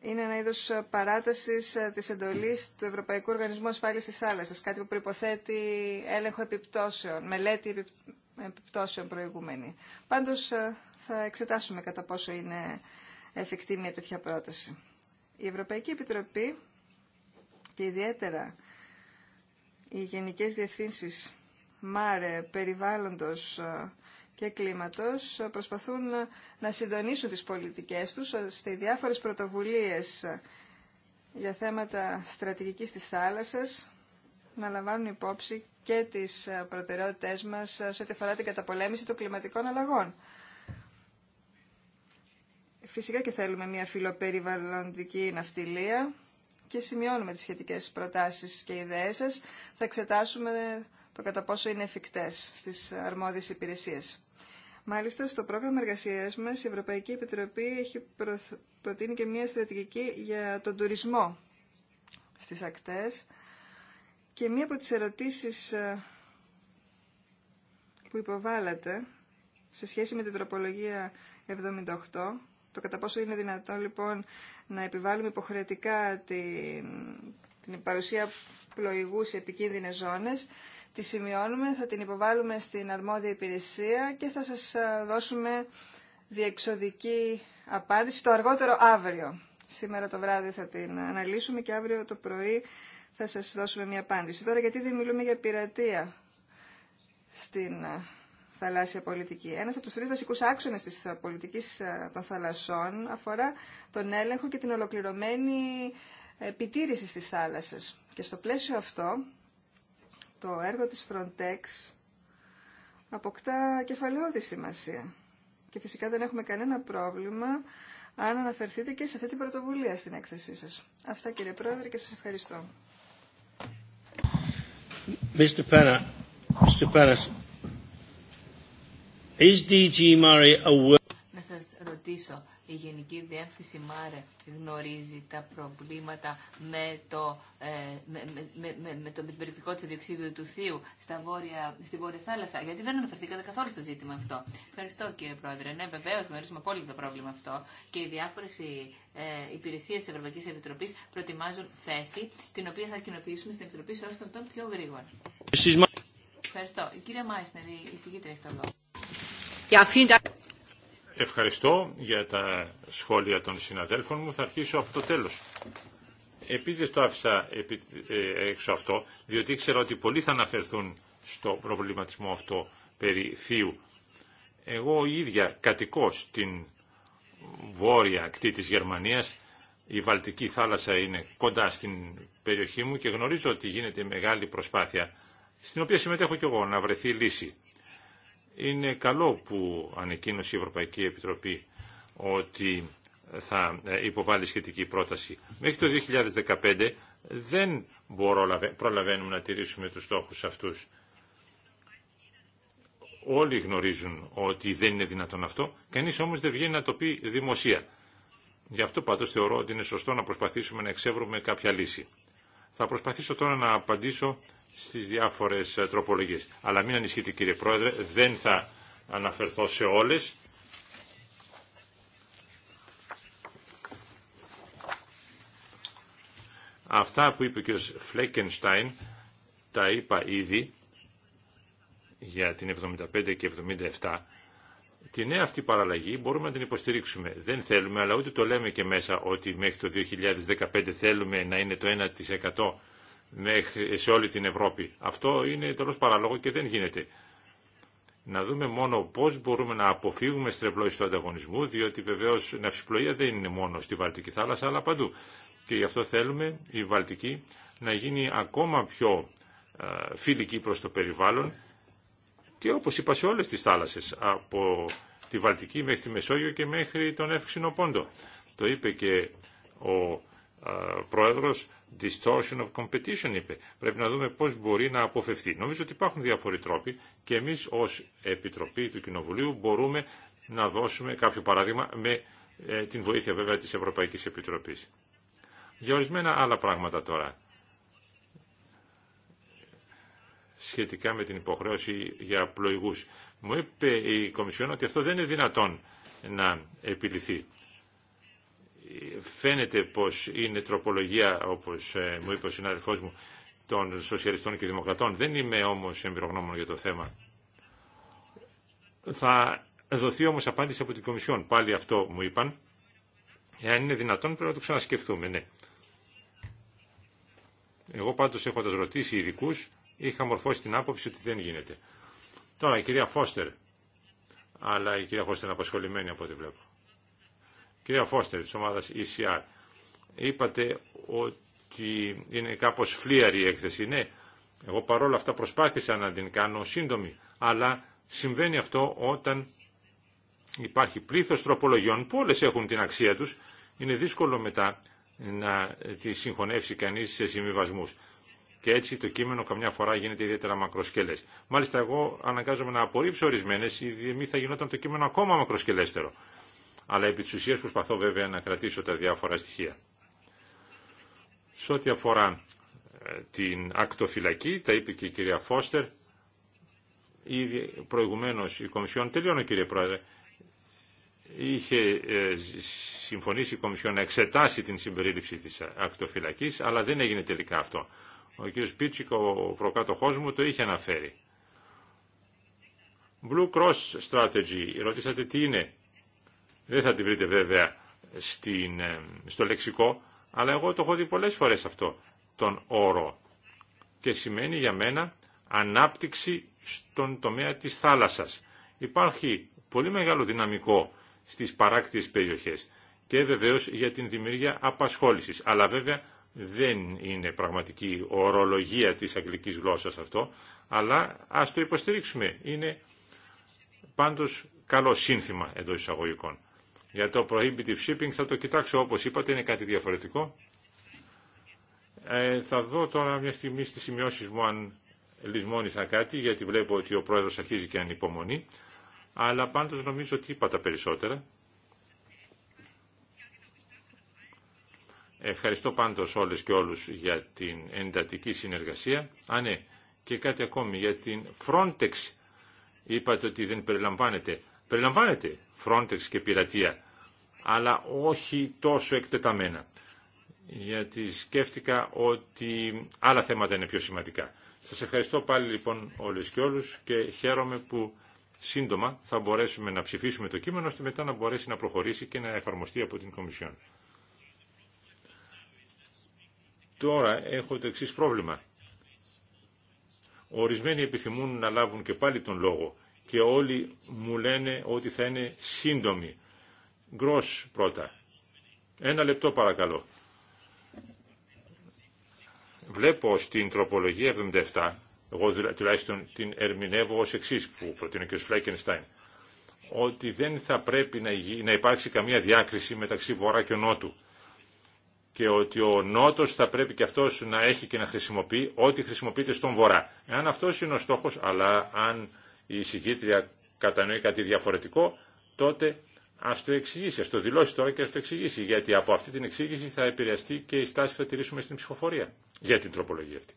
Speaker 2: είναι ένα είδος ε, παράτασης ε, της εντολής του Ευρωπαϊκού Οργανισμού Ασφάλειας της Θάλασσας, κάτι που προϋποθέτει έλεγχο επιπτώσεων, μελέτη επιπτώσεων προηγούμενη. Πάντως ε, θα εξετάσουμε κατά πόσο είναι εφικτή μια τέτοια πρόταση. Η Ευρωπαϊκή Επιτροπή και ιδιαίτερα οι Γενικές Διευθύνσεις ΜΑΡΕ, Περιβάλλοντος, και κλίματος προσπαθούν να συντονίσουν τις πολιτικές τους ώστε οι διάφορες πρωτοβουλίες για θέματα στρατηγικής της θάλασσας να λαμβάνουν υπόψη και τις προτεραιότητές μας σε ό,τι αφορά την καταπολέμηση των κλιματικών αλλαγών. Φυσικά και θέλουμε μια φιλοπεριβαλλοντική ναυτιλία και σημειώνουμε τις σχετικές προτάσεις και ιδέες σας. Θα εξετάσουμε το κατά πόσο είναι εφικτές στις αρμόδιες υπηρεσίες. Μάλιστα, στο πρόγραμμα εργασίας μας η Ευρωπαϊκή Επιτροπή έχει προτείνει και μια στρατηγική για τον τουρισμό στις ακτές και μία από τις ερωτήσεις ε, που υποβάλλατε σε σχέση με την τροπολογία 78, το κατά πόσο είναι δυνατόν λοιπόν να επιβάλλουμε υποχρεωτικά την, την παρουσία σε επικίνδυνες ζώνες. Τη σημειώνουμε, θα την υποβάλουμε στην αρμόδια υπηρεσία και θα σας ε, δώσουμε διεξοδική απάντηση το αργότερο αύριο. Σήμερα το βράδυ θα την αναλύσουμε και αύριο το πρωί θα σας δώσουμε μια απάντηση. Τώρα γιατί δεν μιλούμε για πειρατεία στην ε, θαλάσσια πολιτική. Ένας από τους τρεις βασικούς άξονες της ε, πολιτικής των θαλασσών αφορά τον έλεγχο και την ολοκληρωμένη επιτήρηση της θάλασσες. Και στο πλαίσιο αυτό, το έργο της Frontex αποκτά κεφαλαιόδη σημασία. Και φυσικά δεν έχουμε κανένα πρόβλημα αν αναφερθείτε και σε αυτή την πρωτοβουλία στην έκθεσή σας. Αυτά κύριε Πρόεδρε και σας ευχαριστώ.
Speaker 1: Mr. Mr. is
Speaker 3: ρωτήσω, η Γενική Διεύθυνση ΜΑΡΕ γνωρίζει τα προβλήματα με, το, ε, με, με, με, με το, την του του θείου στα βόρεια, στη Βόρεια Θάλασσα. Γιατί δεν αναφερθήκατε καθόλου στο ζήτημα αυτό. Ευχαριστώ κύριε Πρόεδρε. Ναι, βεβαίω γνωρίζουμε πολύ το πρόβλημα αυτό και οι διάφορε ε, υπηρεσίε τη Ευρωπαϊκή Επιτροπή προετοιμάζουν θέση την οποία θα κοινοποιήσουμε στην Επιτροπή σε όσο τον πιο γρήγορα. Ευχαριστώ. Η κυρία Μάισνερ, η συγκίτρια έχει το λόγο.
Speaker 4: Ευχαριστώ για τα σχόλια των συναδέλφων μου. Θα αρχίσω από το τέλος. Επειδή το άφησα ε, έξω αυτό, διότι ήξερα ότι πολλοί θα αναφερθούν στο προβληματισμό αυτό περί θείου. Εγώ η ίδια κατοικώ στην βόρεια ακτή της Γερμανίας, η Βαλτική θάλασσα είναι κοντά στην περιοχή μου και γνωρίζω ότι γίνεται μεγάλη προσπάθεια, στην οποία συμμετέχω κι εγώ, να βρεθεί λύση. Είναι καλό που ανακοίνωσε η Ευρωπαϊκή Επιτροπή ότι θα ε, υποβάλει σχετική πρόταση. Μέχρι το 2015 δεν μπορώ, προλαβαίνουμε να τηρήσουμε τους στόχους αυτούς. Όλοι γνωρίζουν ότι δεν είναι δυνατόν αυτό, κανείς όμως δεν βγαίνει να το πει δημοσία. Γι' αυτό πάντως θεωρώ ότι είναι σωστό να προσπαθήσουμε να εξεύρουμε κάποια λύση. Θα προσπαθήσω τώρα να απαντήσω στις διάφορες ε, τροπολογίες. Αλλά μην ανησυχείτε κύριε Πρόεδρε, δεν θα αναφερθώ σε όλες. Αυτά που είπε ο ο Φλέκενστάιν, τα είπα ήδη για την 75 και 77. Την νέα αυτή παραλλαγή μπορούμε να την υποστηρίξουμε. Δεν θέλουμε, αλλά ούτε το λέμε και μέσα ότι μέχρι το 2015 θέλουμε να είναι το 1% ναι, σε όλη την Ευρώπη. Αυτό είναι τελώς παράλογο και δεν γίνεται. Να δούμε μόνο πώς μπορούμε να αποφύγουμε στρεβλώσεις του ανταγωνισμού, διότι βεβαίως ναυσιπλοεία δεν είναι μόνο στη Βαλτική θάλασσα, αλλά παντού. Και γι' αυτό θέλουμε η Βαλτική να γίνει ακόμα πιο ε, φιλική προς το περιβάλλον και όπως είπα σε όλες τις θάλασσες, από τη Βαλτική μέχρι τη Μεσόγειο και μέχρι τον Εύξηνο Πόντο. Το είπε και ο ε, Πρόεδρος distortion of competition είπε. Πρέπει να δούμε πώς μπορεί να αποφευθεί. Νομίζω ότι υπάρχουν διάφοροι τρόποι και εμείς ως Επιτροπή του Κοινοβουλίου μπορούμε να δώσουμε κάποιο παράδειγμα με ε, την βοήθεια βέβαια της Ευρωπαϊκής Επιτροπής. Για ορισμένα άλλα πράγματα τώρα. Σχετικά με την υποχρέωση για πλοηγούς. Μου είπε η Κομισιόν ότι αυτό δεν είναι δυνατόν να επιληθεί φαίνεται πως είναι τροπολογία, όπως ε, μου είπε ο συνάδελφός μου, των σοσιαλιστών και δημοκρατών. Δεν είμαι όμως εμπειρογνώμων για το θέμα. Θα δοθεί όμως απάντηση από την Κομισιόν. Πάλι αυτό μου είπαν. Εάν είναι δυνατόν πρέπει να το ξανασκεφτούμε, ναι. Εγώ πάντως τα ρωτήσει ειδικού, είχα μορφώσει την άποψη ότι δεν γίνεται. Τώρα η κυρία Φώστερ, αλλά η κυρία Φώστερ είναι απασχολημένη από ό,τι βλέπω. Κυρία Φώστερ της ομάδας ECR, είπατε ότι είναι κάπως φλίαρη η έκθεση. Ναι, εγώ παρόλα αυτά προσπάθησα να την κάνω σύντομη, αλλά συμβαίνει αυτό όταν υπάρχει πλήθος τροπολογιών που όλες έχουν την αξία τους, είναι δύσκολο μετά να τη συγχωνεύσει κανείς σε συμβιβασμούς. Και έτσι το κείμενο καμιά φορά γίνεται ιδιαίτερα μακροσκελέ. Μάλιστα, εγώ αναγκάζομαι να απορρίψω ορισμένε, γιατί μη θα γινόταν το κείμενο ακόμα μακροσκελέστερο αλλά επί της ουσίας προσπαθώ βέβαια να κρατήσω τα διάφορα στοιχεία. Σε ό,τι αφορά ε, την ακτοφυλακή, τα είπε και η κυρία Φώστερ, ήδη προηγουμένως η Κομισιόν, τελειώνω κύριε Πρόεδρε, είχε ε, συμφωνήσει η Κομισιόν να εξετάσει την συμπερίληψη της ακτοφυλακής, αλλά δεν έγινε τελικά αυτό. Ο κ. Πίτσικ, ο προκατοχό μου, το είχε αναφέρει. Blue Cross Strategy, ρωτήσατε τι είναι. Δεν θα τη βρείτε βέβαια ε, στο λεξικό, αλλά εγώ το έχω δει πολλές φορές αυτό, τον όρο. Και σημαίνει για μένα ανάπτυξη στον τομέα της θάλασσας. Υπάρχει πολύ μεγάλο δυναμικό στις παράκτιες περιοχές και βεβαίως για την δημιουργία απασχόλησης. Αλλά βέβαια δεν είναι πραγματική ορολογία της αγγλικής γλώσσας αυτό, αλλά ας το υποστηρίξουμε. Είναι πάντως καλό σύνθημα εντό εισαγωγικών. Για το prohibitive shipping θα το κοιτάξω όπως είπατε, είναι κάτι διαφορετικό. Ε, θα δω τώρα μια στιγμή στις σημειώσεις μου αν λησμόνησα κάτι, γιατί βλέπω ότι ο πρόεδρος αρχίζει και ανυπομονεί. Αλλά πάντως νομίζω ότι είπα τα περισσότερα. Ευχαριστώ πάντως όλες και όλους για την εντατική συνεργασία. Α, ναι, και κάτι ακόμη για την Frontex. Είπατε ότι δεν περιλαμβάνεται. Περιλαμβάνεται. Frontex και πειρατεία, αλλά όχι τόσο εκτεταμένα. Γιατί σκέφτηκα ότι άλλα θέματα είναι πιο σημαντικά. Σας ευχαριστώ πάλι λοιπόν όλες και όλους και χαίρομαι που σύντομα θα μπορέσουμε να ψηφίσουμε το κείμενο ώστε μετά να μπορέσει να προχωρήσει και να εφαρμοστεί από την Κομισιόν. Τώρα έχω το εξή πρόβλημα. Ορισμένοι επιθυμούν να λάβουν και πάλι τον λόγο και όλοι μου λένε ότι θα είναι σύντομοι. Γκρός πρώτα. Ένα λεπτό παρακαλώ. Βλέπω στην τροπολογία 77, εγώ τουλάχιστον την ερμηνεύω ως εξή που προτείνει ο κ. Φλέκενστάιν, ότι δεν θα πρέπει να υπάρξει καμία διάκριση μεταξύ Βορρά και Νότου και ότι ο Νότος θα πρέπει και αυτός να έχει και να χρησιμοποιεί ό,τι χρησιμοποιείται στον Βορρά. Εάν αυτός είναι ο στόχος, αλλά αν η εισηγήτρια κατανοεί κάτι διαφορετικό, τότε α το εξηγήσει, α το δηλώσει τώρα και α το εξηγήσει. Γιατί από αυτή την εξήγηση θα επηρεαστεί και η στάση που θα τηρήσουμε στην ψηφοφορία για την τροπολογία αυτή.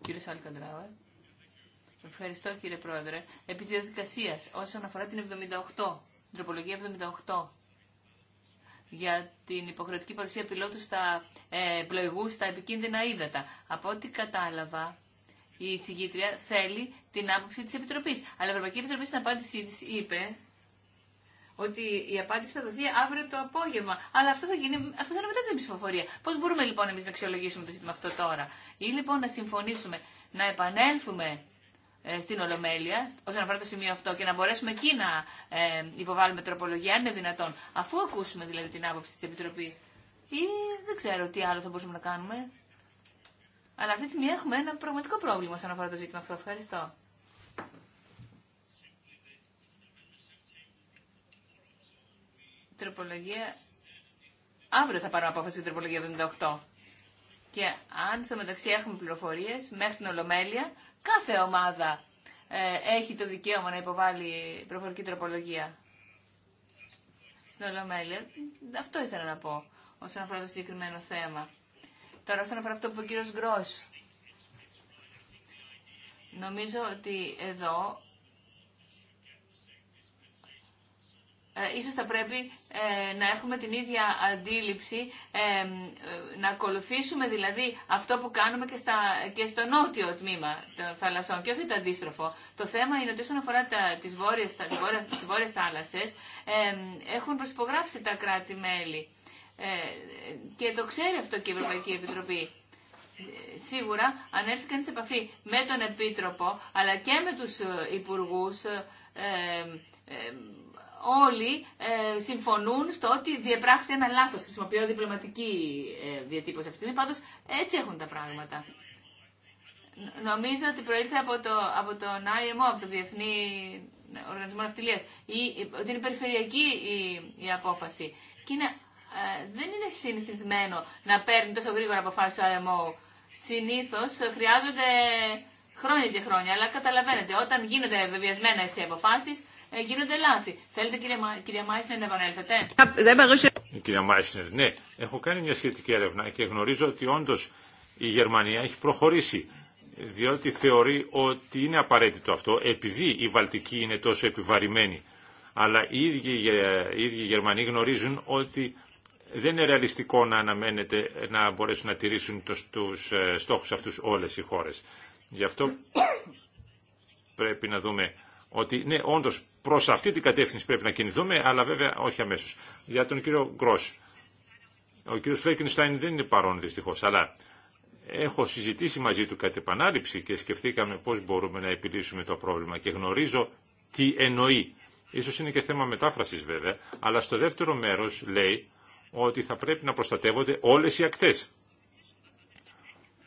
Speaker 3: Κύριε Σάλκαντράουερ. Ευχαριστώ κύριε Πρόεδρε. Επί τη διαδικασία, όσον αφορά την 78, την τροπολογία 78, για την υποχρεωτική παρουσία πιλότου στα ε, πλοηγού, στα επικίνδυνα ύδατα. Από ό,τι κατάλαβα, η εισηγήτρια θέλει την άποψη τη Επιτροπή. Αλλά η Ευρωπαϊκή Επιτροπή στην απάντησή τη είπε ότι η απάντηση θα δοθεί αύριο το απόγευμα. Αλλά αυτό θα, γίνει, αυτό θα είναι μετά την ψηφοφορία. Πώ μπορούμε λοιπόν εμεί να αξιολογήσουμε το ζήτημα αυτό τώρα, ή λοιπόν να συμφωνήσουμε να επανέλθουμε ε, στην Ολομέλεια, όσον αφορά το σημείο αυτό, και να μπορέσουμε εκεί να ε, υποβάλουμε τροπολογία, αν είναι δυνατόν, αφού ακούσουμε δηλαδή την άποψη τη Επιτροπή. Ή δεν ξέρω τι άλλο θα μπορούσαμε να κάνουμε. Αλλά αυτή τη στιγμή έχουμε ένα πραγματικό πρόβλημα όσον αφορά το ζήτημα αυτό. Ευχαριστώ. Τροπολογία. Αύριο θα πάρουμε απόφαση την τροπολογία 78. Και αν στο μεταξύ έχουμε πληροφορίε μέχρι την Ολομέλεια, κάθε ομάδα ε, έχει το δικαίωμα να υποβάλει προφορική τροπολογία. Στην Ολομέλεια. Αυτό ήθελα να πω όσον αφορά το συγκεκριμένο θέμα. Τώρα, όσον αφορά αυτό που ο κύριο Γκρό. Νομίζω ότι εδώ ε, ίσως θα πρέπει ε, να έχουμε την ίδια αντίληψη, ε, ε, να ακολουθήσουμε δηλαδή αυτό που κάνουμε και, στα, και στο νότιο τμήμα των θαλασσών και όχι το αντίστροφο. Το θέμα είναι ότι όσον αφορά τα, τις, βόρειες, τις, βόρειες, τις βόρειες θάλασσες ε, έχουν προσυπογράψει τα κράτη-μέλη ε, και το ξέρει αυτό και η Ευρωπαϊκή Επιτροπή. Σίγουρα, αν έρθει σε επαφή με τον Επίτροπο, αλλά και με τους ε, Υπουργούς, ε, όλοι συμφωνούν στο ότι διεπράχθη ένα λάθος. Χρησιμοποιώ διπλωματική διατύπωση αυτή τη πάντως έτσι έχουν τα πράγματα. Νομίζω ότι προήλθε από, το, από τον IMO, από το Διεθνή Οργανισμό Ναυτιλίας, ότι είναι περιφερειακή η, η απόφαση. Και είναι ε, δεν είναι συνηθισμένο να παίρνει τόσο γρήγορα αποφάσει ο ΑΕΜΟ. Συνήθω χρειάζονται χρόνια και χρόνια. Αλλά καταλαβαίνετε, όταν γίνονται βεβαιασμένα οι αποφάσει, ε, γίνονται λάθη. Θέλετε, κυρία Μάισνερ, να επανέλθετε.
Speaker 4: Ε, κυρία Μάισνερ, ναι, έχω κάνει μια σχετική έρευνα και γνωρίζω ότι όντω η Γερμανία έχει προχωρήσει διότι θεωρεί ότι είναι απαραίτητο αυτό επειδή η Βαλτική είναι τόσο επιβαρημένη. Αλλά οι ίδιοι οι Γερμανοί γνωρίζουν ότι δεν είναι ρεαλιστικό να αναμένεται να μπορέσουν να τηρήσουν τους ε, στόχους αυτούς όλες οι χώρες. Γι' αυτό πρέπει να δούμε ότι ναι, όντως προς αυτή την κατεύθυνση πρέπει να κινηθούμε, αλλά βέβαια όχι αμέσως. Για τον κύριο Γκρός. Ο κύριος Φλέκενστάιν δεν είναι παρόν δυστυχώς, αλλά έχω συζητήσει μαζί του κατ' επανάληψη και σκεφτήκαμε πώς μπορούμε να επιλύσουμε το πρόβλημα και γνωρίζω τι εννοεί. Ίσως είναι και θέμα μετάφρασης βέβαια, αλλά στο δεύτερο μέρος λέει ότι θα πρέπει να προστατεύονται όλες οι ακτές.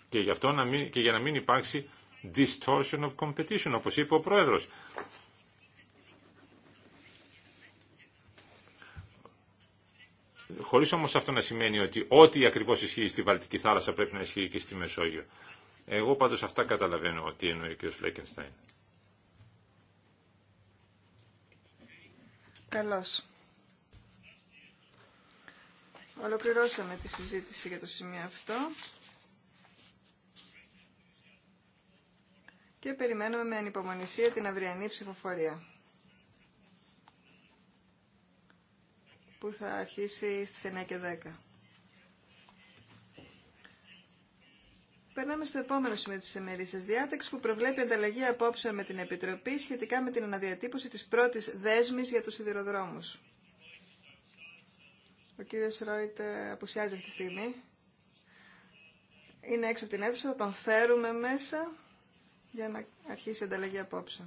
Speaker 4: Και, γι αυτό να μην, και για να μην υπάρξει distortion of competition, όπως είπε ο Πρόεδρος. Χωρίς όμως αυτό να σημαίνει ότι ό,τι ακριβώς ισχύει στη Βαλτική θάλασσα πρέπει να ισχύει και στη Μεσόγειο. Εγώ πάντως αυτά καταλαβαίνω ότι εννοεί ο κ. Φλέκενστάιν.
Speaker 2: Καλώς. Ολοκληρώσαμε τη συζήτηση για το σημείο αυτό και περιμένουμε με ανυπομονησία την αυριανή ψηφοφορία που θα αρχίσει στις 9 και 10. Περνάμε στο επόμενο σημείο της ημερήσια διάταξη που προβλέπει ανταλλαγή απόψεων με την Επιτροπή σχετικά με την αναδιατύπωση της πρώτης δέσμης για τους σιδηροδρόμους. Ο κύριος Ρόιτ απουσιάζει αυτή τη στιγμή. Είναι έξω από την αίθουσα, θα τον φέρουμε μέσα για να αρχίσει η ανταλλαγή απόψε.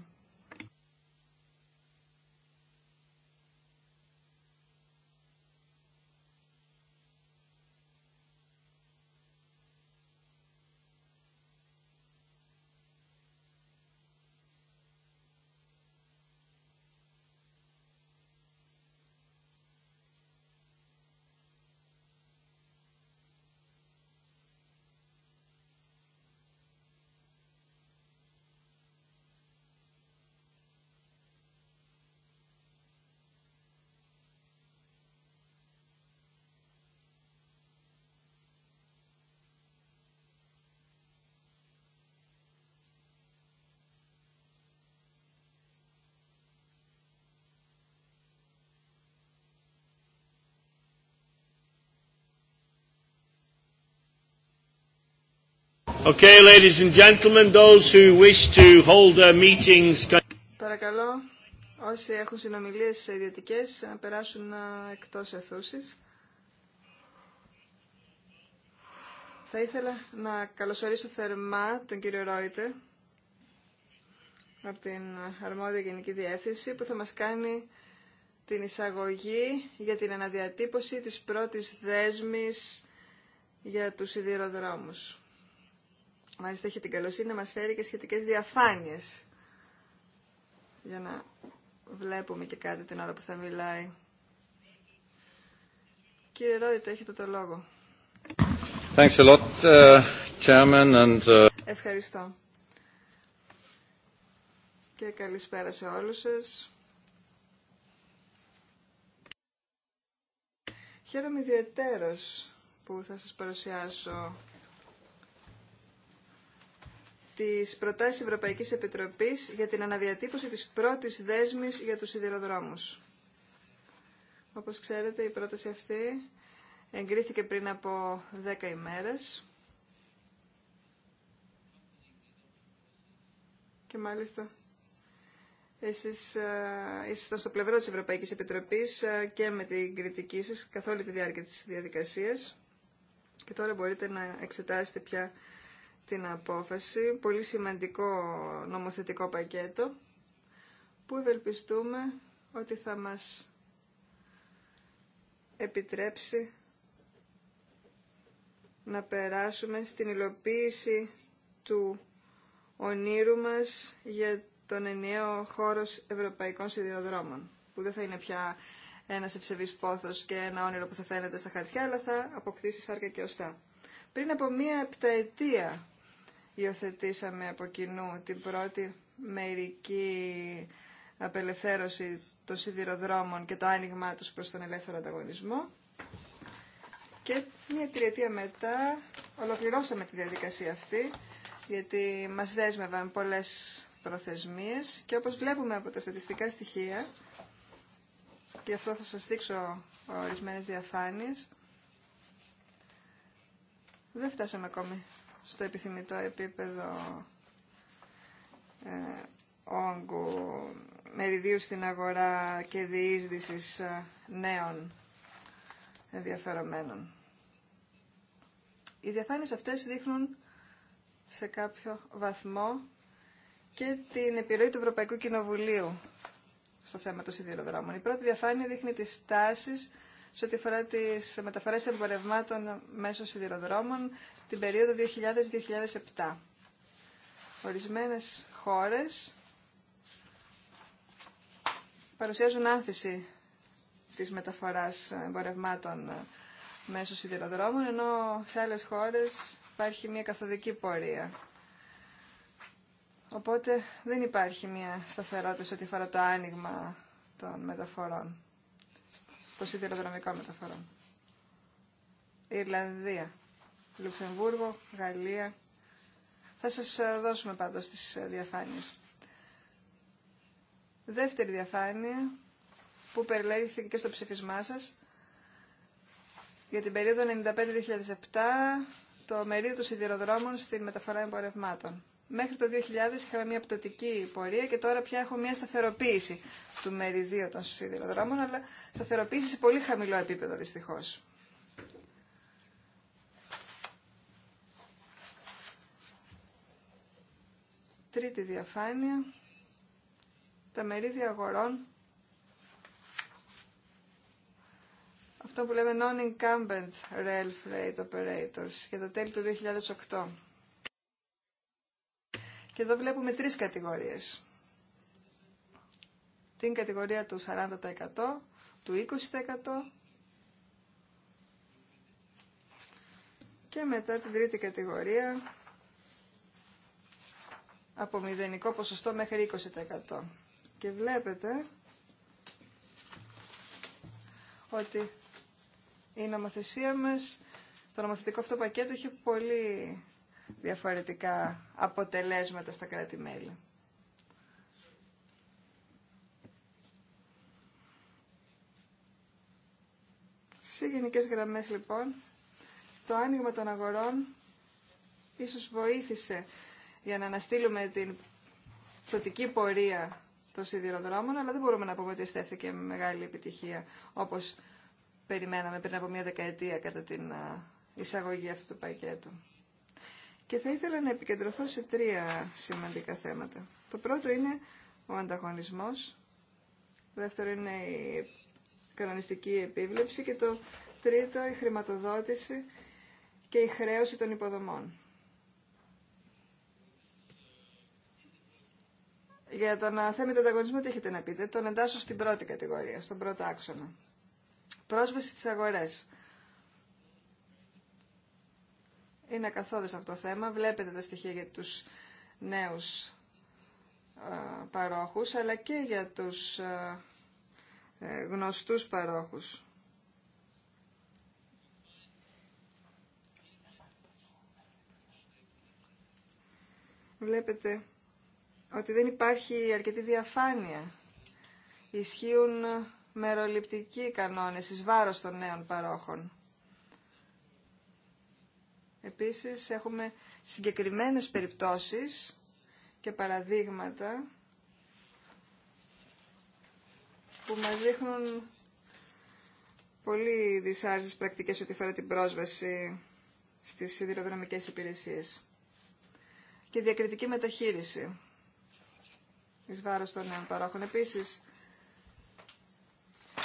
Speaker 1: Okay, ladies and gentlemen, those who wish to hold their meetings.
Speaker 2: Παρακαλώ, όσοι έχουν συνομιλίες ιδιωτικές, να περάσουν εκτός αιθούσης. Θα ήθελα να καλωσορίσω θερμά τον κύριο ρόιτε από την Αρμόδια Γενική Διεύθυνση που θα μας κάνει την εισαγωγή για την αναδιατύπωση της πρώτης δέσμης για τους σιδηροδρόμους. Μάλιστα έχει την καλοσύνη να μας φέρει και σχετικές διαφάνειες για να βλέπουμε και κάτι την ώρα που θα μιλάει. Κύριε Ρόιτα, έχετε το λόγο.
Speaker 4: Thanks a lot, uh, and, uh,
Speaker 2: Ευχαριστώ. Και καλησπέρα σε όλους σας. Χαίρομαι ιδιαίτερος που θα σας παρουσιάσω της προτάσεις Ευρωπαϊκής Επιτροπής για την αναδιατύπωση της πρώτης δέσμης για τους σιδηροδρόμους. Όπως ξέρετε, η πρόταση αυτή εγκρίθηκε πριν από 10 ημέρες. Και μάλιστα εσείς ήσασταν ε, στο πλευρό της Ευρωπαϊκής Επιτροπής ε, και με την κριτική σας καθ' όλη τη διάρκεια της διαδικασίας. Και τώρα μπορείτε να εξετάσετε πια την απόφαση, πολύ σημαντικό νομοθετικό πακέτο, που ευελπιστούμε ότι θα μας επιτρέψει να περάσουμε στην υλοποίηση του ονείρου μας για τον ενιαίο χώρο ευρωπαϊκών σιδηροδρόμων, που δεν θα είναι πια ένας ευσεβής πόθος και ένα όνειρο που θα φαίνεται στα χαρτιά, αλλά θα αποκτήσει σάρκα και οστά. Πριν από μία επταετία υιοθετήσαμε από κοινού την πρώτη μερική απελευθέρωση των σιδηροδρόμων και το άνοιγμά τους προς τον ελεύθερο ανταγωνισμό. Και μία τριετία μετά ολοκληρώσαμε τη διαδικασία αυτή, γιατί μας δέσμευαν πολλές προθεσμίες και όπως βλέπουμε από τα στατιστικά στοιχεία, και αυτό θα σας δείξω ορισμένες διαφάνειες, δεν φτάσαμε ακόμη στο επιθυμητό επίπεδο ε, όγκου μεριδίου στην αγορά και διείσδυσης ε, νέων ενδιαφερομένων. Οι διαφάνειες αυτές δείχνουν σε κάποιο βαθμό και την επιρροή του Ευρωπαϊκού Κοινοβουλίου στο θέμα των σιδηροδρόμων. Η πρώτη διαφάνεια δείχνει τις τάσεις σε ό,τι αφορά τις μεταφορές εμπορευμάτων μέσω σιδηροδρόμων την περίοδο 2000-2007. Ορισμένες χώρες παρουσιάζουν άνθηση της μεταφοράς εμπορευμάτων μέσω σιδηροδρόμων, ενώ σε άλλες χώρες υπάρχει μια καθοδική πορεία. Οπότε δεν υπάρχει μια σταθερότητα σε ό,τι αφορά το άνοιγμα των μεταφορών, των σιδηροδρομικών μεταφορών. Η Ιρλανδία Λουξεμβούργο, Γαλλία. Θα σας ε, δώσουμε πάντως τις ε, διαφάνειες. Δεύτερη διαφάνεια που περιλέγθηκε και στο ψηφισμά σας για την περίοδο 95-2007 το μερίδιο των σιδηροδρόμων στην μεταφορά εμπορευμάτων. Μέχρι το 2000 είχαμε μια πτωτική πορεία και τώρα πια έχω μια σταθεροποίηση του μεριδίου των σιδηροδρόμων, αλλά σταθεροποίηση σε πολύ χαμηλό επίπεδο δυστυχώς. Τρίτη διαφάνεια, τα μερίδια αγορών, αυτό που λέμε non-incumbent rail freight operators για τα τέλη του 2008. Και εδώ βλέπουμε τρεις κατηγορίες. Την κατηγορία του 40%, του 20% και μετά την τρίτη κατηγορία από μηδενικό ποσοστό μέχρι 20%. Και βλέπετε ότι η νομοθεσία μας, το νομοθετικό αυτό πακέτο έχει πολύ διαφορετικά αποτελέσματα στα κράτη-μέλη. Σε γενικέ γραμμές λοιπόν, το άνοιγμα των αγορών ίσως βοήθησε για να αναστείλουμε την φωτική πορεία των σιδηροδρόμων, αλλά δεν μπορούμε να πούμε ότι αισθέθηκε με μεγάλη επιτυχία, όπως περιμέναμε πριν από μια δεκαετία κατά την εισαγωγή αυτού του πακέτου. Και θα ήθελα να επικεντρωθώ σε τρία σημαντικά θέματα. Το πρώτο είναι ο ανταγωνισμός, το δεύτερο είναι η κανονιστική επίβλεψη και το τρίτο η χρηματοδότηση και η χρέωση των υποδομών. Για τον αθέμητο ανταγωνισμό τι έχετε να πείτε, τον εντάσσω στην πρώτη κατηγορία, στον πρώτο άξονα. Πρόσβαση στις αγορές. Είναι καθόδες αυτό το θέμα, βλέπετε τα στοιχεία για τους νέους α, παρόχους, αλλά και για τους α, ε, γνωστούς παρόχους. Βλέπετε ότι δεν υπάρχει αρκετή διαφάνεια. Ισχύουν μεροληπτικοί κανόνες εις βάρος των νέων παρόχων. Επίσης έχουμε συγκεκριμένες περιπτώσεις και παραδείγματα που μας δείχνουν πολύ δυσάρεστες πρακτικές ό,τι φορά την πρόσβαση στις σιδηροδρομικές υπηρεσίες και διακριτική μεταχείριση εις βάρος των νέων παρόχων. Επίσης,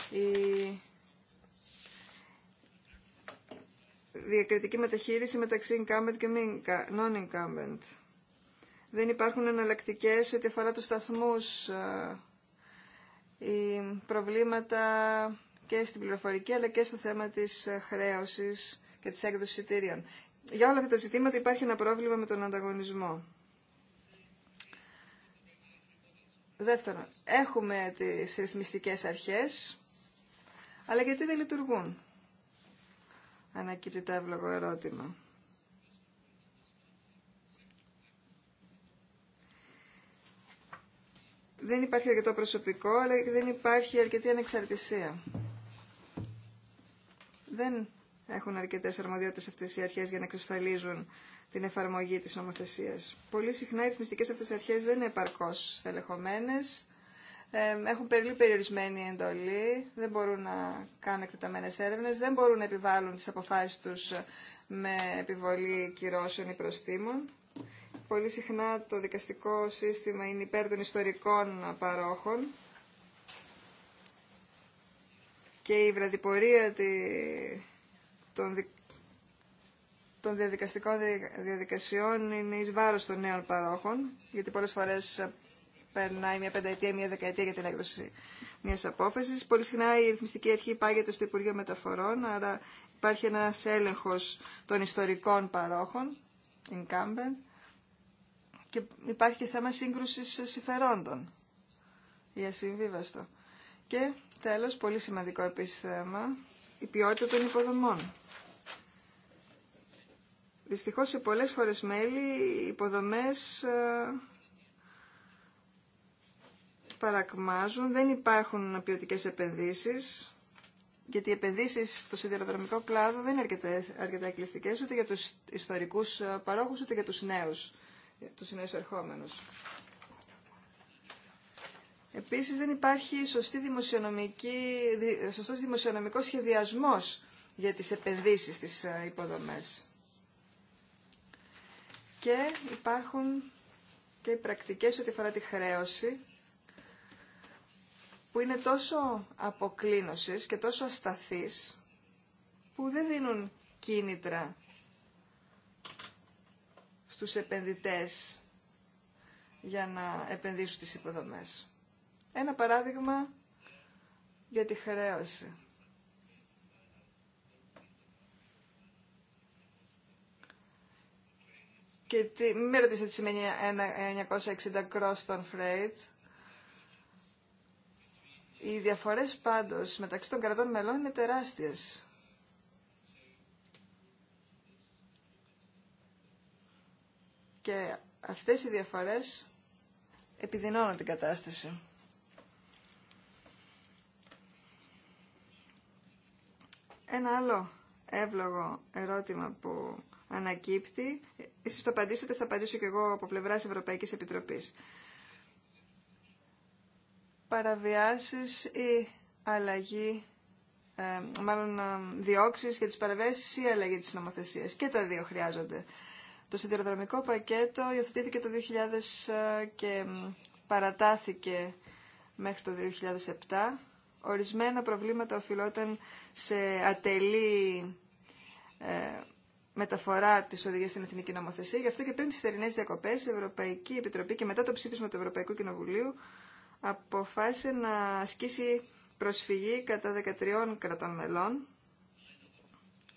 Speaker 2: η διακριτική μεταχείριση μεταξύ incumbent και non-incumbent. Δεν υπάρχουν εναλλακτικέ ό,τι αφορά τους σταθμούς, ε, οι προβλήματα και στην πληροφορική αλλά και στο θέμα της ε, χρέωσης και της έκδοσης εισιτήριων. Για όλα αυτά τα ζητήματα υπάρχει ένα πρόβλημα με τον ανταγωνισμό. Δεύτερον, έχουμε τις ρυθμιστικές αρχές, αλλά γιατί δεν λειτουργούν. Ανακύπτει το εύλογο ερώτημα. Δεν υπάρχει αρκετό προσωπικό, αλλά δεν υπάρχει αρκετή ανεξαρτησία. Δεν έχουν αρκετές αρμοδιότητες αυτές οι αρχές για να εξασφαλίζουν την εφαρμογή της νομοθεσίας. Πολύ συχνά οι θυμιστικές αυτές αρχές δεν είναι επαρκώς στελεχωμένες, έχουν πολύ περιορισμένη εντολή, δεν μπορούν να κάνουν εκτεταμένες έρευνες, δεν μπορούν να επιβάλλουν τις αποφάσεις τους με επιβολή κυρώσεων ή προστήμων. Πολύ συχνά το δικαστικό σύστημα είναι υπέρ των ιστορικών παρόχων και η βραδιπορία των των διαδικαστικών διαδικασιών είναι εις βάρος των νέων παρόχων, γιατί πολλές φορές ε, περνάει μια πενταετία, μια δεκαετία για την έκδοση μιας απόφασης. Πολύ συχνά η ρυθμιστική αρχή πάγεται στο Υπουργείο Μεταφορών, άρα υπάρχει ένας έλεγχος των ιστορικών παρόχων, incumbent, και υπάρχει και θέμα σύγκρουσης συμφερόντων για συμβίβαστο. Και τέλος, πολύ σημαντικό επίσης θέμα, η ποιότητα των υποδομών. Δυστυχώς σε πολλές φορές μέλη οι υποδομές ε, παρακμάζουν, δεν υπάρχουν ποιοτικέ επενδύσεις, γιατί οι επενδύσεις στο σιδηροδρομικό κλάδο δεν είναι αρκετά, αρκετά εκκληστικές ούτε για τους ιστορικούς ε, παρόχους, ούτε για τους νέους, τους νέους ερχόμενους. Επίσης δεν υπάρχει σωστή δημοσιονομική, σωστός δημοσιονομικός σχεδιασμός για τις επενδύσεις στις ε, υποδομές και υπάρχουν και οι πρακτικές ότι αφορά τη χρέωση που είναι τόσο αποκλίνωσης και τόσο ασταθείς που δεν δίνουν κίνητρα στους επενδυτές για να επενδύσουν τις υποδομές. Ένα παράδειγμα για τη χρέωση. Και τι, μην με ρωτήσετε τι σημαίνει 960 cross φρέιτ. Οι διαφορές πάντως μεταξύ των κρατών μελών είναι τεράστιες. Και αυτές οι διαφορές επιδεινώνουν την κατάσταση. Ένα άλλο εύλογο ερώτημα που ανακύπτει. Εσείς το απαντήσετε, θα απαντήσω και εγώ από πλευράς Ευρωπαϊκής Επιτροπής. Παραβιάσεις ή αλλαγή, ε, μάλλον ε, διώξεις για τις παραβιάσεις ή αλλαγή της νομοθεσίας. Και τα δύο χρειάζονται. Το σιδηροδρομικό πακέτο υιοθετήθηκε το 2000 ε, και παρατάθηκε μέχρι το 2007. Ορισμένα προβλήματα οφειλόταν σε ατελή μεταφορά τη οδηγία στην Εθνική Νομοθεσία. Γι' αυτό και πριν τι θερινέ διακοπέ, η Ευρωπαϊκή Επιτροπή και μετά το ψήφισμα του Ευρωπαϊκού Κοινοβουλίου αποφάσισε να ασκήσει προσφυγή κατά 13 κρατών μελών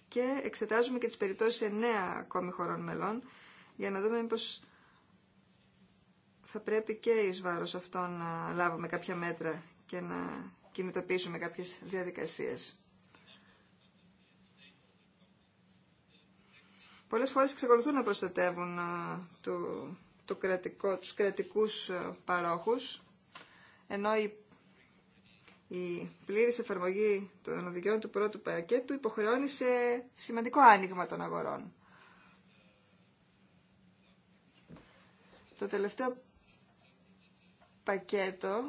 Speaker 2: και εξετάζουμε και τις περιπτώσεις 9 ακόμη χωρών μελών για να δούμε μήπως θα πρέπει και εις βάρος αυτών να λάβουμε κάποια μέτρα και να κινητοποιήσουμε κάποιες διαδικασίες. Πολλές φορές εξακολουθούν να προστατεύουν του, το κρατικό, τους κρατικούς παρόχους, ενώ η, η πλήρης εφαρμογή των οδηγιών του πρώτου πακέτου υποχρεώνει σε σημαντικό άνοιγμα των αγορών. Το τελευταίο πακέτο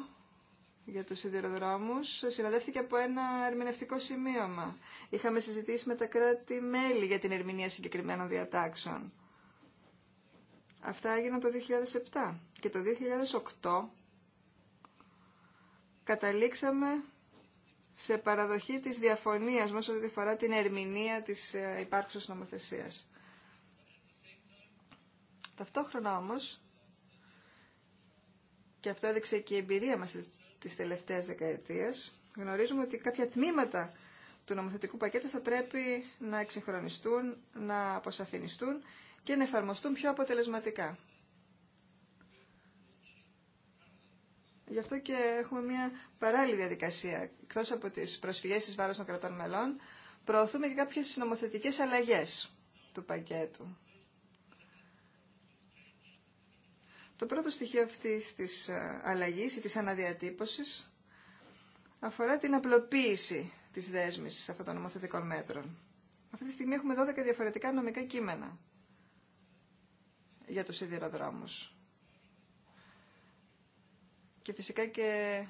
Speaker 2: για τους σιδηροδρόμους συνοδεύτηκε από ένα ερμηνευτικό σημείωμα. Είχαμε συζητήσει με τα κράτη-μέλη για την ερμηνεία συγκεκριμένων διατάξεων. Αυτά έγιναν το 2007 και το 2008 καταλήξαμε σε παραδοχή της διαφωνίας μας ό,τι φορά την ερμηνεία της ύπαρξης ε, νομοθεσίας. Ταυτόχρονα όμως, και αυτό έδειξε και η εμπειρία μας τις τελευταίες δεκαετίες, γνωρίζουμε ότι κάποια τμήματα του νομοθετικού πακέτου θα πρέπει να εξυγχρονιστούν, να αποσαφινιστούν και να εφαρμοστούν πιο αποτελεσματικά. Γι' αυτό και έχουμε μια παράλληλη διαδικασία. Εκτό από τι προσφυγέ της βάρος των κρατών μελών, προωθούμε και κάποιε νομοθετικέ αλλαγέ του πακέτου. Το πρώτο στοιχείο αυτής της ε, αλλαγής ή της αναδιατύπωσης αφορά την απλοποίηση της δέσμησης αυτών των νομοθετικών μέτρων. Αυτή τη στιγμή έχουμε 12 διαφορετικά νομικά κείμενα για τους σιδηροδρόμους. Και φυσικά και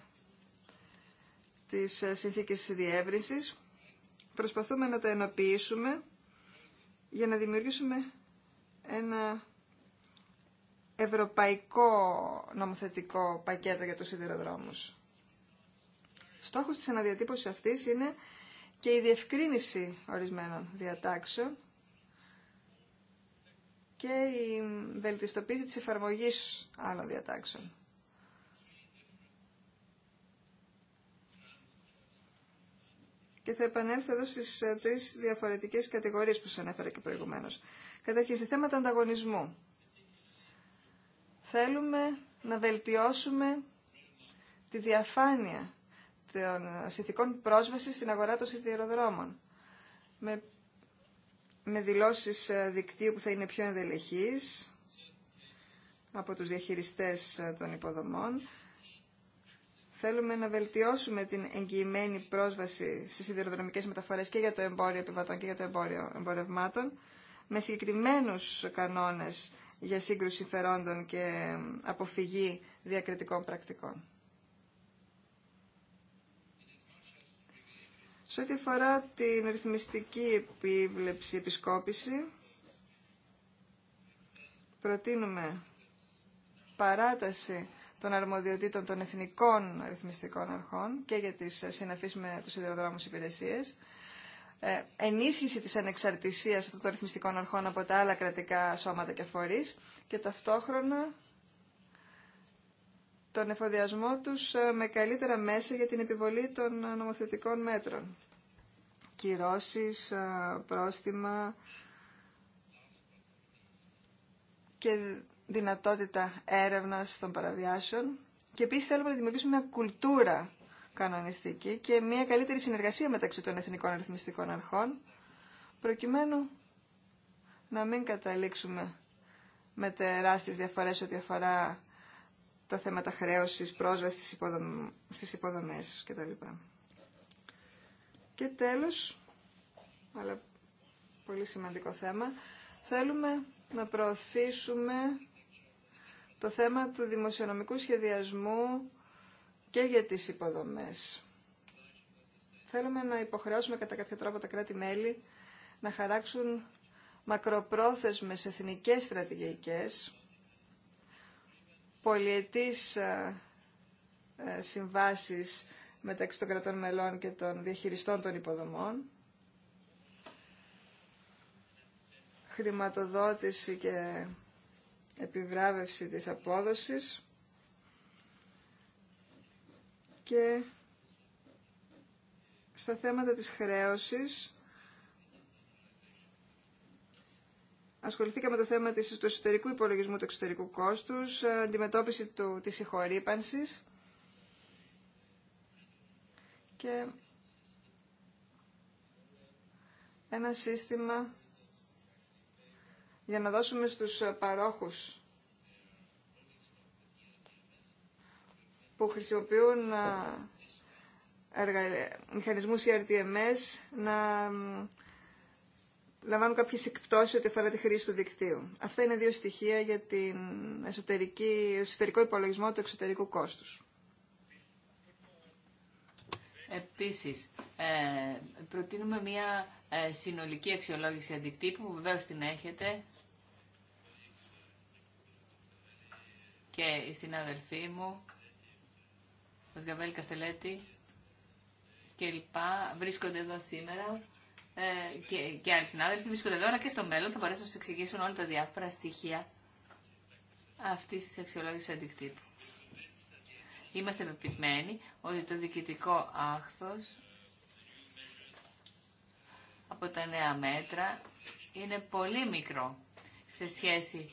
Speaker 2: τις ε, συνθήκες διεύρυνσης προσπαθούμε να τα ενοποιήσουμε για να δημιουργήσουμε ένα ευρωπαϊκό νομοθετικό πακέτο για τους σιδηροδρόμους. Στόχος της αναδιατύπωσης αυτής είναι και η διευκρίνηση ορισμένων διατάξεων και η βελτιστοποίηση της εφαρμογής άλλων διατάξεων. Και θα επανέλθω εδώ στι ε, τρει διαφορετικέ κατηγορίε που σα ανέφερα και προηγουμένω. Καταρχήν, σε θέματα ανταγωνισμού. Θέλουμε να βελτιώσουμε τη διαφάνεια των συνθηκών πρόσβαση στην αγορά των σιδηροδρόμων. Με, με δηλώσεις ε, δικτύου που θα είναι πιο ενδελεχείς από τους διαχειριστές ε, των υποδομών. Θέλουμε να βελτιώσουμε την εγγυημένη πρόσβαση στις σιδηροδρομικές μεταφορές και για το εμπόριο επιβατών και για το εμπόριο εμπορευμάτων με συγκεκριμένους κανόνες για σύγκρουση συμφερόντων και αποφυγή διακριτικών πρακτικών. Σε ό,τι αφορά την ρυθμιστική επίβλεψη, επισκόπηση, προτείνουμε παράταση των αρμοδιοτήτων των εθνικών ρυθμιστικών αρχών και για τις συναφείς με τους σιδηροδρόμους υπηρεσίες, ε, ενίσχυση της ανεξαρτησίας αυτών των ρυθμιστικών αρχών από τα άλλα κρατικά σώματα και φορείς και ταυτόχρονα τον εφοδιασμό τους ε, με καλύτερα μέσα για την επιβολή των νομοθετικών μέτρων. Κυρώσεις, ε, πρόστιμα και δυνατότητα έρευνας των παραβιάσεων. Και επίσης θέλουμε να δημιουργήσουμε μια κουλτούρα κανονιστική και μια καλύτερη συνεργασία μεταξύ των εθνικών αριθμιστικών αρχών, προκειμένου να μην καταλήξουμε με τεράστιες διαφορές ό,τι αφορά τα θέματα χρέωσης, πρόσβασης στις, υποδομ... στις υποδομές κτλ. Και τέλος, αλλά πολύ σημαντικό θέμα, θέλουμε να προωθήσουμε το θέμα του δημοσιονομικού σχεδιασμού και για τις υποδομές. Θέλουμε να υποχρεώσουμε κατά κάποιο τρόπο τα κράτη-μέλη να χαράξουν μακροπρόθεσμες εθνικές στρατηγικές, πολιετής ε, ε, συμβάσεις μεταξύ των κρατών μελών και των διαχειριστών των υποδομών, χρηματοδότηση και επιβράβευση της απόδοσης, και στα θέματα της χρέωσης ασχοληθήκαμε με το θέμα της, του εσωτερικού υπολογισμού του εξωτερικού κόστους, ε, αντιμετώπιση του, της συγχωρήπανσης και ένα σύστημα για να δώσουμε στους παρόχους που χρησιμοποιούν μηχανισμού ε, μηχανισμούς ERTMS να λαμβάνουν κάποιες εκπτώσεις ότι αφορά τη χρήση του δικτύου. Αυτά είναι δύο στοιχεία για την εσωτερική, εσωτερικό υπολογισμό του εξωτερικού κόστους.
Speaker 3: Επίσης, ε, προτείνουμε μία ε, συνολική αξιολόγηση αντικτύπου, που βεβαίως την έχετε και οι συναδελφοί μου Βασκαβέλ Καστελέτη και λοιπά βρίσκονται εδώ σήμερα ε, και, και άλλοι συνάδελφοι βρίσκονται εδώ, αλλά και στο μέλλον θα μπορέσουν να σας εξηγήσουν όλα τα διάφορα στοιχεία αυτή τη αξιολόγηση αντικτύπου. Είμαστε πεπισμένοι ότι το διοικητικό άχθος από τα νέα μέτρα είναι πολύ μικρό σε σχέση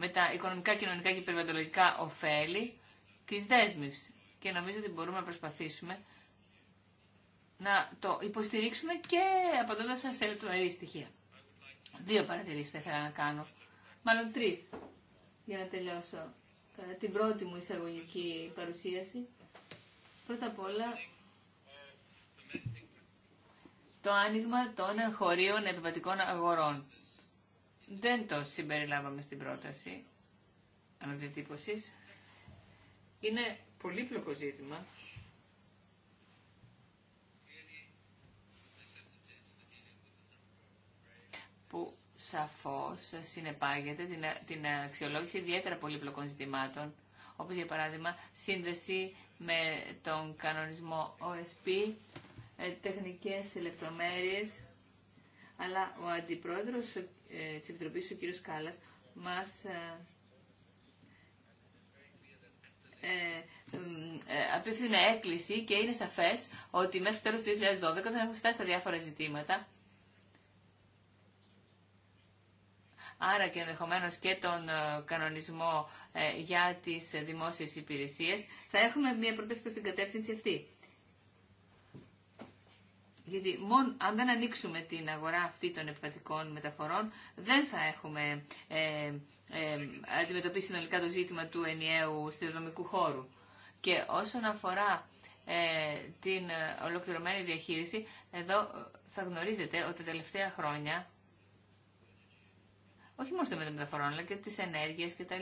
Speaker 3: με τα οικονομικά, κοινωνικά και περιβαλλοντικά ωφέλη της δέσμευση. Και νομίζω ότι μπορούμε να προσπαθήσουμε να το υποστηρίξουμε και απαντώντα σε λεπτομερή στοιχεία. Δύο παρατηρήσει θα ήθελα να κάνω. Μάλλον τρει. Για να τελειώσω ε, την πρώτη μου εισαγωγική παρουσίαση. Πρώτα απ' όλα, το άνοιγμα των χωρίων επιβατικών αγορών δεν το συμπεριλάβαμε στην πρόταση αναδιατύπωσης. Είναι πολύπλοκο ζήτημα. που σαφώς συνεπάγεται την, την αξιολόγηση ιδιαίτερα πολύπλοκων ζητημάτων, όπως για παράδειγμα σύνδεση με τον κανονισμό OSP, ε, τεχνικές λεπτομέρειες, αλλά ο αντιπρόεδρος ε, της Επιτροπής, ο κύριος Κάλλας, μας ε, ε, ε απευθύνει έκκληση και είναι σαφές ότι μέχρι τέλος του 2012 θα έχουμε φτάσει τα διάφορα ζητήματα. Άρα και ενδεχομένως και τον ε, κανονισμό για τις δημόσιες υπηρεσίες θα έχουμε μια πρόταση προς την κατεύθυνση αυτή. Γιατί μόνο αν δεν ανοίξουμε την αγορά αυτή των επιβατικών μεταφορών, δεν θα έχουμε ε, ε, αντιμετωπίσει συνολικά το ζήτημα του ενιαίου στερεοδομικού χώρου. Και όσον αφορά ε, την ολοκληρωμένη διαχείριση, εδώ θα γνωρίζετε ότι τα τελευταία χρόνια, όχι μόνο των μεταφορών, αλλά και τις ενέργειες και τα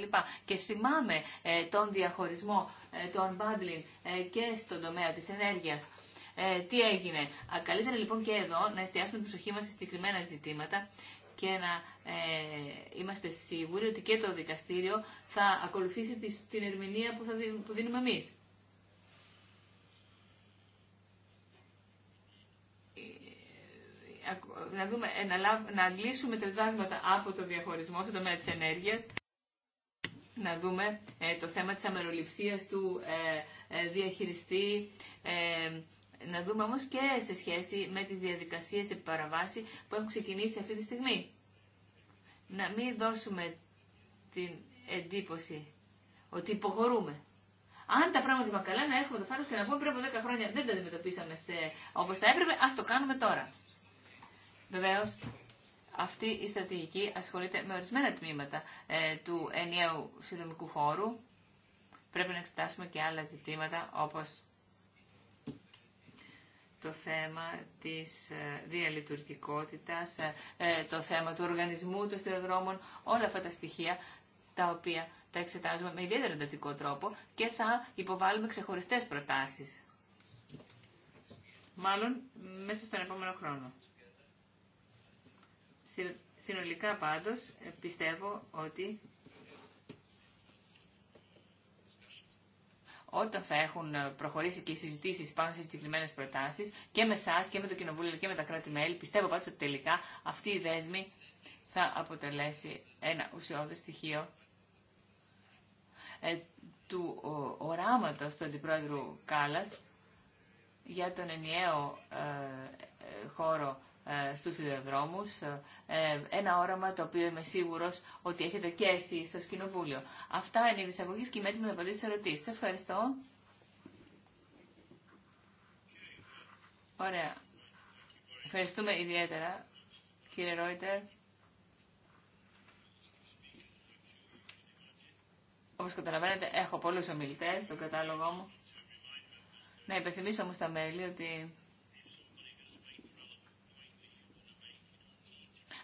Speaker 3: Και θυμάμαι ε, τον διαχωρισμό, ε, το unbundling και στον τομέα της ενέργειας ε, τι έγινε. Καλύτερα λοιπόν και εδώ να εστιάσουμε την προσοχή μας σε συγκεκριμένα ζητήματα και να ε, είμαστε σίγουροι ότι και το δικαστήριο θα ακολουθήσει την ερμηνεία που, θα, δίνουμε εμεί. Ε, να, δούμε, ε, να, λάβ, να λύσουμε τα διδάγματα από το διαχωρισμό στον τομέα της ενέργειας, να δούμε ε, το θέμα της αμεροληψίας του ε, ε, διαχειριστή, να δούμε όμως και σε σχέση με τις διαδικασίες επί παραβάση που έχουν ξεκινήσει αυτή τη στιγμή. Να μην δώσουμε την εντύπωση ότι υποχωρούμε. Αν τα πράγματα είναι καλά, να έχουμε το θάρρος και να πούμε πριν από 10 χρόνια δεν τα αντιμετωπίσαμε σε... όπως θα έπρεπε, ας το κάνουμε τώρα. Βεβαίω, αυτή η στρατηγική ασχολείται με ορισμένα τμήματα ε, του ενιαίου συνδρομικού χώρου. Πρέπει να εξετάσουμε και άλλα ζητήματα όπως το θέμα της ε, διαλειτουργικότητας, ε, ε, το θέμα του οργανισμού των σιδηροδρόμων, όλα αυτά τα στοιχεία τα οποία τα εξετάζουμε με ιδιαίτερα εντατικό τρόπο και θα υποβάλουμε ξεχωριστές προτάσεις. Μάλλον μέσα στον επόμενο χρόνο. Συνολικά πάντως πιστεύω ότι όταν θα έχουν ε, προχωρήσει και οι συζητήσει πάνω στι συγκεκριμένε προτάσει και με εσά και με το Κοινοβούλιο και με τα κράτη-μέλη, πιστεύω πάντω ότι τελικά αυτή η δέσμη θα αποτελέσει ένα ουσιώδε στοιχείο ε, του οράματο οράματος του Αντιπρόεδρου Κάλλας για τον ενιαίο ε, ε, χώρο στους ιδεοδρόμους, ε, ε, ένα όραμα το οποίο είμαι σίγουρος ότι έχετε και στο σκηνοβούλιο. Αυτά είναι οι δυσαγωγείς και είμαι έτοιμη να απαντήσω σε ερωτήσεις. ευχαριστώ. Ωραία. Ευχαριστούμε ιδιαίτερα, κύριε Ρόιτερ. Όπως καταλαβαίνετε, έχω πολλούς ομιλητές στο κατάλογό μου. Να υπενθυμίσω όμως τα μέλη ότι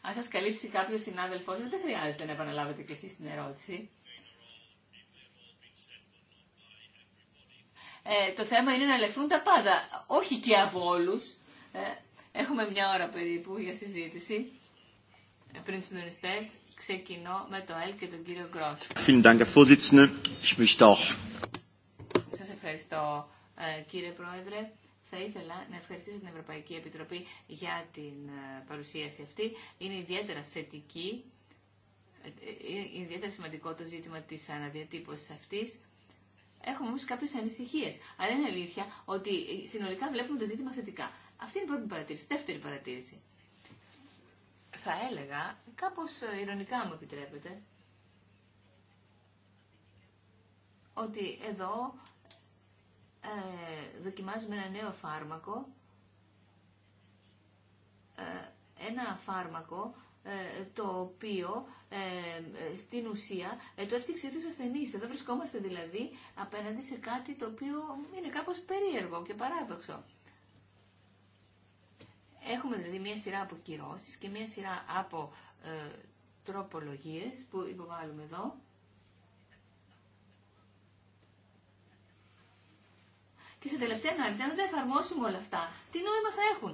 Speaker 3: Αν σας καλύψει κάποιος συνάδελφός δεν χρειάζεται να επαναλάβετε και εσείς την ερώτηση. Ε, το θέμα είναι να λεφθούν τα πάντα, όχι και από όλους. Ε, έχουμε μια ώρα περίπου για συζήτηση. Ε, πριν τους νοηστές, ξεκινώ με το ΕΛ και τον κύριο Γκρός. Σας ευχαριστώ ε, κύριε Πρόεδρε. Θα ήθελα να ευχαριστήσω την Ευρωπαϊκή Επιτροπή για την ε, παρουσίαση αυτή. Είναι ιδιαίτερα θετική, είναι ε, ε, ιδιαίτερα σημαντικό το ζήτημα της αναδιατύπωσης αυτής. Έχουμε όμω κάποιε ανησυχίε. Αλλά είναι αλήθεια ότι συνολικά βλέπουμε το ζήτημα θετικά. Αυτή είναι η πρώτη παρατήρηση. Δεύτερη παρατήρηση. Θα έλεγα, κάπω ηρωνικά μου επιτρέπετε, ότι εδώ ε, δοκιμάζουμε ένα νέο φάρμακο, ε, ένα φάρμακο ε, το οποίο ε, στην ουσία το έφτιαξε ο ασθενής. Εδώ βρισκόμαστε δηλαδή απέναντι σε κάτι το οποίο είναι κάπως περίεργο και παράδοξο. Έχουμε δηλαδή μία σειρά από κυρώσεις και μία σειρά από τροπολογίες που υποβάλλουμε εδώ. και σε τελευταία ανάλυση, αν δεν εφαρμόσουμε όλα αυτά, τι νόημα θα έχουν.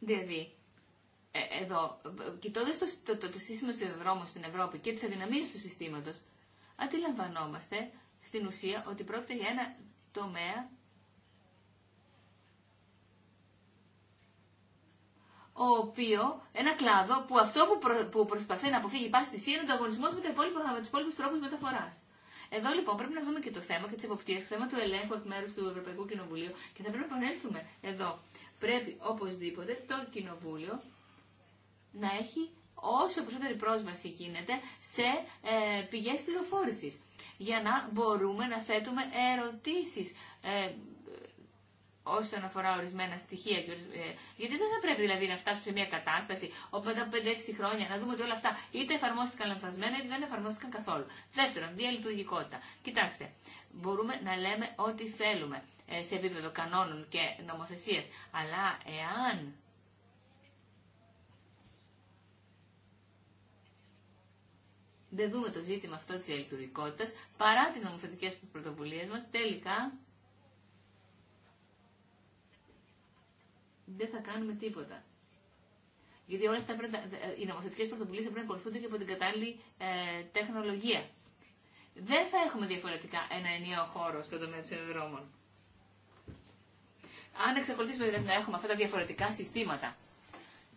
Speaker 3: Δηλαδή, ε, εδώ, κοιτώντα το, το, το, το, σύστημα του ευρώμου στην Ευρώπη και τι αδυναμίε του συστήματο, αντιλαμβανόμαστε στην ουσία ότι πρόκειται για ένα τομέα ο οποίο, ένα κλάδο που αυτό που, που προσπαθεί να αποφύγει πάση θυσία είναι ο ανταγωνισμό με, με του υπόλοιπου τρόπου μεταφορά. Εδώ λοιπόν πρέπει να δούμε και το θέμα και τι εποπτείε, το θέμα του ελέγχου εκ μέρου του Ευρωπαϊκού Κοινοβουλίου και θα πρέπει να επανέλθουμε εδώ. Πρέπει οπωσδήποτε το Κοινοβούλιο να έχει όσο περισσότερη πρόσβαση γίνεται σε ε, πηγές πληροφόρησης για να μπορούμε να θέτουμε ερωτήσεις ε, όσον αφορά ορισμένα στοιχεία. Ε, γιατί δεν θα πρέπει δηλαδή να φτάσουμε σε μια κατάσταση όπου μετά από 5-6 χρόνια να δούμε ότι όλα αυτά είτε εφαρμόστηκαν λανθασμένα είτε δεν εφαρμόστηκαν καθόλου. Δεύτερον, διαλειτουργικότητα. Κοιτάξτε, μπορούμε να λέμε ό,τι θέλουμε ε, σε επίπεδο κανόνων και νομοθεσίας, αλλά εάν δεν δούμε το ζήτημα αυτό της διαλειτουργικότητας, παρά τις νομοθετικές πρωτοβουλίες μας, τελικά δεν θα κάνουμε τίποτα. Γιατί όλα αυτά πρέπει, ε, οι νομοθετικέ πρωτοβουλίε θα πρέπει να ακολουθούνται και από την κατάλληλη ε, τεχνολογία. Δεν θα έχουμε διαφορετικά ένα ενιαίο χώρο στον τομέα των συνδρόμων. Αν εξακολουθήσουμε δηλαδή να έχουμε αυτά τα διαφορετικά συστήματα.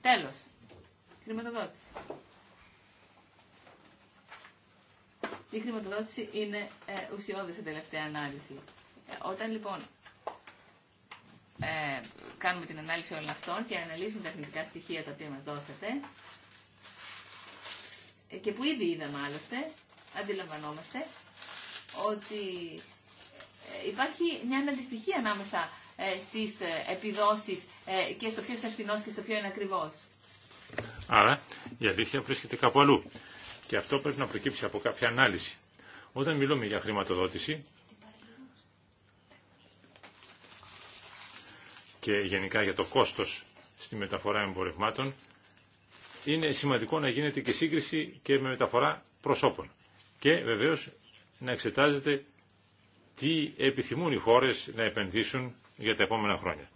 Speaker 3: Τέλο. Χρηματοδότηση. Η χρηματοδότηση είναι ε, ουσιώδη σε τελευταία ανάλυση. Ε, όταν λοιπόν ε, κάνουμε την ανάλυση όλων αυτών και αναλύσουμε τα αρνητικά στοιχεία τα οποία μας δώσατε ε, και που ήδη είδαμε άλλωστε, αντιλαμβανόμαστε ότι ε, υπάρχει μια αντιστοιχία ανάμεσα στις επιδόσεις και στο ποιος είναι φθηνός και στο ποιο είναι ακριβώς.
Speaker 4: Άρα η αλήθεια βρίσκεται κάπου αλλού. Και αυτό πρέπει να προκύψει από κάποια ανάλυση. Όταν μιλούμε για χρηματοδότηση, και γενικά για το κόστος στη μεταφορά εμπορευμάτων, είναι σημαντικό να γίνεται και σύγκριση και με μεταφορά προσώπων. Και βεβαίως να εξετάζεται τι επιθυμούν οι χώρες να επενδύσουν για τα επόμενα χρόνια.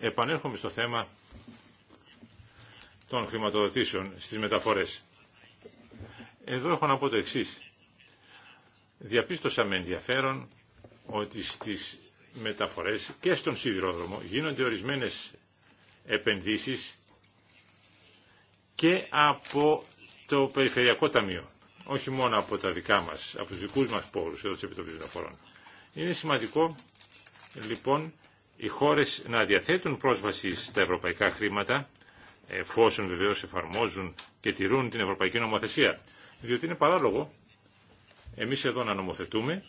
Speaker 4: Επανέρχομαι στο θέμα των χρηματοδοτήσεων στις μεταφορές. Εδώ έχω να πω το εξής. Διαπίστωσα με ενδιαφέρον ότι στις μεταφορές και στον σιδηρόδρομο γίνονται ορισμένες επενδύσεις και από το Περιφερειακό Ταμείο, όχι μόνο από τα δικά μας, από τους δικούς μας πόρους εδώ της Επιτροπής Μεταφορών. Είναι σημαντικό λοιπόν οι χώρες να διαθέτουν πρόσβαση στα ευρωπαϊκά χρήματα, εφόσον βεβαίως εφαρμόζουν και τηρούν την ευρωπαϊκή νομοθεσία. Διότι είναι παράλογο εμείς εδώ να νομοθετούμε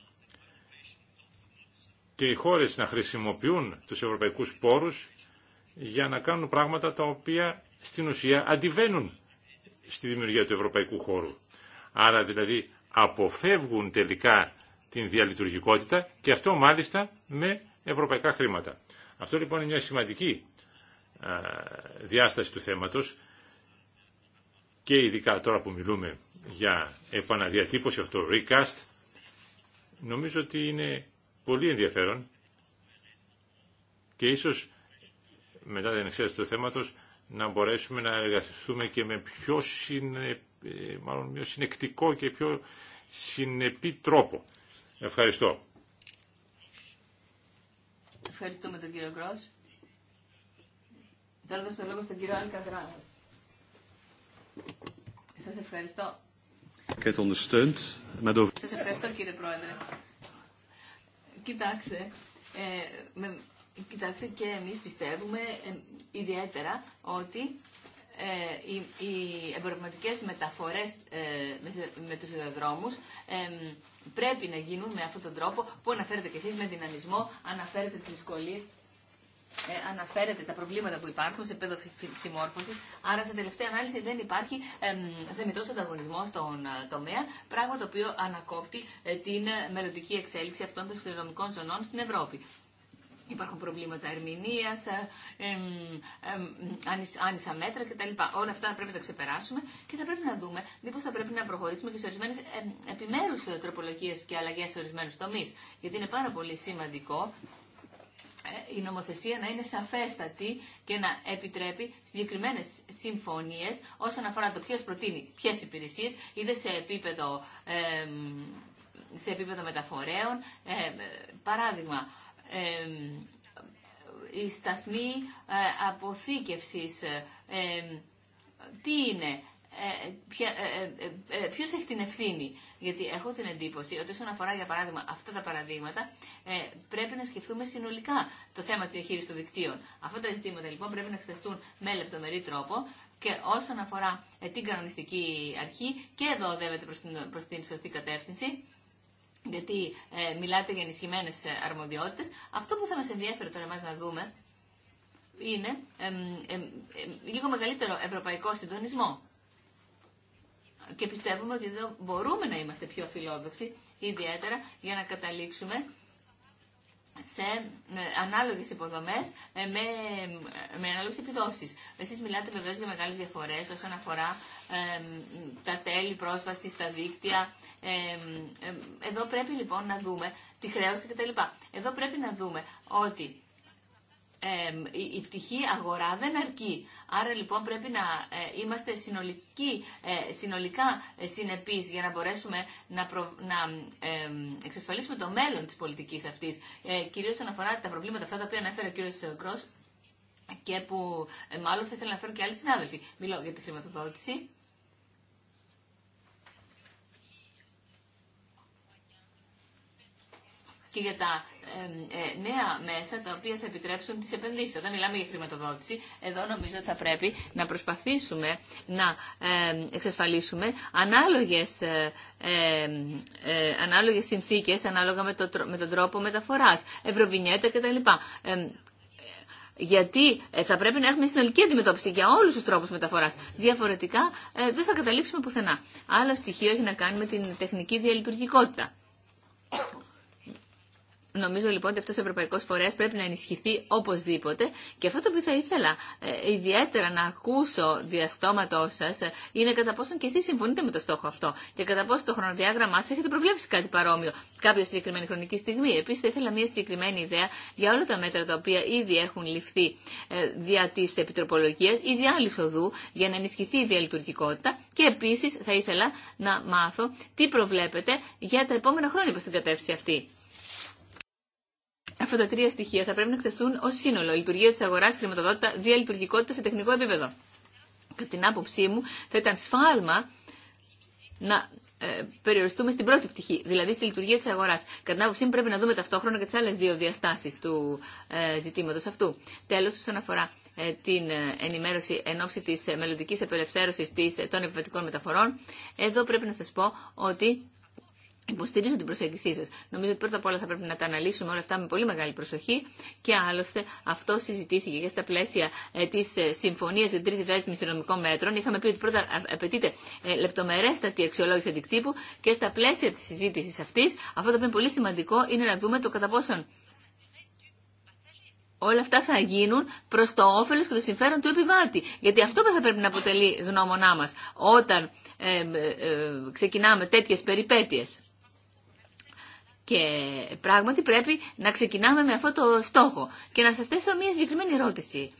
Speaker 4: και οι χώρες να χρησιμοποιούν τους ευρωπαϊκούς πόρους για να κάνουν πράγματα τα οποία στην ουσία αντιβαίνουν στη δημιουργία του ευρωπαϊκού χώρου. Άρα δηλαδή αποφεύγουν τελικά την διαλειτουργικότητα και αυτό μάλιστα με ευρωπαϊκά χρήματα. Αυτό λοιπόν είναι μια σημαντική διάσταση του θέματος και ειδικά τώρα που μιλούμε για επαναδιατύπωση, αυτό το recast, νομίζω ότι είναι πολύ ενδιαφέρον και ίσως μετά την εξέταση του θέματος να μπορέσουμε να εργαστούμε και με πιο, ε, συνεκτικό και πιο συνεπή τρόπο. Ευχαριστώ.
Speaker 3: Ευχαριστούμε τον κύριο Γκρός. Τώρα δώσουμε λόγο στον κύριο Άνικα Σας ευχαριστώ. Σας ευχαριστώ κύριε Πρόεδρε. Κοιτάξτε, ε, με, κοιτάξτε και εμείς πιστεύουμε ε, ιδιαίτερα ότι ε, οι, οι εμπορευματικές μεταφορές ε, με, με τους δρόμους ε, πρέπει να γίνουν με αυτόν τον τρόπο που αναφέρετε και εσείς με δυναμισμό, αναφέρετε τις δυσκολίες ε, αναφέρεται τα προβλήματα που υπάρχουν σε επίπεδο συμμόρφωση. Άρα, σε τελευταία ανάλυση δεν υπάρχει θεμητό ανταγωνισμό στον ε, τομέα, πράγμα το οποίο ανακόπτει ε, την μελλοντική εξέλιξη αυτών των σιδηροδρομικών ζωνών στην Ευρώπη. Υπάρχουν προβλήματα ερμηνεία, άνισα μέτρα κτλ. Όλα αυτά πρέπει να τα ξεπεράσουμε και θα πρέπει να δούμε μήπω θα πρέπει να προχωρήσουμε και σε ορισμένε επιμέρου τροπολογίε και αλλαγέ σε ορισμένου τομεί. Γιατί είναι πάρα πολύ σημαντικό ε, η νομοθεσία να είναι σαφέστατη και να επιτρέπει συγκεκριμένε συμφωνίε όσον αφορά το ποιο προτείνει ποιε υπηρεσίε, είτε σε επίπεδο, ε, σε επίπεδο μεταφορέων. Ε, παράδειγμα, η σταθμή ε, αποθήκευσης τι είναι, ε, ε, ε, ποιο έχει την ευθύνη. Γιατί έχω την εντύπωση ότι όσον αφορά για παράδειγμα αυτά τα παραδείγματα πρέπει να σκεφτούμε συνολικά το θέμα τη διαχείριση των δικτύων. Αυτά τα ζητήματα λοιπόν πρέπει να εξεταστούν με λεπτομερή τρόπο και όσον αφορά την κανονιστική αρχή και εδώ οδεύεται προς την, την σωστή κατεύθυνση γιατί ε, μιλάτε για ενισχυμένε αρμοδιότητε, Αυτό που θα μα ενδιαφέρει τώρα εμάς να δούμε είναι ε, ε, λίγο μεγαλύτερο ευρωπαϊκό συντονισμό και πιστεύουμε ότι εδώ μπορούμε να είμαστε πιο φιλόδοξοι, ιδιαίτερα για να καταλήξουμε σε ε, ανάλογε υποδομέ ε, με, με ανάλογε επιδόσει. Εσεί μιλάτε βεβαίω για μεγάλε διαφορέ όσον αφορά ε, τα τέλη πρόσβαση στα δίκτυα. Ε, ε, εδώ πρέπει λοιπόν να δούμε τη χρέωση κτλ. Εδώ πρέπει να δούμε ότι ε, η πτυχή αγορά δεν αρκεί. Άρα λοιπόν πρέπει να ε, είμαστε ε, συνολικά ε, συνεπείς για να μπορέσουμε να, να εξασφαλίσουμε το μέλλον της πολιτικής αυτής. Κυρίως αναφορά τα προβλήματα αυτά τα οποία αναφέρει ο κύριος Κρός και που μάλλον θα ήθελα να φέρουν και άλλοι συνάδελφοι. Μιλώ για τη χρηματοδότηση και για τα ε, ε, νέα μέσα τα οποία θα επιτρέψουν τις επενδύσεις. Όταν μιλάμε για χρηματοδότηση, εδώ νομίζω ότι θα πρέπει να προσπαθήσουμε να ε, εξασφαλίσουμε ανάλογες, ε, ε, ανάλογες συνθήκες ανάλογα με, τον τρόπο μεταφοράς, ευρωβινιέτα κτλ. Γιατί ε, θα πρέπει να έχουμε συνολική αντιμετώπιση για όλους τους τρόπους μεταφοράς. Διαφορετικά δεν θα καταλήξουμε πουθενά. Άλλο στοιχείο έχει να κάνει με την τεχνική διαλειτουργικότητα. Νομίζω λοιπόν ότι αυτό ο Ευρωπαϊκό Φορέα πρέπει να ενισχυθεί οπωσδήποτε και αυτό το οποίο θα ήθελα ε, ιδιαίτερα να ακούσω διαστόματό σα ε, είναι κατά πόσον και εσεί συμφωνείτε με το στόχο αυτό και κατά πόσο το χρονοδιάγραμμά σα έχετε προβλέψει κάτι παρόμοιο κάποια συγκεκριμένη χρονική στιγμή. Επίση θα ήθελα μια συγκεκριμένη ιδέα για όλα τα μέτρα τα οποία ήδη έχουν ληφθεί ε, δια τη επιτροπολογία ή δια άλλη οδού για να ενισχυθεί η διαλειτουργικότητα και επίση θα ήθελα να μάθω τι προβλέπετε για τα επόμενα χρόνια προ την κατεύθυνση αυτή αυτά τα τρία στοιχεία θα πρέπει να εκθεστούν ω σύνολο. Λειτουργία τη αγορά, χρηματοδότητα, διαλειτουργικότητα σε τεχνικό επίπεδο. Κατά την άποψή μου, θα ήταν σφάλμα να ε, περιοριστούμε στην πρώτη πτυχή, δηλαδή στη λειτουργία τη αγορά. Κατά την άποψή μου, πρέπει να δούμε ταυτόχρονα και τι άλλε δύο διαστάσει του ε, ζητήματο αυτού. Τέλο, όσον αφορά ε, την ε, ενημέρωση εν ώψη τη μελλοντική απελευθέρωση των επιβατικών μεταφορών, εδώ πρέπει να σα πω ότι Υποστηρίζω την προσέγγιση σα. Νομίζω ότι πρώτα απ' όλα θα πρέπει να τα αναλύσουμε όλα αυτά με πολύ μεγάλη προσοχή και άλλωστε αυτό συζητήθηκε και στα πλαίσια ε, τη ε, συμφωνία για την τρίτη δράση μισθονομικών μέτρων. Είχαμε πει ότι πρώτα ε, απαιτείται ε, λεπτομερέστατη αξιολόγηση αντικτύπου και στα πλαίσια τη συζήτηση αυτή αυτό το είναι πολύ σημαντικό είναι να δούμε το κατά πόσον όλα αυτά θα γίνουν προ το όφελο και το συμφέρον του επιβάτη. Γιατί αυτό που θα πρέπει να αποτελεί γνώμονά μα όταν ε, ε ξεκινάμε τέτοιε περιπέτειες. Και πράγματι πρέπει να ξεκινάμε με αυτό το στόχο. Και να σας θέσω μια συγκεκριμένη ερώτηση.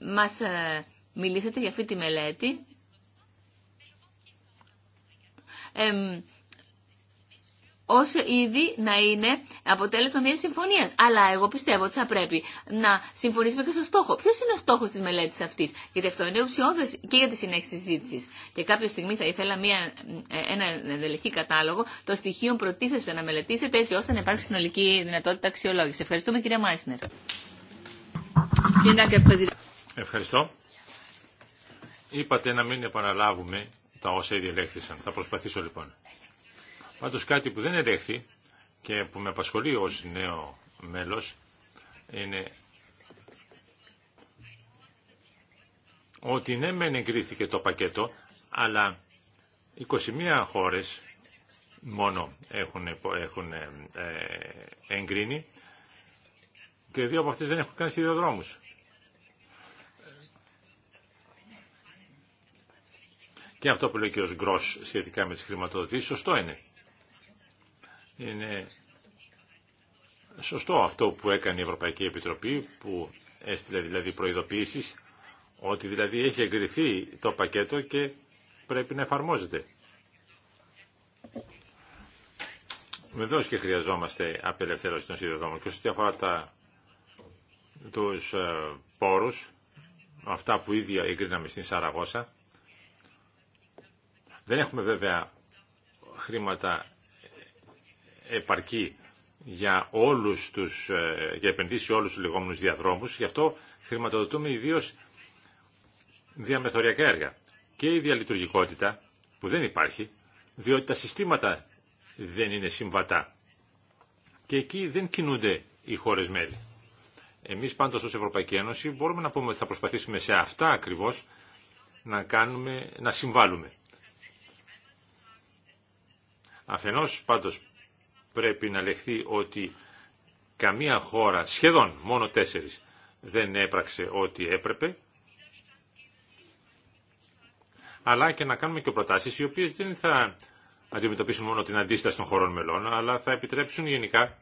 Speaker 3: Ε, μας ε, μιλήσατε για αυτή τη μελέτη. Ω ήδη να είναι αποτέλεσμα μια συμφωνία. Αλλά εγώ πιστεύω ότι θα πρέπει να συμφωνήσουμε και στο στόχο. Ποιο είναι ο στόχο τη μελέτη αυτή, Γιατί αυτό είναι ουσιώδε και για τη συνέχιση της συζήτησης. Και κάποια στιγμή θα ήθελα μια, ε, ένα ενδελεχή κατάλογο των στοιχείων προτίθεστε να μελετήσετε έτσι ώστε να υπάρξει συνολική δυνατότητα αξιολόγηση. Ευχαριστούμε κύριε Μάισνερ.
Speaker 4: Ευχαριστώ. Είπατε να μην επαναλάβουμε τα όσα ήδη ελέγχθησαν. Θα προσπαθήσω λοιπόν. Πάντω κάτι που δεν ελέγχθη και που με απασχολεί ως νέο μέλος είναι ότι ναι μεν εγκρίθηκε το πακέτο, αλλά 21 χώρες μόνο έχουν, έχουν ε, εγκρίνει και δύο από αυτές δεν έχουν κάνει σιδηροδρόμους. Και αυτό που λέει ο κ. Γκρός σχετικά με τις χρηματοδοτήσεις, σωστό είναι. Είναι σωστό αυτό που έκανε η Ευρωπαϊκή Επιτροπή, που έστειλε δηλαδή προειδοποιήσεις, ότι δηλαδή έχει εγκριθεί το πακέτο και πρέπει να εφαρμόζεται. Βεβαίω και χρειαζόμαστε απελευθέρωση των σιδηροδρόμων και ό,τι αφορά τα, τους ε, πόρους, αυτά που ήδη εγκρίναμε στην Σαραγώσα. Δεν έχουμε βέβαια χρήματα επαρκεί για, όλους τους, ε, για επενδύσεις σε όλους τους λεγόμενους διαδρόμους. Γι' αυτό χρηματοδοτούμε ιδίω διαμεθοριακά έργα. Και η διαλειτουργικότητα που δεν υπάρχει, διότι τα συστήματα δεν είναι συμβατά. Και εκεί δεν κινούνται οι χώρες μέλη. Εμείς πάντως ως Ευρωπαϊκή Ένωση μπορούμε να πούμε ότι θα προσπαθήσουμε σε αυτά ακριβώς να, κάνουμε, να συμβάλλουμε. Αφενός πάντως πρέπει να λεχθεί ότι καμία χώρα, σχεδόν μόνο τέσσερις, δεν έπραξε ό,τι έπρεπε, αλλά και να κάνουμε και προτάσεις οι οποίες δεν θα αντιμετωπίσουν μόνο την αντίσταση των χωρών μελών, αλλά θα επιτρέψουν γενικά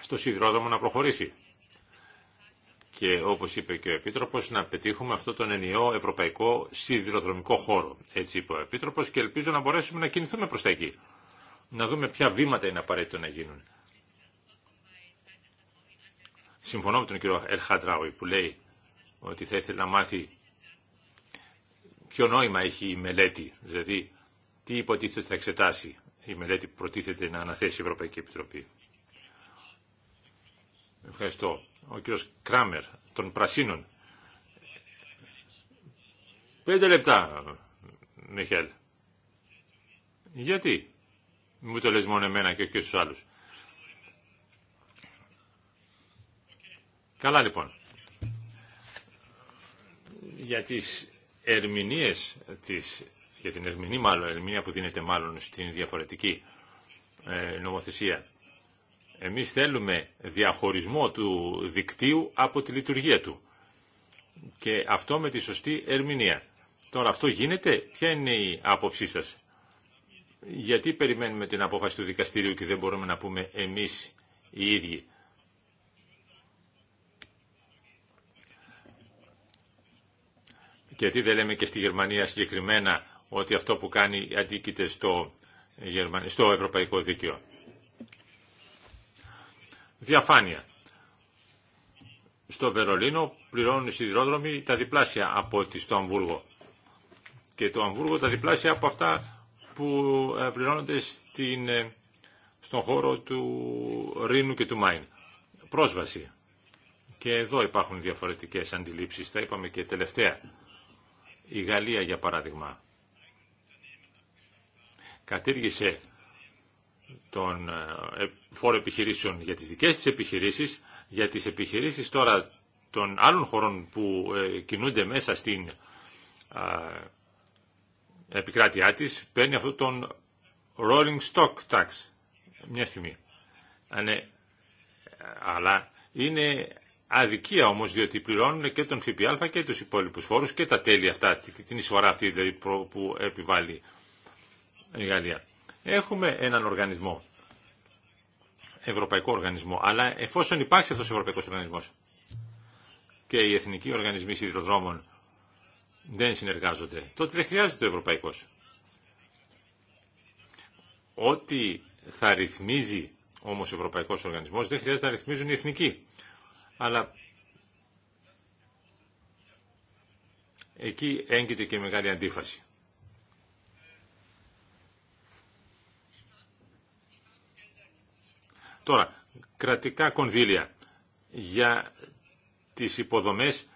Speaker 4: στο σιδηρόδρομο να προχωρήσει. Και όπως είπε και ο Επίτροπος, να πετύχουμε αυτό τον ενιαίο ευρωπαϊκό σιδηροδρομικό χώρο. Έτσι είπε ο Επίτροπος και ελπίζω να μπορέσουμε να κινηθούμε προς τα εκεί να δούμε ποια βήματα είναι απαραίτητο να γίνουν. Συμφωνώ με τον κύριο Ελχαντράουι που λέει ότι θα ήθελε να μάθει ποιο νόημα έχει η μελέτη, δηλαδή τι υποτίθεται ότι θα εξετάσει η μελέτη που προτίθεται να αναθέσει η Ευρωπαϊκή Επιτροπή. Ευχαριστώ. Ο κύριος Κράμερ των Πρασίνων. Πέντε λεπτά, Μιχέλ. Γιατί. Μου το λες μόνο εμένα και, όχι στους άλλους. Καλά λοιπόν. Για τις ερμηνείες της, για την ερμηνεία μάλλον, ερμηνεία που δίνεται μάλλον στην διαφορετική ε, νομοθεσία. Εμείς θέλουμε διαχωρισμό του δικτύου από τη λειτουργία του. Και αυτό με τη σωστή ερμηνεία. Τώρα αυτό γίνεται, ποια είναι η άποψή σας. Γιατί περιμένουμε την απόφαση του δικαστήριου και δεν μπορούμε να πούμε εμείς οι ίδιοι. Γιατί δεν λέμε και στη Γερμανία συγκεκριμένα ότι αυτό που κάνει αντίκειται στο, στο ευρωπαϊκό δίκαιο. Διαφάνεια. Στο Βερολίνο πληρώνουν οι σιδηρόδρομοι τα διπλάσια από ό,τι στο Αμβούργο. Και το Αμβούργο τα διπλάσια από αυτά που ε, πληρώνονται ε, στον χώρο του Ρήνου και του Μάιν. Πρόσβαση. Και εδώ υπάρχουν διαφορετικές αντιλήψεις, τα είπαμε και τελευταία. Η Γαλλία, για παράδειγμα, κατήργησε τον ε, φόρο επιχειρήσεων για τις δικές της επιχειρήσεις, για τις επιχειρήσεις τώρα των άλλων χωρών που κινούνται μέσα στην επικράτειά της παίρνει αυτό τον rolling stock tax. Μια στιγμή. Ναι. Αλλά είναι αδικία όμως διότι πληρώνουν και τον ΦΠΑ και τους υπόλοιπους φόρους και τα τέλη αυτά, την εισφορά αυτή δηλαδή που επιβάλλει η Γαλλία. Έχουμε έναν οργανισμό, ευρωπαϊκό οργανισμό, αλλά εφόσον υπάρχει αυτός ο ευρωπαϊκός οργανισμός και οι εθνικοί οργανισμοί σιδηροδρόμων δεν συνεργάζονται, τότε δεν χρειάζεται ο ευρωπαϊκός. Ό,τι θα ρυθμίζει όμως ο ευρωπαϊκός οργανισμός δεν χρειάζεται να ρυθμίζουν οι εθνικοί. Αλλά εκεί έγκυται και μεγάλη αντίφαση. Τώρα, κρατικά κονδύλια για τις υποδομές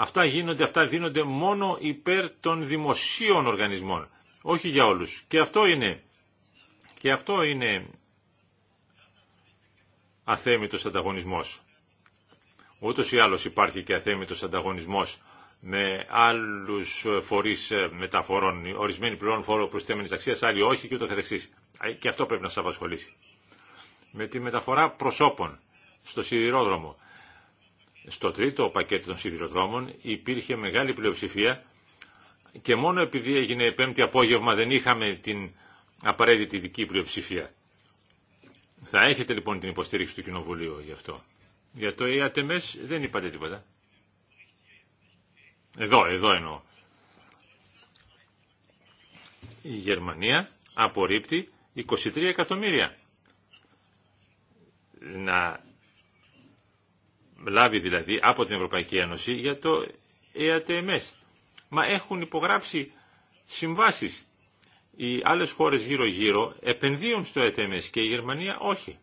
Speaker 4: Αυτά γίνονται, αυτά δίνονται μόνο υπέρ των δημοσίων οργανισμών, όχι για όλους. Και αυτό είναι, και αυτό είναι αθέμητος ανταγωνισμός. Ούτως ή άλλως υπάρχει και αθέμητος ανταγωνισμός με άλλους φορείς ε, μεταφορών, ορισμένοι πλέον φόρο προστέμενης αξίας, άλλοι όχι και ούτω καθεξής. Και αυτό πρέπει να σας απασχολήσει. Με τη μεταφορά προσώπων στο σιδηρόδρομο στο τρίτο πακέτο των σιδηροδρόμων υπήρχε μεγάλη πλειοψηφία και μόνο επειδή έγινε πέμπτη απόγευμα δεν είχαμε την απαραίτητη δική πλειοψηφία. Θα έχετε λοιπόν την υποστήριξη του Κοινοβουλίου γι' αυτό. Για το ΙΑΤΜΕΣ δεν είπατε τίποτα. Εδώ, εδώ εννοώ. Η Γερμανία απορρίπτει 23 εκατομμύρια. Να λάβει δηλαδή από την Ευρωπαϊκή Ένωση για το ΕΑΤΕΜΕΣ. Μα έχουν υπογράψει συμβάσεις. Οι άλλες χώρες γύρω-γύρω επενδύουν στο ΕΤΕΜΕΣ και η Γερμανία όχι.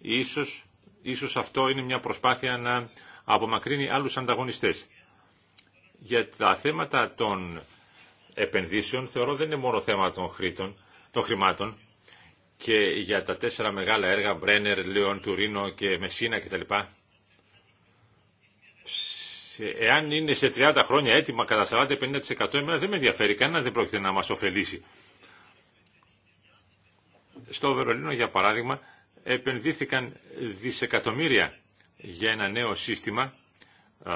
Speaker 4: Ίσως, ίσως αυτό είναι μια προσπάθεια να απομακρύνει άλλους ανταγωνιστές. Για τα θέματα των επενδύσεων θεωρώ δεν είναι μόνο θέμα των, των χρημάτων και για τα τέσσερα μεγάλα έργα Μπρένερ, Λεόν, Τουρίνο και Μεσίνα κτλ εάν είναι σε 30 χρόνια έτοιμα κατά 40-50% εμένα δεν με ενδιαφέρει κανένα δεν πρόκειται να μας ωφελήσει. Στο Βερολίνο για παράδειγμα επενδύθηκαν δισεκατομμύρια για ένα νέο σύστημα ε,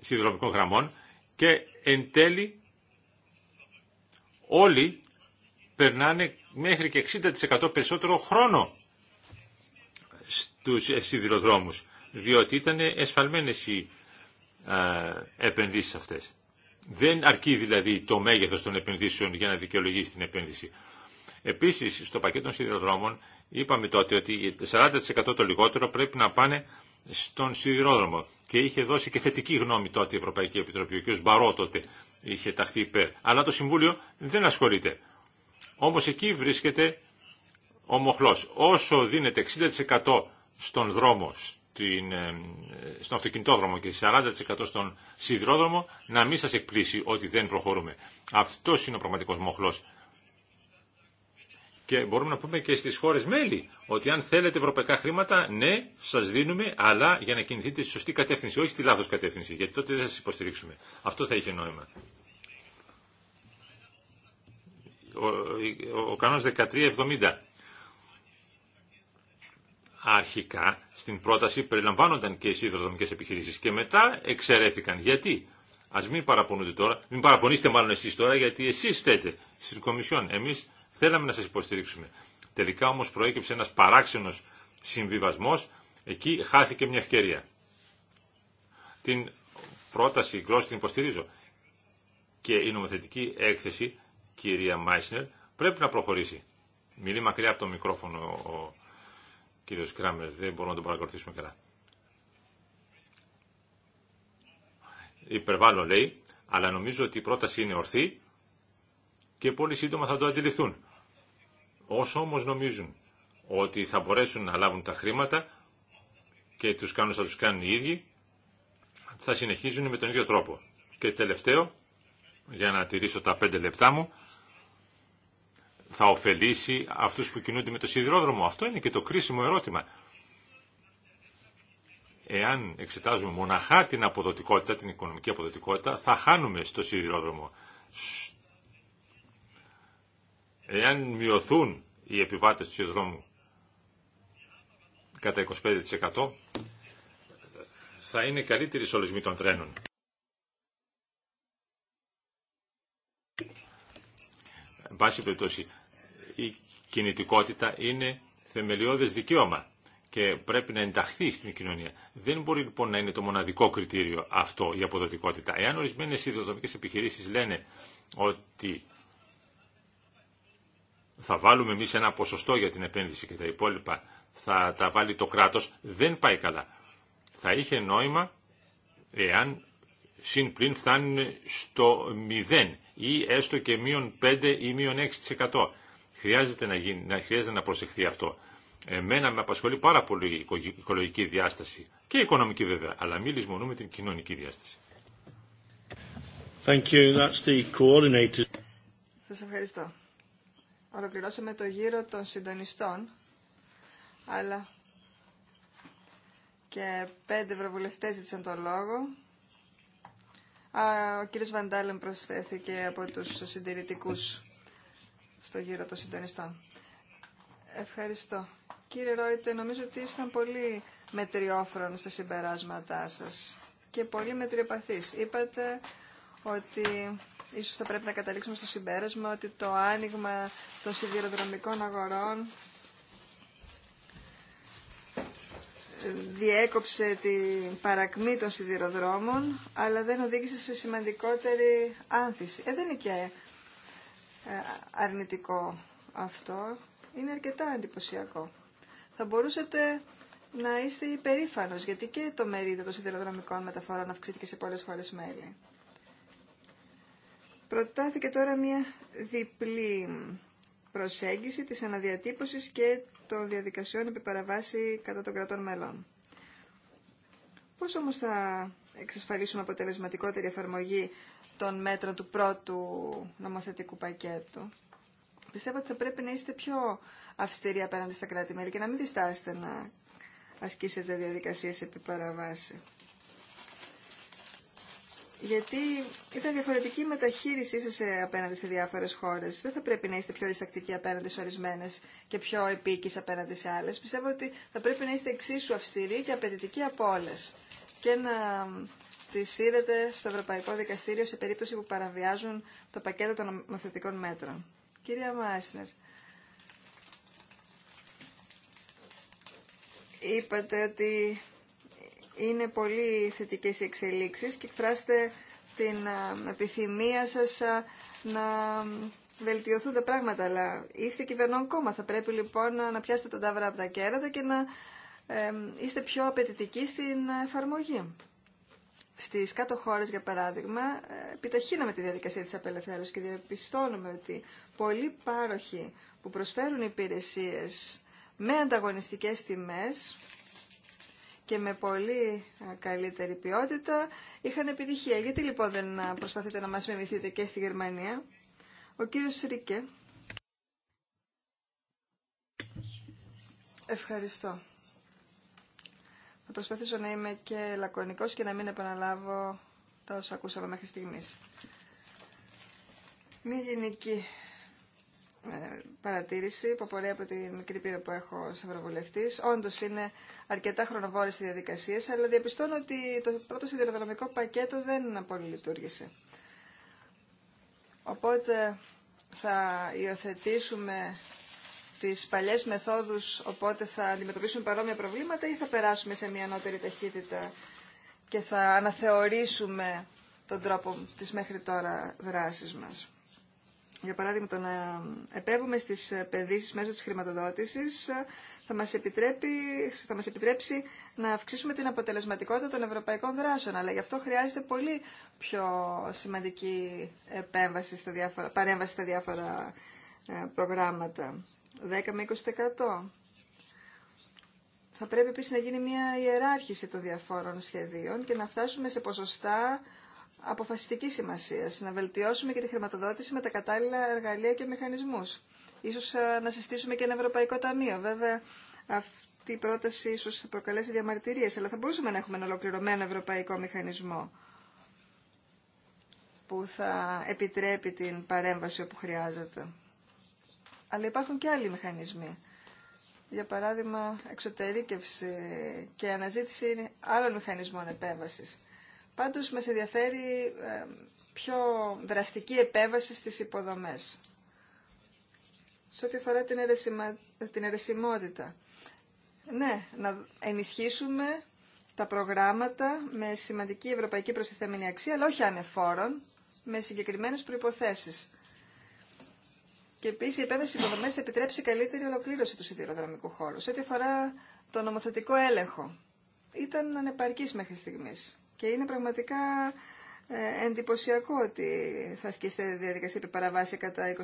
Speaker 4: σιδηροδρομικών γραμμών και εν τέλει όλοι περνάνε μέχρι και 60% περισσότερο χρόνο στους ε, σιδηροδρόμους διότι ήταν εσφαλμένες οι επενδύσεις αυτές. Δεν αρκεί δηλαδή το μέγεθος των επενδύσεων για να δικαιολογήσει την επένδυση. Επίσης, στο πακέτο των σιδηροδρόμων είπαμε τότε ότι 40% το λιγότερο πρέπει να πάνε στον σιδηρόδρομο. Και είχε δώσει και θετική γνώμη τότε η Ευρωπαϊκή Επιτροπή. Ο κ. Μπαρό τότε είχε ταχθεί υπέρ. Αλλά το Συμβούλιο δεν ασχολείται. Όμως εκεί βρίσκεται ομοχλός. Όσο δίνεται 60% στον δρόμο, στην, ε, στον αυτοκινητόδρομο και 40% στον σιδηρόδρομο, να μην σας εκπλήσει ότι δεν προχωρούμε. Αυτό είναι ο πραγματικός μοχλός. Και μπορούμε να πούμε και στις χώρες μέλη ότι αν θέλετε ευρωπαϊκά χρήματα, ναι, σας δίνουμε, αλλά για να κινηθείτε στη σωστή κατεύθυνση, όχι στη λάθος κατεύθυνση, γιατί τότε δεν σας υποστηρίξουμε. Αυτό θα είχε νόημα. Ο, ο, ο κανόνας 1370 αρχικά στην πρόταση περιλαμβάνονταν και οι σύνδρομικέ επιχειρήσει. και μετά εξαιρέθηκαν. Γιατί? α μην παραπονούνται τώρα, μην παραπονείστε μάλλον εσεί τώρα γιατί εσεί φταίτε στην Κομισιόν. Εμείς θέλαμε να σα υποστηρίξουμε. Τελικά όμω προέκυψε ένα παράξενο συμβιβασμό, εκεί χάθηκε μια ευκαιρία. Την πρόταση γκρό την υποστηρίζω και η νομοθετική έκθεση, κυρία Μάισνερ, πρέπει να προχωρήσει. Μιλεί μακριά από το μικρόφωνο κύριος Κράμερ, δεν μπορούμε να το παρακολουθήσουμε καλά. Υπερβάλλω λέει, αλλά νομίζω ότι η πρόταση είναι ορθή και πολύ σύντομα θα το αντιληφθούν. Όσο όμως νομίζουν ότι θα μπορέσουν να λάβουν τα χρήματα και τους κάνουν θα τους κάνουν οι ίδιοι, θα συνεχίζουν με τον ίδιο τρόπο. Και τελευταίο, για να τηρήσω τα πέντε λεπτά μου, θα ωφελήσει αυτούς που κινούνται με το σιδηρόδρομο. Αυτό είναι και το κρίσιμο ερώτημα. Εάν εξετάζουμε μοναχά την αποδοτικότητα, την οικονομική αποδοτικότητα, θα χάνουμε στο σιδηρόδρομο. Εάν μειωθούν οι επιβάτες του σιδηρόδρομου κατά 25%, θα είναι καλύτερη σολισμή των τρένων. Εν πάση περιπτώσει, κινητικότητα είναι θεμελιώδες δικαίωμα και πρέπει να ενταχθεί στην κοινωνία. Δεν μπορεί λοιπόν να είναι το μοναδικό κριτήριο αυτό η αποδοτικότητα. Εάν ορισμένε ιδεοδομικέ επιχειρήσει λένε ότι θα βάλουμε εμεί ένα ποσοστό για την επένδυση και τα υπόλοιπα θα τα βάλει το κράτο, δεν πάει καλά. Θα είχε νόημα εάν συν πλήν φτάνουν στο 0 ή έστω και μείον 5 ή μείον 6%. Χρειάζεται να, γίνει, να, χρειάζεται να προσεχθεί αυτό. Εμένα με απασχολεί πάρα πολύ η οικολογική διάσταση και η οικονομική βέβαια, αλλά μην λησμονούμε την κοινωνική διάσταση. Thank you. That's the
Speaker 2: Σας ευχαριστώ. Ολοκληρώσαμε το γύρο των συντονιστών, αλλά και πέντε ευρωβουλευτές ζήτησαν τον λόγο. Ο κύριος Βαντάλεν προσθέθηκε από τους συντηρητικούς στο γύρο των συντονιστών. Ευχαριστώ. Κύριε Ρόιτε, νομίζω ότι ήσταν πολύ μετριόφρον στα συμπεράσματά σας και πολύ μετριοπαθείς Είπατε ότι ίσως θα πρέπει να καταλήξουμε στο συμπέρασμα ότι το άνοιγμα των σιδηροδρομικών αγορών διέκοψε την παρακμή των σιδηροδρόμων, αλλά δεν οδήγησε σε σημαντικότερη άνθηση. Ε, δεν είναι και ε, αρνητικό αυτό. Είναι αρκετά εντυπωσιακό. Θα μπορούσατε να είστε υπερήφανος, γιατί και το μερίδιο των σιδηροδρομικών μεταφορών αυξήθηκε σε πολλές χώρες μέλη. Προτάθηκε τώρα μια διπλή προσέγγιση της αναδιατύπωσης και των διαδικασιών επί παραβάση κατά των κρατών μελών. Πώς όμως θα εξασφαλίσουμε αποτελεσματικότερη εφαρμογή των μέτρων του πρώτου νομοθετικού πακέτου. Πιστεύω ότι θα πρέπει να είστε πιο αυστηροί απέναντι στα κράτη-μέλη και να μην διστάσετε να ασκήσετε διαδικασίες επί παραβάση. Γιατί ήταν διαφορετική η μεταχείρισή σα απέναντι σε διάφορε χώρε. Δεν θα πρέπει να είστε πιο διστακτικοί απέναντι σε ορισμένες και πιο επίκης απέναντι σε άλλε. Πιστεύω ότι θα πρέπει να είστε εξίσου αυστηροί και απαιτητικοί από όλε και να τη σύρετε στο Ευρωπαϊκό Δικαστήριο σε περίπτωση που παραβιάζουν το πακέτο των νομοθετικών μέτρων. Κυρία Μάισνερ, είπατε ότι είναι πολύ θετικές οι εξελίξεις και εκφράσετε την επιθυμία σας να βελτιωθούν τα πράγματα, αλλά είστε κυβερνών κόμμα. Θα πρέπει λοιπόν να πιάσετε τον τάβρα από τα κέρατα και να είστε πιο απαιτητικοί στην εφαρμογή. Στις κάτω χώρες, για παράδειγμα, ε, επιταχύναμε τη διαδικασία της απελευθέρωσης και διαπιστώνουμε ότι πολλοί πάροχοι που προσφέρουν υπηρεσίες με ανταγωνιστικές τιμές και με πολύ ε, καλύτερη ποιότητα είχαν επιτυχία. Γιατί λοιπόν δεν ε, προσπαθείτε να μας μιμηθείτε και στη Γερμανία. Ο κύριος Σρίκε. Ευχαριστώ. Θα προσπαθήσω να είμαι και λακωνικός και να μην επαναλάβω τα όσα ακούσαμε μέχρι στιγμής. Μία γενική ε, παρατήρηση που απορρέει από την μικρή πύρα που έχω ως Ευρωβουλευτής. Όντως είναι αρκετά χρονοβόρες οι διαδικασίες, αλλά διαπιστώνω ότι το πρώτο σιδηροδρομικό πακέτο δεν απολυλειτούργησε. Οπότε θα υιοθετήσουμε τις παλιές μεθόδους, οπότε θα αντιμετωπίσουμε παρόμοια προβλήματα ή θα περάσουμε σε μια ανώτερη ταχύτητα και θα αναθεωρήσουμε τον τρόπο της μέχρι τώρα δράσης μας. Για παράδειγμα, το να επέβουμε στις επενδύσεις μέσω της χρηματοδότησης θα μας, επιτρέπει, θα μας επιτρέψει να αυξήσουμε την αποτελεσματικότητα των ευρωπαϊκών δράσεων, αλλά γι' αυτό χρειάζεται πολύ πιο σημαντική επέμβαση στα διάφορα, παρέμβαση στα διάφορα ε, προγράμματα. 10 με 20%. Θα πρέπει επίσης να γίνει μια ιεράρχηση των διαφόρων σχεδίων και να φτάσουμε σε ποσοστά αποφασιστικής σημασίας, να βελτιώσουμε και τη χρηματοδότηση με τα κατάλληλα εργαλεία και μηχανισμούς. Ίσως ε, να συστήσουμε και ένα Ευρωπαϊκό Ταμείο. Βέβαια, αυτή η πρόταση ίσως θα προκαλέσει διαμαρτυρίες, αλλά θα μπορούσαμε να έχουμε ένα ολοκληρωμένο ευρωπαϊκό μηχανισμό που θα επιτρέπει την παρέμβαση όπου χρειάζεται. Αλλά υπάρχουν και άλλοι μηχανισμοί. Για παράδειγμα, εξωτερήκευση και αναζήτηση άλλων μηχανισμών επέμβαση. Πάντως, μας ενδιαφέρει ε, πιο δραστική επέμβαση στις υποδομές. Σε ό,τι αφορά την, αιρεσιμότητα. Ναι, να ενισχύσουμε τα προγράμματα με σημαντική ευρωπαϊκή προστιθέμενη αξία, αλλά όχι ανεφόρων, με συγκεκριμένες προϋποθέσεις. Και επίση η επέμβαση υποδομέ θα επιτρέψει καλύτερη ολοκλήρωση του σιδηροδρομικού χώρου. Σε ό,τι αφορά το νομοθετικό έλεγχο, ήταν ανεπαρκή μέχρι στιγμή. Και είναι πραγματικά ε, εντυπωσιακό ότι θα ασκήσετε διαδικασία επί παραβάση κατά 21,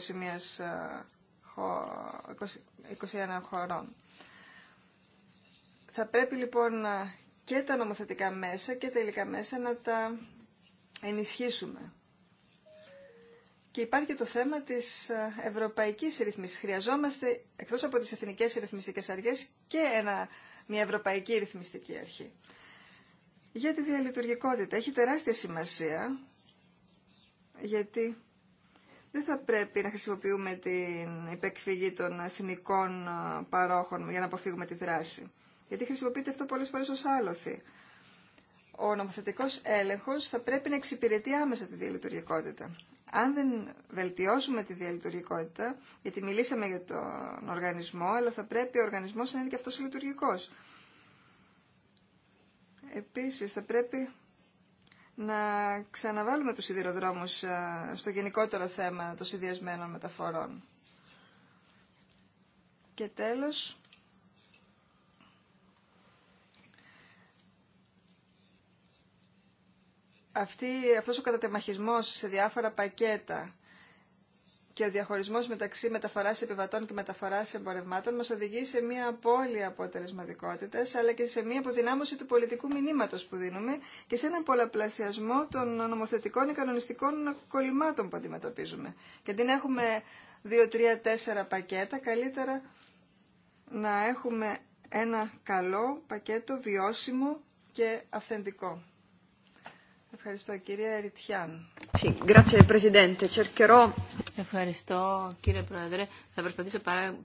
Speaker 2: 21 ε, χωρών. Θα πρέπει λοιπόν ε, και τα νομοθετικά μέσα και τα υλικά μέσα να τα ενισχύσουμε. Και υπάρχει και το θέμα της ε, ευρωπαϊκής ρυθμίσης. Χρειαζόμαστε, εκτός από τις εθνικές ρυθμιστικές αρχές, και ένα, μια ευρωπαϊκή ρυθμιστική αρχή. Για τη διαλειτουργικότητα έχει τεράστια σημασία, γιατί δεν θα πρέπει να χρησιμοποιούμε την υπεκφυγή των εθνικών ε, παρόχων για να αποφύγουμε τη δράση. Γιατί χρησιμοποιείται αυτό πολλές φορές ως άλοθη. Ο νομοθετικός έλεγχος θα πρέπει να εξυπηρετεί άμεσα τη διαλειτουργικότητα αν δεν βελτιώσουμε τη διαλειτουργικότητα, γιατί μιλήσαμε για τον οργανισμό, αλλά θα πρέπει ο οργανισμός να είναι και αυτός λειτουργικός. Επίσης, θα πρέπει να ξαναβάλουμε τους σιδηροδρόμους ε, στο γενικότερο θέμα των συνδυασμένων μεταφορών. Και τέλος, αυτή, αυτός ο κατατεμαχισμός σε διάφορα πακέτα και ο διαχωρισμός μεταξύ μεταφοράς επιβατών και μεταφοράς εμπορευμάτων μας οδηγεί σε μια απώλεια αποτελεσματικότητα, αλλά και σε μια αποδυνάμωση του πολιτικού μηνύματος που δίνουμε και σε έναν πολλαπλασιασμό των νομοθετικών ή κανονιστικών κολλημάτων που αντιμετωπίζουμε. Και αντί να εχουμε δύο, τρία, τέσσερα πακετα καλύτερα να έχουμε ένα καλό πακέτο βιώσιμο και αυθεντικό. Ευχαριστώ
Speaker 3: Ευχαριστώ κύριε Πρόεδρε.
Speaker 2: Θα προσπαθήσω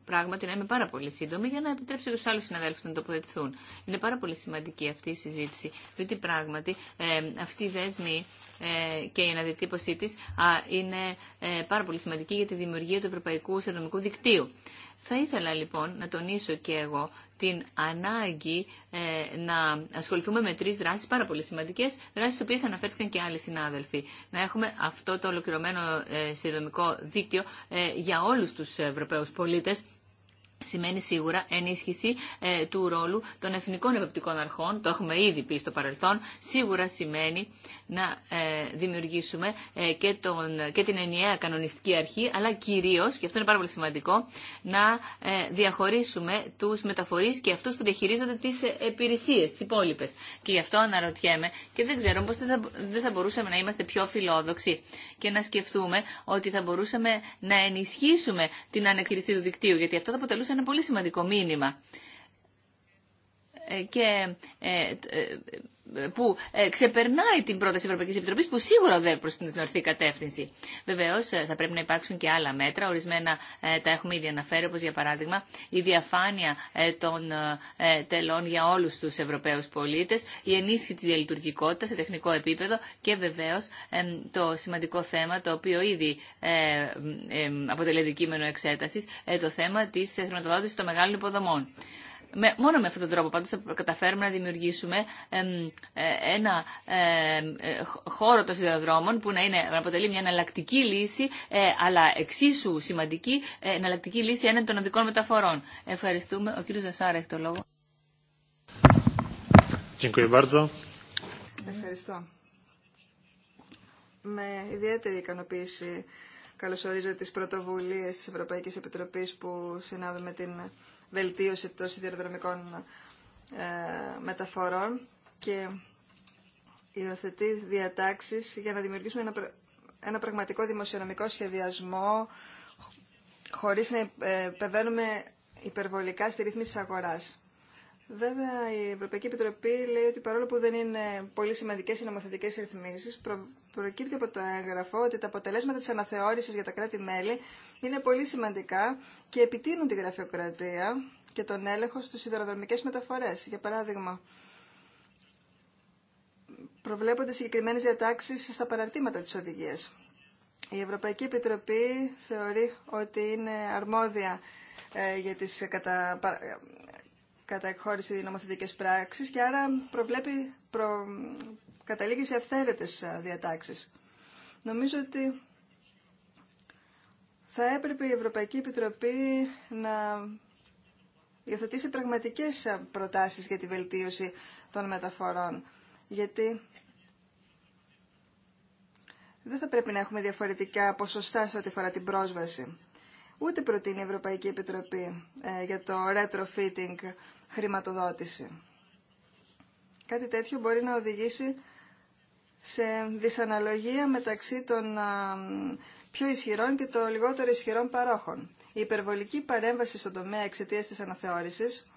Speaker 2: πράγματι να είμαι
Speaker 3: πάρα πολύ σύντομη για να επιτρέψω τους άλλους συναδέλφους να τοποθετηθούν. Είναι πάρα πολύ σημαντική αυτή η συζήτηση, διότι πράγματι ε, αυτή η δέσμη ε, και η αναδιατύπωσή της είναι ε, πάρα πολύ σημαντική για τη δημιουργία του Ευρωπαϊκού Συνομικού Δικτύου. Θα ήθελα λοιπόν να τονίσω και εγώ την ανάγκη ε, να ασχοληθούμε με τρεις δράσεις πάρα πολύ σημαντικές, δράσεις στις οποίες αναφέρθηκαν και άλλοι συνάδελφοι. Να έχουμε αυτό το ολοκληρωμένο ε, συνδρομικό δίκτυο ε, για όλους τους Ευρωπαίους πολίτες Σημαίνει σίγουρα ενίσχυση ε, του ρόλου των εθνικών ευρωπαϊκών αρχών, το έχουμε ήδη πει στο παρελθόν, σίγουρα σημαίνει να ε, δημιουργήσουμε ε, και, τον, και την ενιαία κανονιστική αρχή, αλλά κυρίως, και αυτό είναι πάρα πολύ σημαντικό, να ε, διαχωρίσουμε τους μεταφορείς και αυτούς που διαχειρίζονται τις υπηρεσίε, τις υπόλοιπε. Και γι' αυτό αναρωτιέμαι και δεν ξέρω πώς δεν θα μπορούσαμε να είμαστε πιο φιλόδοξοι και να σκεφτούμε ότι θα μπορούσαμε να ενισχύσουμε την ανακλειστή του δικτύου, γιατί αυτό θα αποτελούσε ένα πολύ σημαντικό μήνυμα. Και που ε, ξεπερνάει την πρόταση Ευρωπαϊκή Επιτροπή, που σίγουρα δεν προ την ορθή κατεύθυνση. Βεβαίω, ε, θα πρέπει να υπάρξουν και άλλα μέτρα. Ορισμένα ε, τα έχουμε ήδη αναφέρει, όπω για παράδειγμα η διαφάνεια των τελών για όλου του Ευρωπαίου πολίτε, η ενίσχυση τη διαλειτουργικότητα σε τεχνικό επίπεδο και βεβαίω το σημαντικό θέμα, το οποίο ήδη αποτελεί αντικείμενο εξέταση, το θέμα τη χρηματοδότηση των μεγάλων υποδομών μόνο με αυτόν τον τρόπο πάντως θα καταφέρουμε να δημιουργήσουμε ε, ένα ε, χώρο των σιδεροδρόμων που να, είναι, αποτελεί μια εναλλακτική λύση ε, αλλά εξίσου σημαντική εναλλακτική λύση έναν των οδικών μεταφορών. Ευχαριστούμε. Ο κύριος Ζασάρα έχει το λόγο.
Speaker 2: Ευχαριστώ. Με ιδιαίτερη ικανοποίηση καλωσορίζω τις πρωτοβουλίες της Ευρωπαϊκής Επιτροπής που συνάδουμε την βελτίωση των σιδηροδρομικών ε, μεταφορών και υιοθετεί διατάξεις για να δημιουργήσουμε ένα, πραγματικό δημοσιονομικό σχεδιασμό χωρίς να υπερβαίνουμε ε, υπερβολικά στη ρύθμιση της αγοράς. Βέβαια, η Ευρωπαϊκή Επιτροπή λέει ότι παρόλο που δεν είναι πολύ σημαντικέ οι νομοθετικέ ρυθμίσει, προκύπτει από το έγγραφο ότι τα αποτελέσματα τη αναθεώρηση για τα κράτη-μέλη είναι πολύ σημαντικά και επιτείνουν τη γραφειοκρατία και τον έλεγχο στι σιδηροδρομικέ μεταφορέ. Για παράδειγμα, προβλέπονται συγκεκριμένε διατάξει στα παραρτήματα τη οδηγία. Η Ευρωπαϊκή Επιτροπή θεωρεί ότι είναι αρμόδια ε, για τις κατα κατά εκχώρηση πράξει και άρα προβλέπει, προ... καταλήγει σε αυθαίρετες διατάξεις. Νομίζω ότι θα έπρεπε η Ευρωπαϊκή Επιτροπή να υιοθετήσει πραγματικές προτάσεις για τη βελτίωση των μεταφορών. Γιατί δεν θα πρέπει να έχουμε διαφορετικά ποσοστά σε ό,τι αφορά την πρόσβαση. Ούτε προτείνει η Ευρωπαϊκή Επιτροπή ε, για το retrofitting χρηματοδότηση. Κάτι τέτοιο μπορεί να οδηγήσει σε δυσαναλογία μεταξύ των πιο ισχυρών και των λιγότερο ισχυρών παρόχων. Η υπερβολική παρέμβαση στον τομέα εξαιτία της αναθεώρησης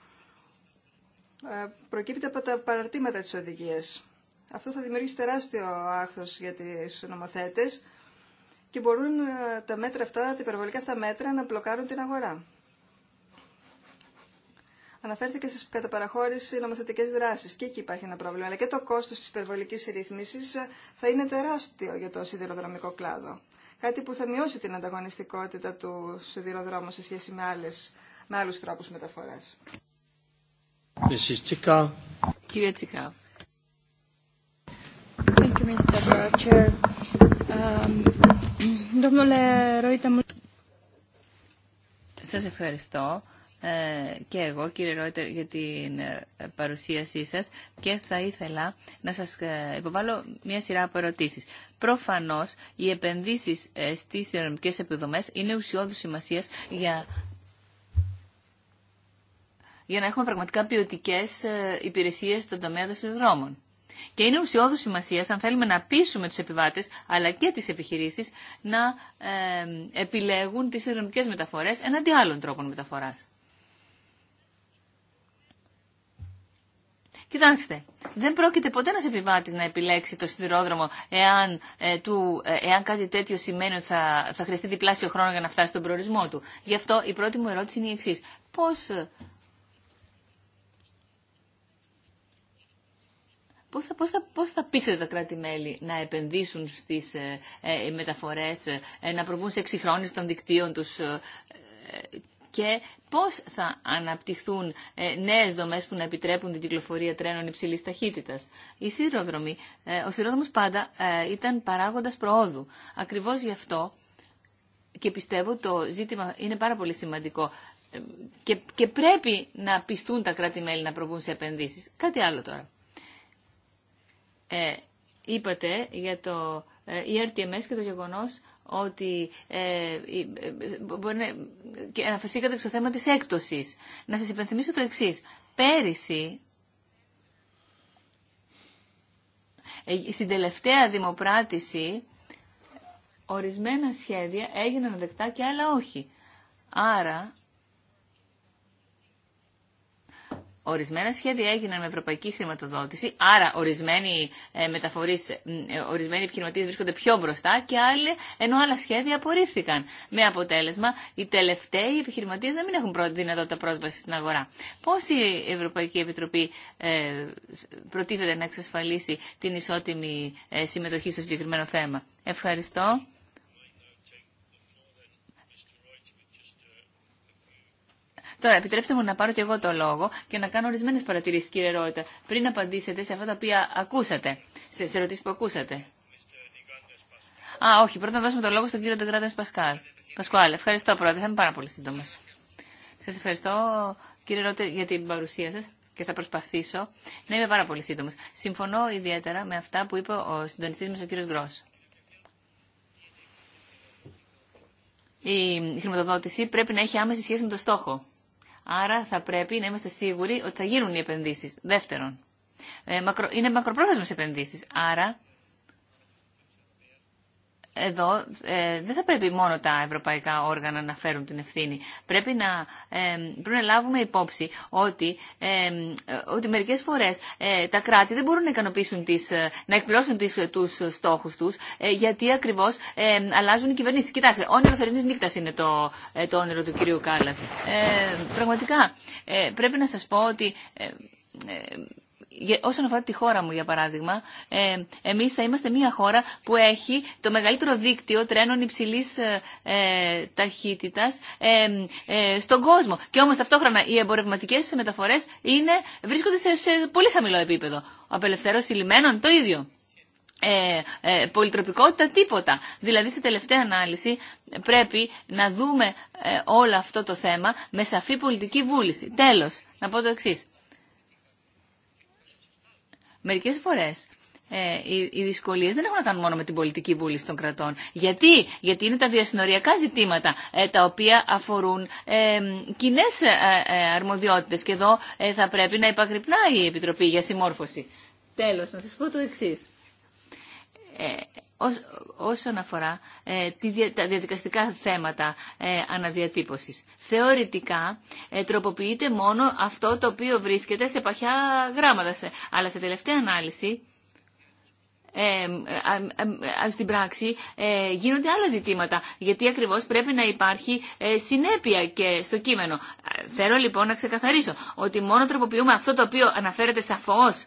Speaker 2: ε, προκύπτει από τα παραρτήματα της οδηγίας. Αυτό θα δημιουργήσει τεράστιο άχθος για τις νομοθέτες και μπορούν ε, τα μέτρα αυτά, τα υπερβολικά αυτά μέτρα να μπλοκάρουν την αγορά. Αναφέρθηκε στι κατά παραχώρηση δράσει δράσεις και εκεί υπάρχει ένα πρόβλημα, αλλά και το κόστος τη υπερβολική ρύθμιση ε, θα είναι τεράστιο για το σιδηροδρομικό κλάδο. Κάτι που θα μειώσει την ανταγωνιστικότητα του σιδηροδρόμου σε σχέση με, άλλες, με άλλους τρόπους μεταφοράς. Um,
Speaker 3: Σας ευχαριστώ. Ε, και εγώ, κύριε Ρόιτερ, για την ε, παρουσίασή σας και θα ήθελα να σας ε, υποβάλω μια σειρά από ερωτήσεις. Προφανώς, οι επενδύσεις στις υγειονομικές επιδομές είναι ουσιώδους σημασίας για για να έχουμε πραγματικά ποιοτικέ υπηρεσίες στον τομέα των συνδρόμων. Και είναι ουσιώδους σημασία, αν θέλουμε να πείσουμε του επιβάτε αλλά και τι επιχειρήσει να ε, επιλέγουν τι ειρηνικέ μεταφορέ εναντί άλλων τρόπων μεταφορά. Κοιτάξτε, δεν πρόκειται ποτέ ένα επιβάτη να επιλέξει το σιδηρόδρομο εάν, ε, του, ε, εάν κάτι τέτοιο σημαίνει ότι θα, θα χρειαστεί διπλάσιο χρόνο για να φτάσει στον προορισμό του. Γι' αυτό η πρώτη μου ερώτηση είναι η εξή. Πώ. Ε, πώς θα, πώς, θα, πώς θα πείσετε τα κράτη-μέλη να επενδύσουν στις ε, μεταφορές, να προβούν σε εξυγχρόνιση των δικτύων τους και πώς θα αναπτυχθούν ε, νέες δομές που να επιτρέπουν την κυκλοφορία τρένων υψηλής ταχύτητας. Η ε, ο σιδηρόδρομος πάντα ε, ήταν παράγοντας προόδου. Ακριβώς γι' αυτό και πιστεύω το ζήτημα είναι πάρα πολύ σημαντικό και, πρέπει να πιστούν τα κράτη-μέλη να προβούν σε επενδύσεις. Κάτι άλλο τώρα. Ε, είπατε για το ERTMS και το γεγονός ότι ε, ε μπορεί και αναφερθήκατε στο θέμα της έκπτωσης. Να σας υπενθυμίσω το εξής. Πέρυσι, ε, στην τελευταία δημοπράτηση, ορισμένα σχέδια έγιναν δεκτά και άλλα όχι. Άρα, Ορισμένα σχέδια έγιναν με ευρωπαϊκή χρηματοδότηση, άρα ορισμένοι ε, μεταφορείς, ε, ορισμένοι επιχειρηματίες βρίσκονται πιο μπροστά και άλλοι, ενώ άλλα σχέδια απορρίφθηκαν. Με αποτέλεσμα, οι τελευταίοι επιχειρηματίε να μην έχουν δυνατότητα πρόσβαση στην αγορά. Πώς η Ευρωπαϊκή Επιτροπή ε, προτίθεται να εξασφαλίσει την ισότιμη ε, συμμετοχή στο συγκεκριμένο θέμα. Ευχαριστώ. Τώρα, επιτρέψτε μου να πάρω και εγώ το λόγο και να κάνω ορισμένε παρατηρήσει, κύριε Ρότε, πριν απαντήσετε σε αυτά τα οποία ακούσατε, στι ερωτήσει που ακούσατε. Α, όχι, πρώτα να δώσουμε το λόγο στον κύριο Ντεγκράντε Πασκάλ. Πασκουάλ, ευχαριστώ πρώτα, θα είμαι πάρα πολύ σύντομο. Σα ευχαριστώ, κύριε Ρότε, για την παρουσία σα και θα προσπαθήσω να είμαι πάρα πολύ σύντομο. Συμφωνώ ιδιαίτερα με αυτά που είπε ο συντονιστή μα, ο κύριο Γκρό. Η χρηματοδότηση πρέπει να έχει άμεση σχέση με το στόχο. Άρα θα πρέπει να είμαστε σίγουροι ότι θα γίνουν οι επενδύσεις. Δεύτερον, ε, είναι μακροπρόθεσμες επενδύσεις. Άρα εδώ ε, δεν θα πρέπει μόνο τα ευρωπαϊκά όργανα να φέρουν την ευθύνη. Πρέπει να, ε, πρέπει να λάβουμε υπόψη ότι, ε, ότι μερικές φορές ε, τα κράτη δεν μπορούν να, ε, να εκπληρώσουν τις, τους στόχους τους γιατί ακριβώς αλλάζουν οι κυβερνήσεις. Κοιτάξτε, όνειρο θερινής νύχτας είναι το, το όνειρο του κυρίου Κάλλας. πραγματικά, πρέπει να σας πω ότι όσον αφορά τη χώρα μου, για παράδειγμα, ε, εμεί θα είμαστε μια χώρα που έχει το μεγαλύτερο δίκτυο τρένων υψηλή ε, ε ταχύτητα ε, ε, στον κόσμο. Και όμω ταυτόχρονα οι εμπορευματικέ μεταφορέ βρίσκονται σε, πολύ χαμηλό επίπεδο. Απελευθέρωση λιμένων το ίδιο. Ε, πολυτροπικότητα τίποτα. Δηλαδή, σε τελευταία ανάλυση πρέπει να δούμε όλο αυτό το θέμα με σαφή πολιτική βούληση. Τέλος, να πω το εξής. Μερικές φορές ε, οι, οι δυσκολίε δεν έχουν να κάνουν μόνο με την πολιτική βούληση των κρατών. Γιατί, Γιατί είναι τα διασυνοριακά ζητήματα ε, τα οποία αφορούν ε, κοινέ ε, ε, αρμοδιότητε. Και εδώ θα πρέπει να υπακρυπνά η Επιτροπή για Συμμόρφωση. Τέλο, να σα πω το εξή όσον αφορά ε, τα διαδικαστικά θέματα ε, αναδιατύπωσης. Θεωρητικά ε, τροποποιείται μόνο αυτό το οποίο βρίσκεται σε παχιά γράμματα, αλλά σε τελευταία ανάλυση στην πράξη γίνονται άλλα ζητήματα γιατί ακριβώς πρέπει να υπάρχει συνέπεια και στο κείμενο. Θέλω λοιπόν να ξεκαθαρίσω ότι μόνο τροποποιούμε αυτό το οποίο αναφέρεται σαφώς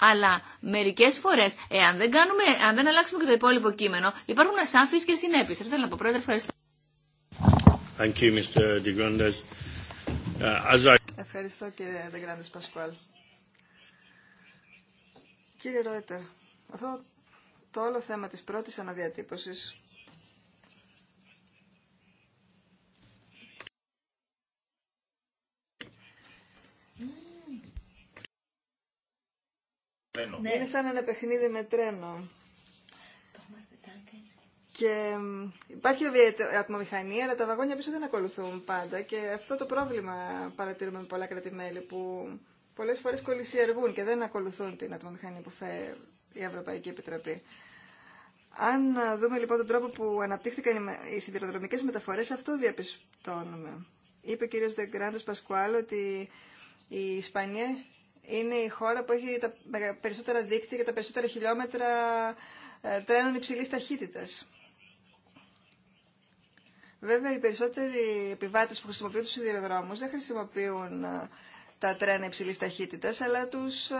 Speaker 3: αλλά μερικέ φορέ, εάν δεν, κάνουμε, αν δεν αλλάξουμε και το υπόλοιπο κείμενο, υπάρχουν ασάφειε και συνέπειε. Θέλω να πω, Πρόεδρε, ευχαριστώ.
Speaker 4: Thank you, Mr. De Grandes. Uh, as I...
Speaker 2: Ευχαριστώ, κύριε Δεγκράντε Πασκουάλ. Κύριε Ρόιτερ, αυτό το όλο θέμα της πρώτης αναδιατύπωσης Ναι. Είναι σαν ένα παιχνίδι με τρένο. Και υπάρχει ατμομηχανία, αλλά τα βαγόνια πίσω δεν ακολουθούν πάντα. Και αυτό το πρόβλημα παρατηρούμε με πολλά κρατημέλη που πολλέ φορέ κολλησιεργούν και δεν ακολουθούν την ατμομηχανία που φέρει η Ευρωπαϊκή Επιτροπή. Αν ε, δούμε λοιπόν τον τρόπο που αναπτύχθηκαν οι σιδηροδρομικές μεταφορέ, αυτό διαπιστώνουμε. Είπε ο κ. Δεγκράντες Πασκουάλ ότι η Ισπανία είναι η χώρα που έχει τα περισσότερα δίκτυα και τα περισσότερα χιλιόμετρα ε, τρένων υψηλής ταχύτητας. Βέβαια, οι περισσότεροι επιβάτες που χρησιμοποιούν τους σιδηροδρόμους δεν χρησιμοποιούν ε, τα τρένα υψηλής ταχύτητας, αλλά τους, ε,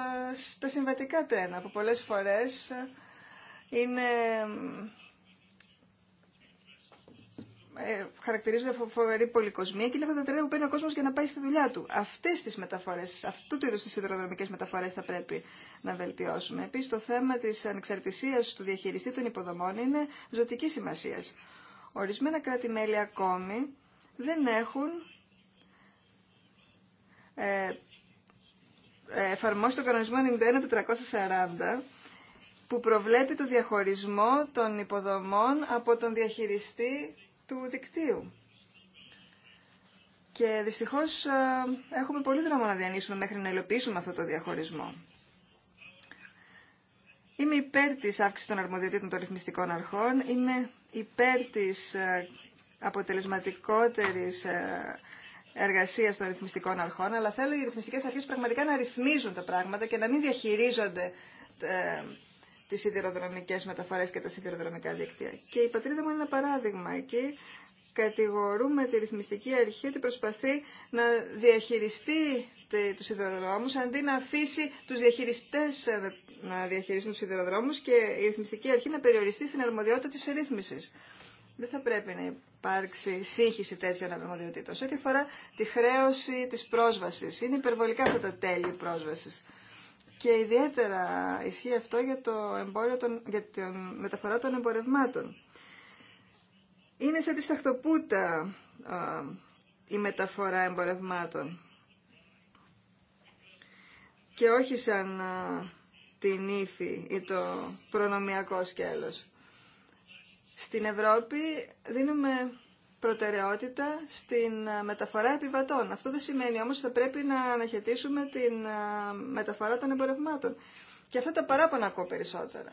Speaker 2: τα συμβατικά τρένα, που πολλές φορές είναι ε, χαρακτηρίζονται από φοβερή πολυκοσμία και είναι αυτά τα τρένα που παίρνει ο κόσμο για να πάει στη δουλειά του. Αυτέ τι μεταφορέ, αυτού του είδου τι σιδηροδρομικέ μεταφορέ θα πρέπει να βελτιώσουμε. Επίση, το θέμα τη ανεξαρτησία του διαχειριστή των υποδομών είναι ζωτική σημασία. Ορισμένα κράτη-μέλη ακόμη δεν έχουν ε, ε εφαρμόσει τον κανονισμό 91-440 που προβλέπει το διαχωρισμό των υποδομών από τον διαχειριστή του δικτύου. Και δυστυχώς ε, έχουμε πολύ δρόμο να διανύσουμε μέχρι να υλοποιήσουμε αυτό το διαχωρισμό. Είμαι υπέρ της αύξησης των αρμοδιοτήτων των ρυθμιστικών αρχών, είμαι υπέρ της ε, αποτελεσματικότερης ε, εργασίας των ρυθμιστικών αρχών, αλλά θέλω οι ρυθμιστικές αρχές πραγματικά να ρυθμίζουν τα πράγματα και να μην διαχειρίζονται τι σιδηροδρομικέ μεταφορέ και τα σιδηροδρομικά δίκτυα. Και η πατρίδα μου είναι ένα παράδειγμα. Εκεί κατηγορούμε τη ρυθμιστική αρχή ότι προσπαθεί να διαχειριστεί του σιδηροδρόμους αντί να αφήσει του διαχειριστέ ε, να διαχειριστούν του σιδηροδρόμους και η ρυθμιστική αρχή να περιοριστεί στην αρμοδιότητα τη ρύθμισης. Δεν θα πρέπει να υπάρξει σύγχυση τέτοιων αρμοδιοτήτων. Σε ό,τι αφορά τη χρέωση τη πρόσβαση. είναι υπερβολικά αυτά τα τέλη πρόσβαση. Και ιδιαίτερα ισχύει αυτό για, το εμπόριο των, για τη μεταφορά των εμπορευμάτων. Είναι σαν τη σταχτοπούτα η μεταφορά εμπορευμάτων και όχι σαν την ύφη ή το προνομιακό σκέλος. Στην Ευρώπη δίνουμε προτεραιότητα στην ε, μεταφορά επιβατών. Αυτό δεν σημαίνει όμως ότι θα πρέπει να αναχαιτήσουμε την ε, μεταφορά των εμπορευμάτων. Και αυτά τα παράπονα ακούω περισσότερα.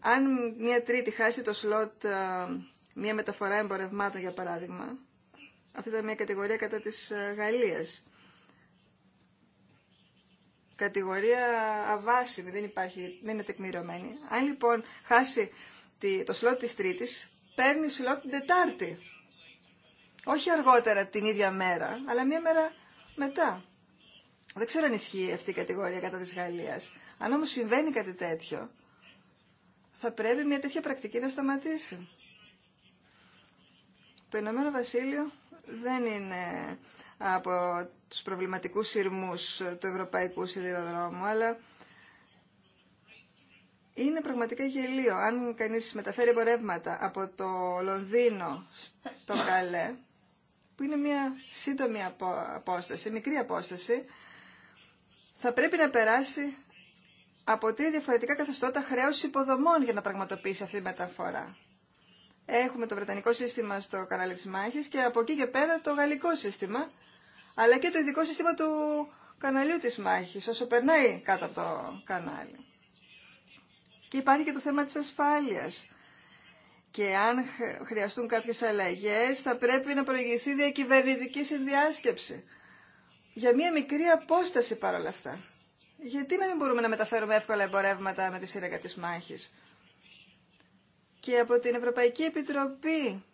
Speaker 2: Αν μια τρίτη χάσει το σλότ ε, μια μεταφορά εμπορευμάτων για παράδειγμα, αυτή ήταν μια κατηγορία κατά της Γαλλίας. Κατηγορία αβάσιμη, δεν, υπάρχει, δεν είναι τεκμηρωμένη. Αν λοιπόν χάσει το σλότ της τρίτης, παίρνει σλότ την Τετάρτη. Όχι αργότερα την ίδια μέρα, αλλά μία μέρα μετά. Δεν ξέρω αν ισχύει αυτή η κατηγορία κατά της Γαλλίας. Αν όμως συμβαίνει κάτι τέτοιο, θα πρέπει μια τέτοια πρακτική να σταματήσει. Το Ηνωμένο Βασίλειο δεν είναι από τους προβληματικούς σειρμούς του Ευρωπαϊκού Σιδηροδρόμου, αλλά είναι πραγματικά γελίο. Αν κανείς μεταφέρει εμπορεύματα από το Λονδίνο στο Καλέ, που είναι μια σύντομη απόσταση, μικρή απόσταση, θα πρέπει να περάσει από τρία διαφορετικά καθεστώτα χρέωση υποδομών για να πραγματοποιήσει αυτή τη μεταφορά. Έχουμε το Βρετανικό σύστημα στο κανάλι της Μάχης και από εκεί και πέρα το Γαλλικό σύστημα, αλλά και το ειδικό σύστημα του καναλιού της Μάχης, όσο περνάει κάτω από το κανάλι. Και υπάρχει και το θέμα της ασφάλειας. Και αν χρειαστούν κάποιες αλλαγές, θα πρέπει να προηγηθεί διακυβερνητική συνδιάσκεψη. Για μία μικρή απόσταση παρόλα αυτά. Γιατί να μην μπορούμε να μεταφέρουμε εύκολα εμπορεύματα με τη σύραγγα της μάχης. Και από την Ευρωπαϊκή Επιτροπή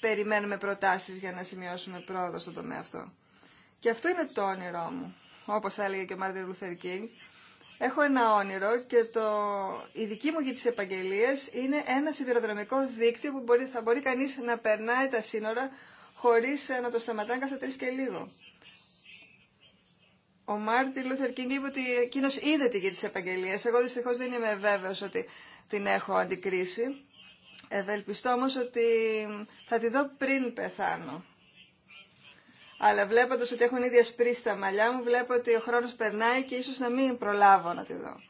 Speaker 2: περιμένουμε προτάσεις για να σημειώσουμε πρόοδο στον τομέα αυτό. Και αυτό είναι το όνειρό μου, όπως έλεγε και ο Μάρτιν Λουθερ έχω ένα όνειρο και το... η δική μου για τις επαγγελίες είναι ένα σιδηροδρομικό δίκτυο που μπορεί, θα μπορεί κανείς να περνάει τα σύνορα χωρίς ε, να το σταματάνε κάθε τρεις και λίγο. Ο Μάρτι Λούθερ Κίνγκ είπε ότι εκείνο είδε τη γη τη επαγγελία. Εγώ δυστυχώ δεν είμαι βέβαιος ότι την έχω αντικρίσει. Ευελπιστώ όμω ότι θα τη δω πριν πεθάνω. Αλλά βλέποντα ότι έχουν ήδη ασπρίσει τα μαλλιά μου, βλέπω ότι ο χρόνο περνάει και ίσω να μην προλάβω να τη δω.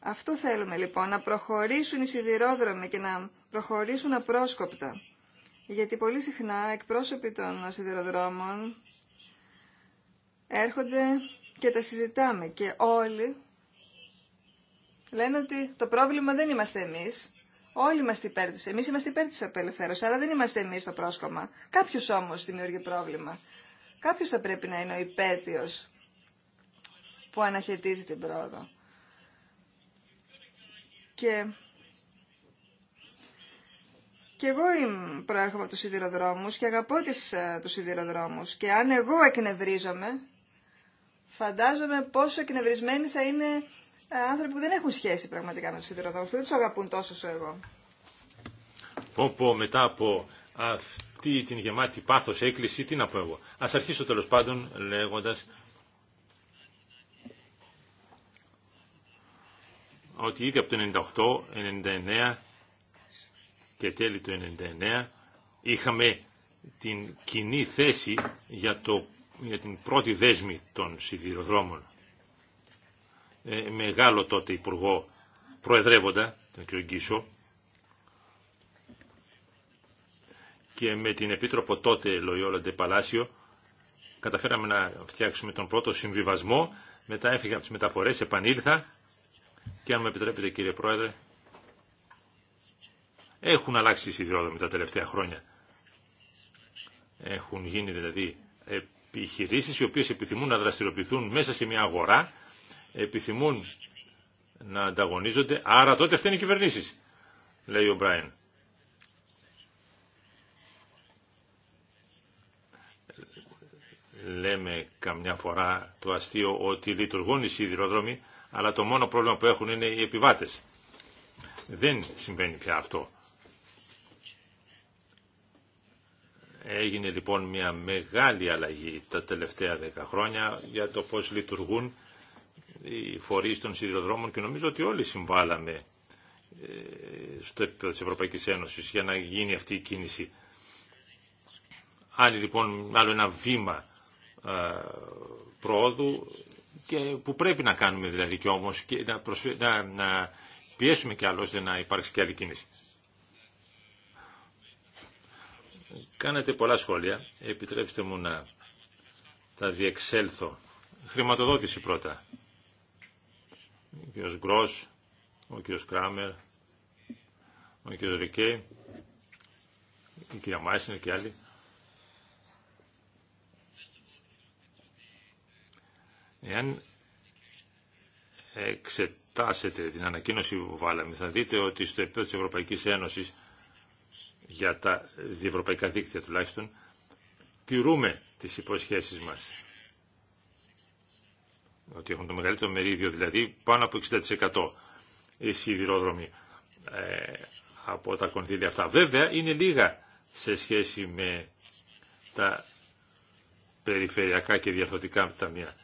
Speaker 2: Αυτό θέλουμε λοιπόν, να προχωρήσουν οι σιδηρόδρομοι και να προχωρήσουν απρόσκοπτα. Γιατί πολύ συχνά εκπρόσωποι των σιδηροδρόμων έρχονται και τα συζητάμε και όλοι λένε ότι το πρόβλημα δεν είμαστε εμείς, Όλοι είμαστε υπέρ τη. Εμεί είμαστε υπέρ τη απελευθέρωση, αλλά δεν είμαστε εμεί το πρόσκομα. Κάποιο όμω δημιουργεί πρόβλημα. Κάποιο θα πρέπει να είναι ο υπέτειο που αναχαιτίζει την πρόοδο. Και, και εγώ προέρχομαι από του σιδηροδρόμου και αγαπώ τις, ε, του σιδηροδρόμους και αν εγώ εκνευρίζομαι, φαντάζομαι πόσο εκνευρισμένοι θα είναι ε, άνθρωποι που δεν έχουν σχέση πραγματικά με τους σιδηροδρόμους, που δεν τους αγαπούν τόσο όσο εγώ.
Speaker 4: Πω πω, μετά από αυτή την γεμάτη πάθος έκκληση, τι να πω εγώ. Ας αρχίσω τέλος πάντων λέγοντας ότι ήδη από το 98, 99 και τέλη το 99 είχαμε την κοινή θέση για, το, για την πρώτη δέσμη των σιδηροδρόμων. Ε, μεγάλο τότε υπουργό προεδρεύοντα, τον κ. Γκίσο, και με την Επίτροπο τότε Λοϊόλα Παλάσιο καταφέραμε να φτιάξουμε τον πρώτο συμβιβασμό, μετά έφυγα από τις μεταφορές, επανήλθα και αν με επιτρέπετε κύριε Πρόεδρε, έχουν αλλάξει οι σιδηρόδρομοι τα τελευταία χρόνια. Έχουν γίνει δηλαδή επιχειρήσεις οι οποίες επιθυμούν να δραστηριοποιηθούν μέσα σε μια αγορά επιθυμούν να ανταγωνίζονται, άρα τότε φταίνει οι κυβερνήσεις, λέει ο Μπράιν. Λέμε καμιά φορά το αστείο ότι λειτουργούν οι σιδηροδρόμοι, αλλά το μόνο πρόβλημα που έχουν είναι οι επιβάτες. Δεν συμβαίνει πια αυτό. Έγινε λοιπόν μια μεγάλη αλλαγή τα τελευταία δέκα χρόνια για το πώς λειτουργούν οι φορείς των σιδηροδρόμων και νομίζω ότι όλοι συμβάλαμε ε, στο επίπεδο τη Ευρωπαϊκή Ένωσης για να γίνει αυτή η κίνηση. Άλλη λοιπόν, άλλο ένα βήμα ε, προόδου και που πρέπει να κάνουμε δηλαδή και όμως και να, προσφε... να, να πιέσουμε και άλλωστε να υπάρξει και άλλη κίνηση. Κάνετε πολλά σχόλια. Επιτρέψτε μου να τα διεξέλθω. Χρηματοδότηση πρώτα ο κ. Γκρός, ο κ. Κράμερ, ο κ. Ρικέ, η κ. Μάισνερ και άλλοι. Εάν εξετάσετε την ανακοίνωση που βάλαμε, θα δείτε ότι στο επίπεδο της Ευρωπαϊκής Ένωσης, για τα διευρωπαϊκά δίκτυα τουλάχιστον, τηρούμε τις υποσχέσεις μας ότι έχουν το μεγαλύτερο μερίδιο, δηλαδή πάνω από 60% οι σιδηρόδρομοι ε, από τα κονδύλια αυτά. Βέβαια είναι λίγα σε σχέση με τα περιφερειακά και διαφορετικά ταμεία.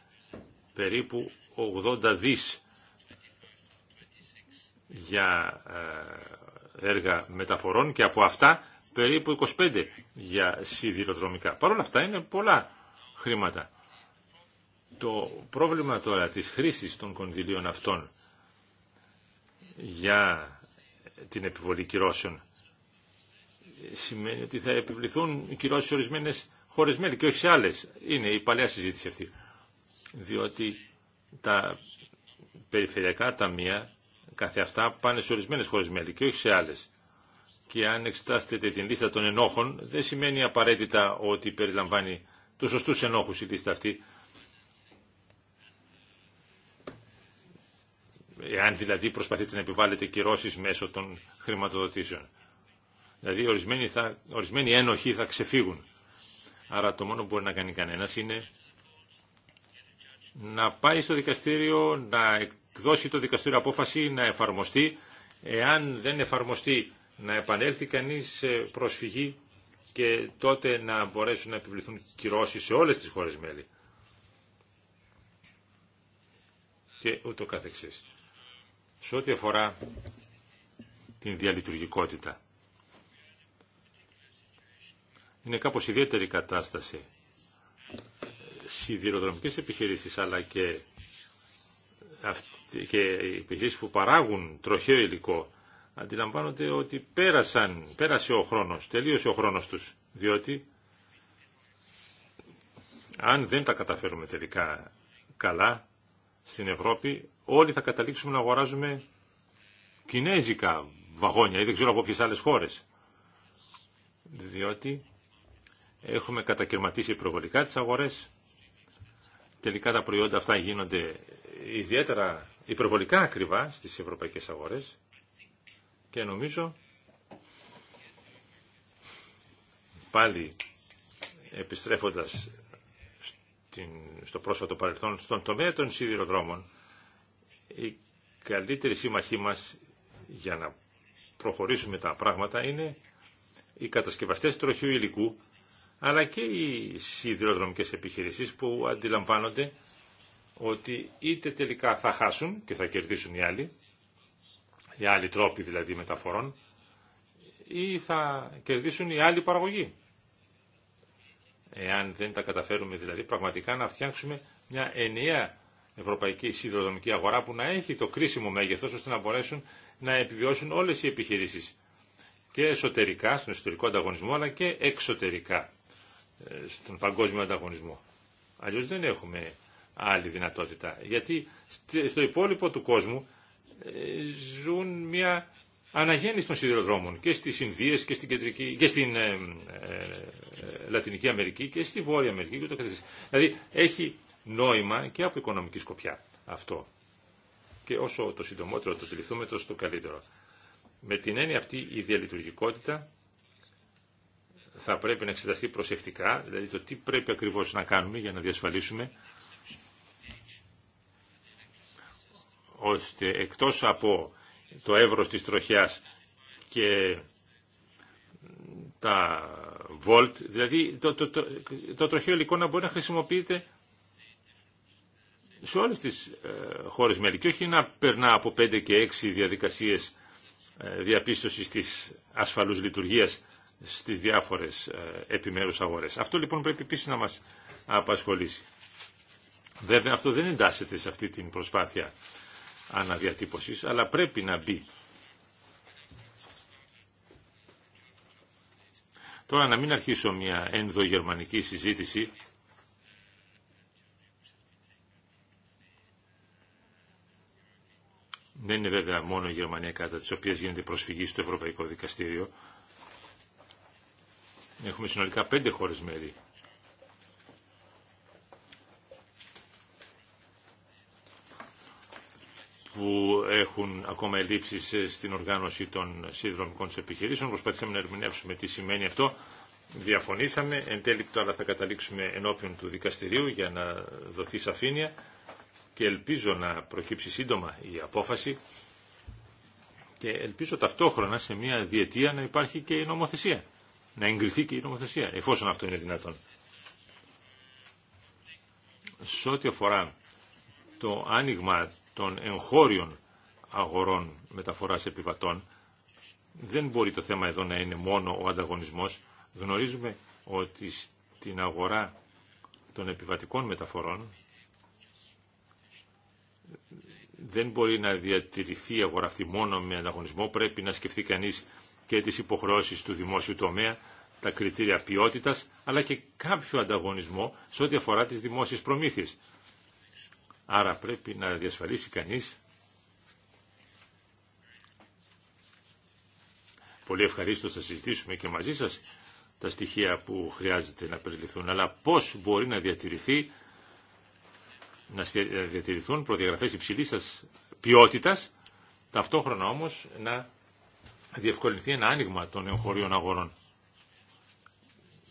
Speaker 4: Περίπου 80 δις για ε, έργα μεταφορών και από αυτά περίπου 25 για σιδηροδρομικά. Παρ' όλα αυτά είναι πολλά χρήματα. Το πρόβλημα τώρα της χρήσης των κονδυλίων αυτών για την επιβολή κυρώσεων σημαίνει ότι θα επιβληθούν κυρώσεις σε ορισμένες χώρες μέλη και όχι σε άλλες. Είναι η παλιά συζήτηση αυτή. Διότι τα περιφερειακά ταμεία κάθε αυτά πάνε σε ορισμένες χώρες μέλη και όχι σε άλλες. Και αν εξετάσετε την λίστα των ενόχων δεν σημαίνει απαραίτητα ότι περιλαμβάνει τους σωστούς ενόχους η λίστα αυτή. εάν δηλαδή προσπαθείτε να επιβάλλετε κυρώσεις μέσω των χρηματοδοτήσεων. Δηλαδή ορισμένοι, θα, ορισμένοι ένοχοι θα ξεφύγουν. Άρα το μόνο που μπορεί να κάνει κανένας είναι να πάει στο δικαστήριο, να εκδώσει το δικαστήριο απόφαση, να εφαρμοστεί. Εάν δεν εφαρμοστεί, να επανέλθει κανείς σε προσφυγή και τότε να μπορέσουν να επιβληθούν κυρώσεις σε όλες τις χώρες μέλη. Και ούτω καθεξής. Σε ό,τι αφορά την διαλειτουργικότητα. Είναι κάπως ιδιαίτερη κατάσταση. Σιδηροδρομικές επιχειρήσεις αλλά και, και οι επιχειρήσεις που παράγουν τροχαίο υλικό αντιλαμβάνονται ότι πέρασαν, πέρασε ο χρόνος, τελείωσε ο χρόνος τους, διότι αν δεν τα καταφέρουμε τελικά καλά στην Ευρώπη όλοι θα καταλήξουμε να αγοράζουμε κινέζικα βαγόνια ή δεν ξέρω από ποιες άλλες χώρες. Διότι έχουμε κατακαιρματίσει προβολικά τις αγορές. Τελικά τα προϊόντα αυτά γίνονται ιδιαίτερα υπερβολικά ακριβά στις ευρωπαϊκές αγορές και νομίζω πάλι επιστρέφοντας στο πρόσφατο παρελθόν στον τομέα των σιδηροδρόμων η καλύτερη σύμμαχή μας για να προχωρήσουμε τα πράγματα είναι οι κατασκευαστές τροχιού υλικού αλλά και οι σιδηροδρομικές επιχειρήσεις που αντιλαμβάνονται ότι είτε τελικά θα χάσουν και θα κερδίσουν οι άλλοι, οι άλλοι τρόποι δηλαδή μεταφορών, ή θα κερδίσουν οι άλλοι παραγωγοί. Εάν δεν τα καταφέρουμε δηλαδή πραγματικά να φτιάξουμε μια ενιαία ευρωπαϊκή σιδηροδρομική αγορά που να έχει το κρίσιμο μέγεθος ώστε να μπορέσουν να επιβιώσουν όλες οι επιχειρήσεις και εσωτερικά στον εσωτερικό ανταγωνισμό αλλά και εξωτερικά ε, στον παγκόσμιο ανταγωνισμό. Αλλιώς δεν έχουμε άλλη δυνατότητα γιατί στο υπόλοιπο του κόσμου ε, ζουν μια αναγέννηση των σιδηροδρόμων και στις Ινδίες και στην, Κεντρική, και στην ε, Λατινική Αμερική και στη Βόρεια Αμερική και Δηλαδή έχει νόημα και από οικονομική σκοπιά αυτό. Και όσο το συντομότερο το τηληθούμε, τόσο το καλύτερο. Με την έννοια αυτή η διαλειτουργικότητα θα πρέπει να εξεταστεί προσεκτικά, δηλαδή το τι πρέπει ακριβώς να κάνουμε για να διασφαλίσουμε ώστε εκτός από το εύρος της τροχιάς και τα βολτ, δηλαδή το, το, το τροχαίο υλικό να μπορεί να χρησιμοποιείται σε όλες τις ε, χώρες μέλη και όχι να περνά από 5 και 6 διαδικασίες ε, διαπίστωσης της ασφαλούς λειτουργίας στις διάφορες ε, επιμέρους αγορές. Αυτό λοιπόν πρέπει επίσης να μας απασχολήσει. Βέβαια αυτό δεν εντάσσεται σε αυτή την προσπάθεια αναδιατύπωσης, αλλά πρέπει να μπει. Τώρα να μην αρχίσω μια ενδογερμανική συζήτηση Δεν είναι βέβαια μόνο η Γερμανία κατά της οποίας γίνεται προσφυγή στο Ευρωπαϊκό Δικαστήριο. Έχουμε συνολικά πέντε χώρες μέλη. που έχουν ακόμα ελλείψεις στην οργάνωση των συνδρομικών τους επιχειρήσεων. Προσπαθήσαμε να ερμηνεύσουμε τι σημαίνει αυτό. Διαφωνήσαμε, εν τέλει τώρα θα καταλήξουμε ενώπιον του δικαστηρίου για να δοθεί σαφήνεια και ελπίζω να προκύψει σύντομα η απόφαση και ελπίζω ταυτόχρονα σε μια διετία να υπάρχει και η νομοθεσία, να εγκριθεί και η νομοθεσία, εφόσον αυτό είναι δυνατόν. Σε ό,τι αφορά το άνοιγμα των εγχώριων αγορών μεταφοράς επιβατών, δεν μπορεί το θέμα εδώ να είναι μόνο ο ανταγωνισμός. Γνωρίζουμε ότι στην αγορά των επιβατικών μεταφορών δεν μπορεί να διατηρηθεί η αγορά αυτή μόνο με ανταγωνισμό. Πρέπει να σκεφτεί κανείς και τις υποχρεώσεις του δημόσιου τομέα, τα κριτήρια ποιότητας, αλλά και κάποιο ανταγωνισμό σε ό,τι αφορά τις δημόσιες προμήθειες. Άρα πρέπει να διασφαλίσει κανείς πολύ ευχαρίστω θα συζητήσουμε και μαζί σας τα στοιχεία που χρειάζεται να περιληφθούν, αλλά πώς μπορεί να διατηρηθεί να ε, διατηρηθούν προδιαγραφές υψηλής σα ποιότητας, ταυτόχρονα όμως να διευκολυνθεί ένα άνοιγμα των εγχωρίων αγορών.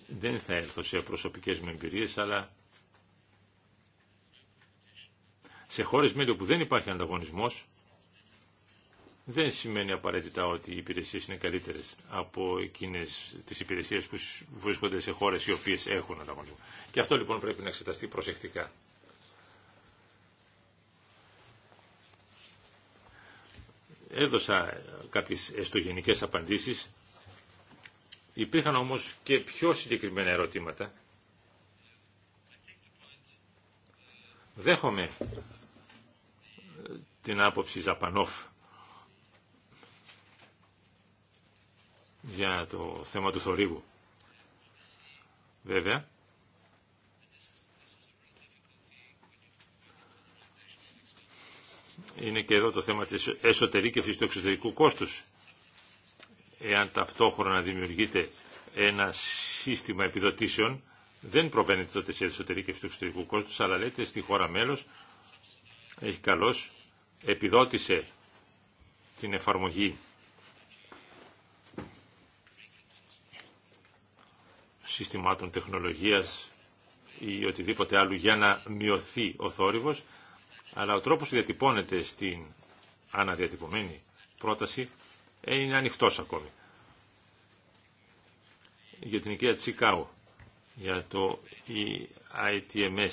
Speaker 4: Δεν θα έλθω σε προσωπικές μου εμπειρίες, αλλά σε χώρες μέλη όπου δεν υπάρχει ανταγωνισμός, δεν σημαίνει απαραίτητα ότι οι υπηρεσίες είναι καλύτερες από εκείνες τις υπηρεσίες που βρίσκονται σε χώρες οι οποίες έχουν ανταγωνισμό. Και αυτό λοιπόν πρέπει να εξεταστεί προσεκτικά. έδωσα κάποιες εστογενικές απαντήσεις. Υπήρχαν όμως και πιο συγκεκριμένα ερωτήματα. Δέχομαι την άποψη Ζαπανόφ για το θέμα του θορύβου. Βέβαια, είναι και εδώ το θέμα της εσωτερικής του εξωτερικού κόστους. Εάν ταυτόχρονα δημιουργείται ένα σύστημα επιδοτήσεων, δεν προβαίνεται τότε σε εσωτερήκευση του εξωτερικού κόστους, αλλά λέτε στη χώρα μέλος, έχει καλώς, επιδότησε την εφαρμογή συστημάτων τεχνολογίας ή οτιδήποτε άλλο για να μειωθεί ο θόρυβος, αλλά ο τρόπος που διατυπώνεται στην αναδιατυπωμένη πρόταση είναι ανοιχτό ακόμη. Για την οικία Τσικάου, για το e ITMS,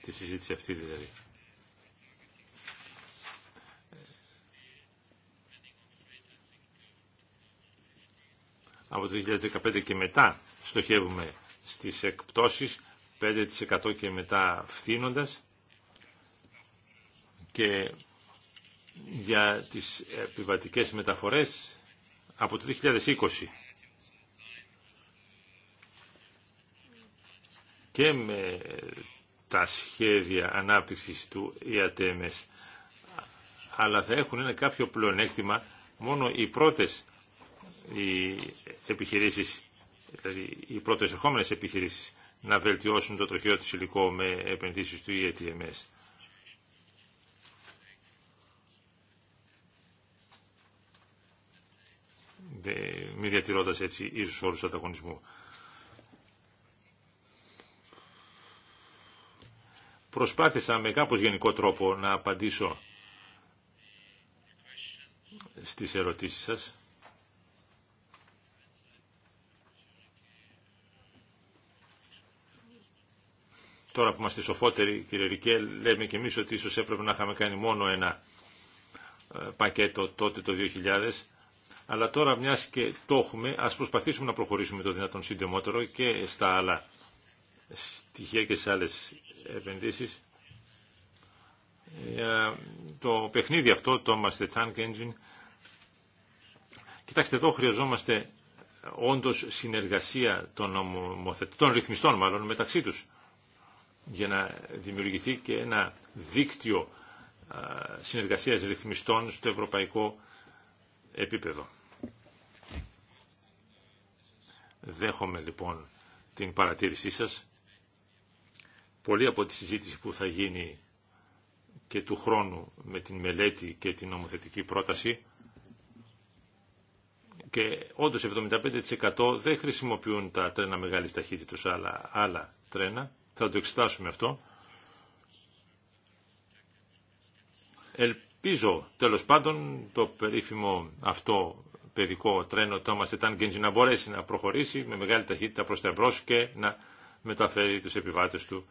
Speaker 4: τη συζήτηση αυτή δηλαδή. Από το 2015 και μετά στοχεύουμε στις εκπτώσεις, 5% και μετά φθήνοντας και για τις επιβατικές μεταφορές από το 2020. Και με τα σχέδια ανάπτυξης του ΙΑΤΕΜΕΣ αλλά θα έχουν ένα κάποιο πλεονέκτημα μόνο οι πρώτες οι επιχειρήσεις, δηλαδή οι πρώτες ερχόμενες επιχειρήσεις να βελτιώσουν το τροχιό του υλικό με επενδύσεις του ETMS. Ε, μη διατηρώντα έτσι ίσως όρου ανταγωνισμού. Προσπάθησα με κάπω γενικό τρόπο να απαντήσω στις ερωτήσεις σας. Τώρα που είμαστε σοφότεροι, κύριε Ρικέ, λέμε και εμείς ότι ίσως έπρεπε να είχαμε κάνει μόνο ένα ε, πακέτο τότε το 2000 αλλά τώρα μια και το έχουμε, α προσπαθήσουμε να προχωρήσουμε το δυνατόν σύντομότερο και στα άλλα στοιχεία και σε άλλες επενδύσεις. Ε, το παιχνίδι αυτό, το the Tank Engine, κοιτάξτε εδώ χρειαζόμαστε όντως συνεργασία των, των ρυθμιστών μάλλον μεταξύ τους για να δημιουργηθεί και ένα δίκτυο συνεργασίας ρυθμιστών στο ευρωπαϊκό επίπεδο. Δέχομαι λοιπόν την παρατήρησή σας. Πολύ από τη συζήτηση που θα γίνει και του χρόνου με την μελέτη και την νομοθετική πρόταση και όντως 75% δεν χρησιμοποιούν τα τρένα μεγάλης ταχύτητας αλλά άλλα τρένα. Θα το εξετάσουμε αυτό. Ελπίζω τέλος πάντων το περίφημο αυτό παιδικό τρένο Thomas Tetan να μπορέσει να προχωρήσει με μεγάλη ταχύτητα προς τα εμπρός και να μεταφέρει τους επιβάτες του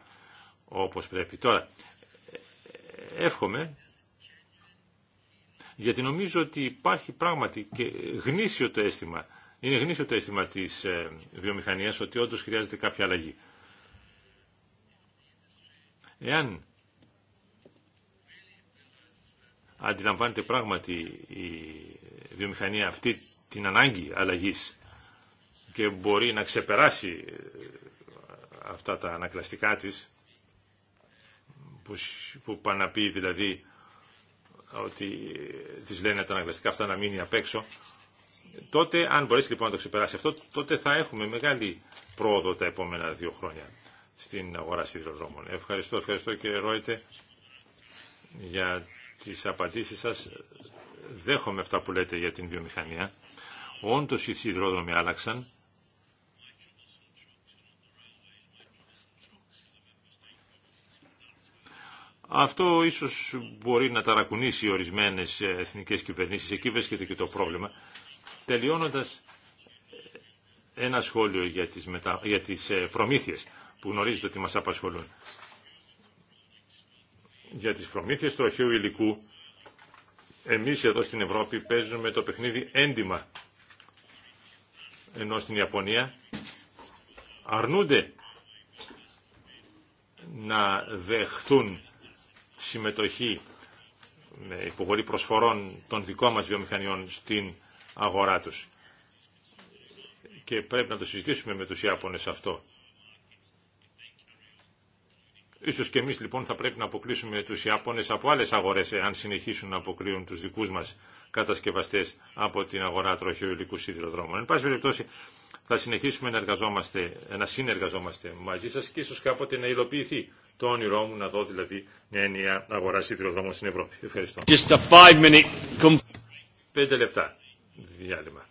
Speaker 4: όπως πρέπει. Τώρα, εύχομαι, γιατί νομίζω ότι υπάρχει πράγματι και γνήσιο το αίσθημα, είναι γνήσιο το αίσθημα της ε, βιομηχανίας ότι όντως χρειάζεται κάποια αλλαγή. Εάν αντιλαμβάνεται πράγματι η βιομηχανία αυτή την ανάγκη αλλαγής και μπορεί να ξεπεράσει ε, αυτά τα ανακλαστικά της που, που πάνε να πει δηλαδή ότι ε, της λένε τα ανακλαστικά αυτά να μείνει απ' έξω τότε αν μπορέσει λοιπόν να το ξεπεράσει αυτό τότε θα έχουμε μεγάλη πρόοδο τα επόμενα δύο χρόνια στην αγορά σιδηροδρόμων. Ευχαριστώ, ευχαριστώ κύριε Ρόιτε για τις απαντήσεις σας δέχομαι αυτά που λέτε για την βιομηχανία. Όντως οι σιδηρόδρομοι άλλαξαν. Αυτό ίσως μπορεί να ταρακουνήσει ορισμένες εθνικές κυβερνήσεις. Εκεί βρίσκεται και το πρόβλημα. Τελειώνοντας ένα σχόλιο για τις, μετα... Ε, προμήθειες που γνωρίζετε ότι μας απασχολούν. Για τις προμήθειες τροχαίου υλικού εμείς εδώ στην Ευρώπη παίζουμε το παιχνίδι έντιμα. Ενώ στην Ιαπωνία αρνούνται να δεχθούν συμμετοχή με υποβολή προσφορών των δικών μας βιομηχανιών στην αγορά τους. Και πρέπει να το συζητήσουμε με τους Ιάπωνες αυτό. Ίσως και εμείς λοιπόν θα πρέπει να αποκλείσουμε τους Ιάπωνες από άλλες αγορές εάν συνεχίσουν να αποκλείουν τους δικούς μας κατασκευαστές από την αγορά τροχιοϊλικού σιδηροδρόμων. Εν πάση περιπτώσει θα συνεχίσουμε να, εργαζόμαστε, να συνεργαζόμαστε μαζί σας και ίσως κάποτε να υλοποιηθεί το όνειρό μου να δω δηλαδή μια ενιαία αγορά σιδηροδρόμων στην Ευρώπη. Ευχαριστώ. Πέντε λεπτά διάλειμμα.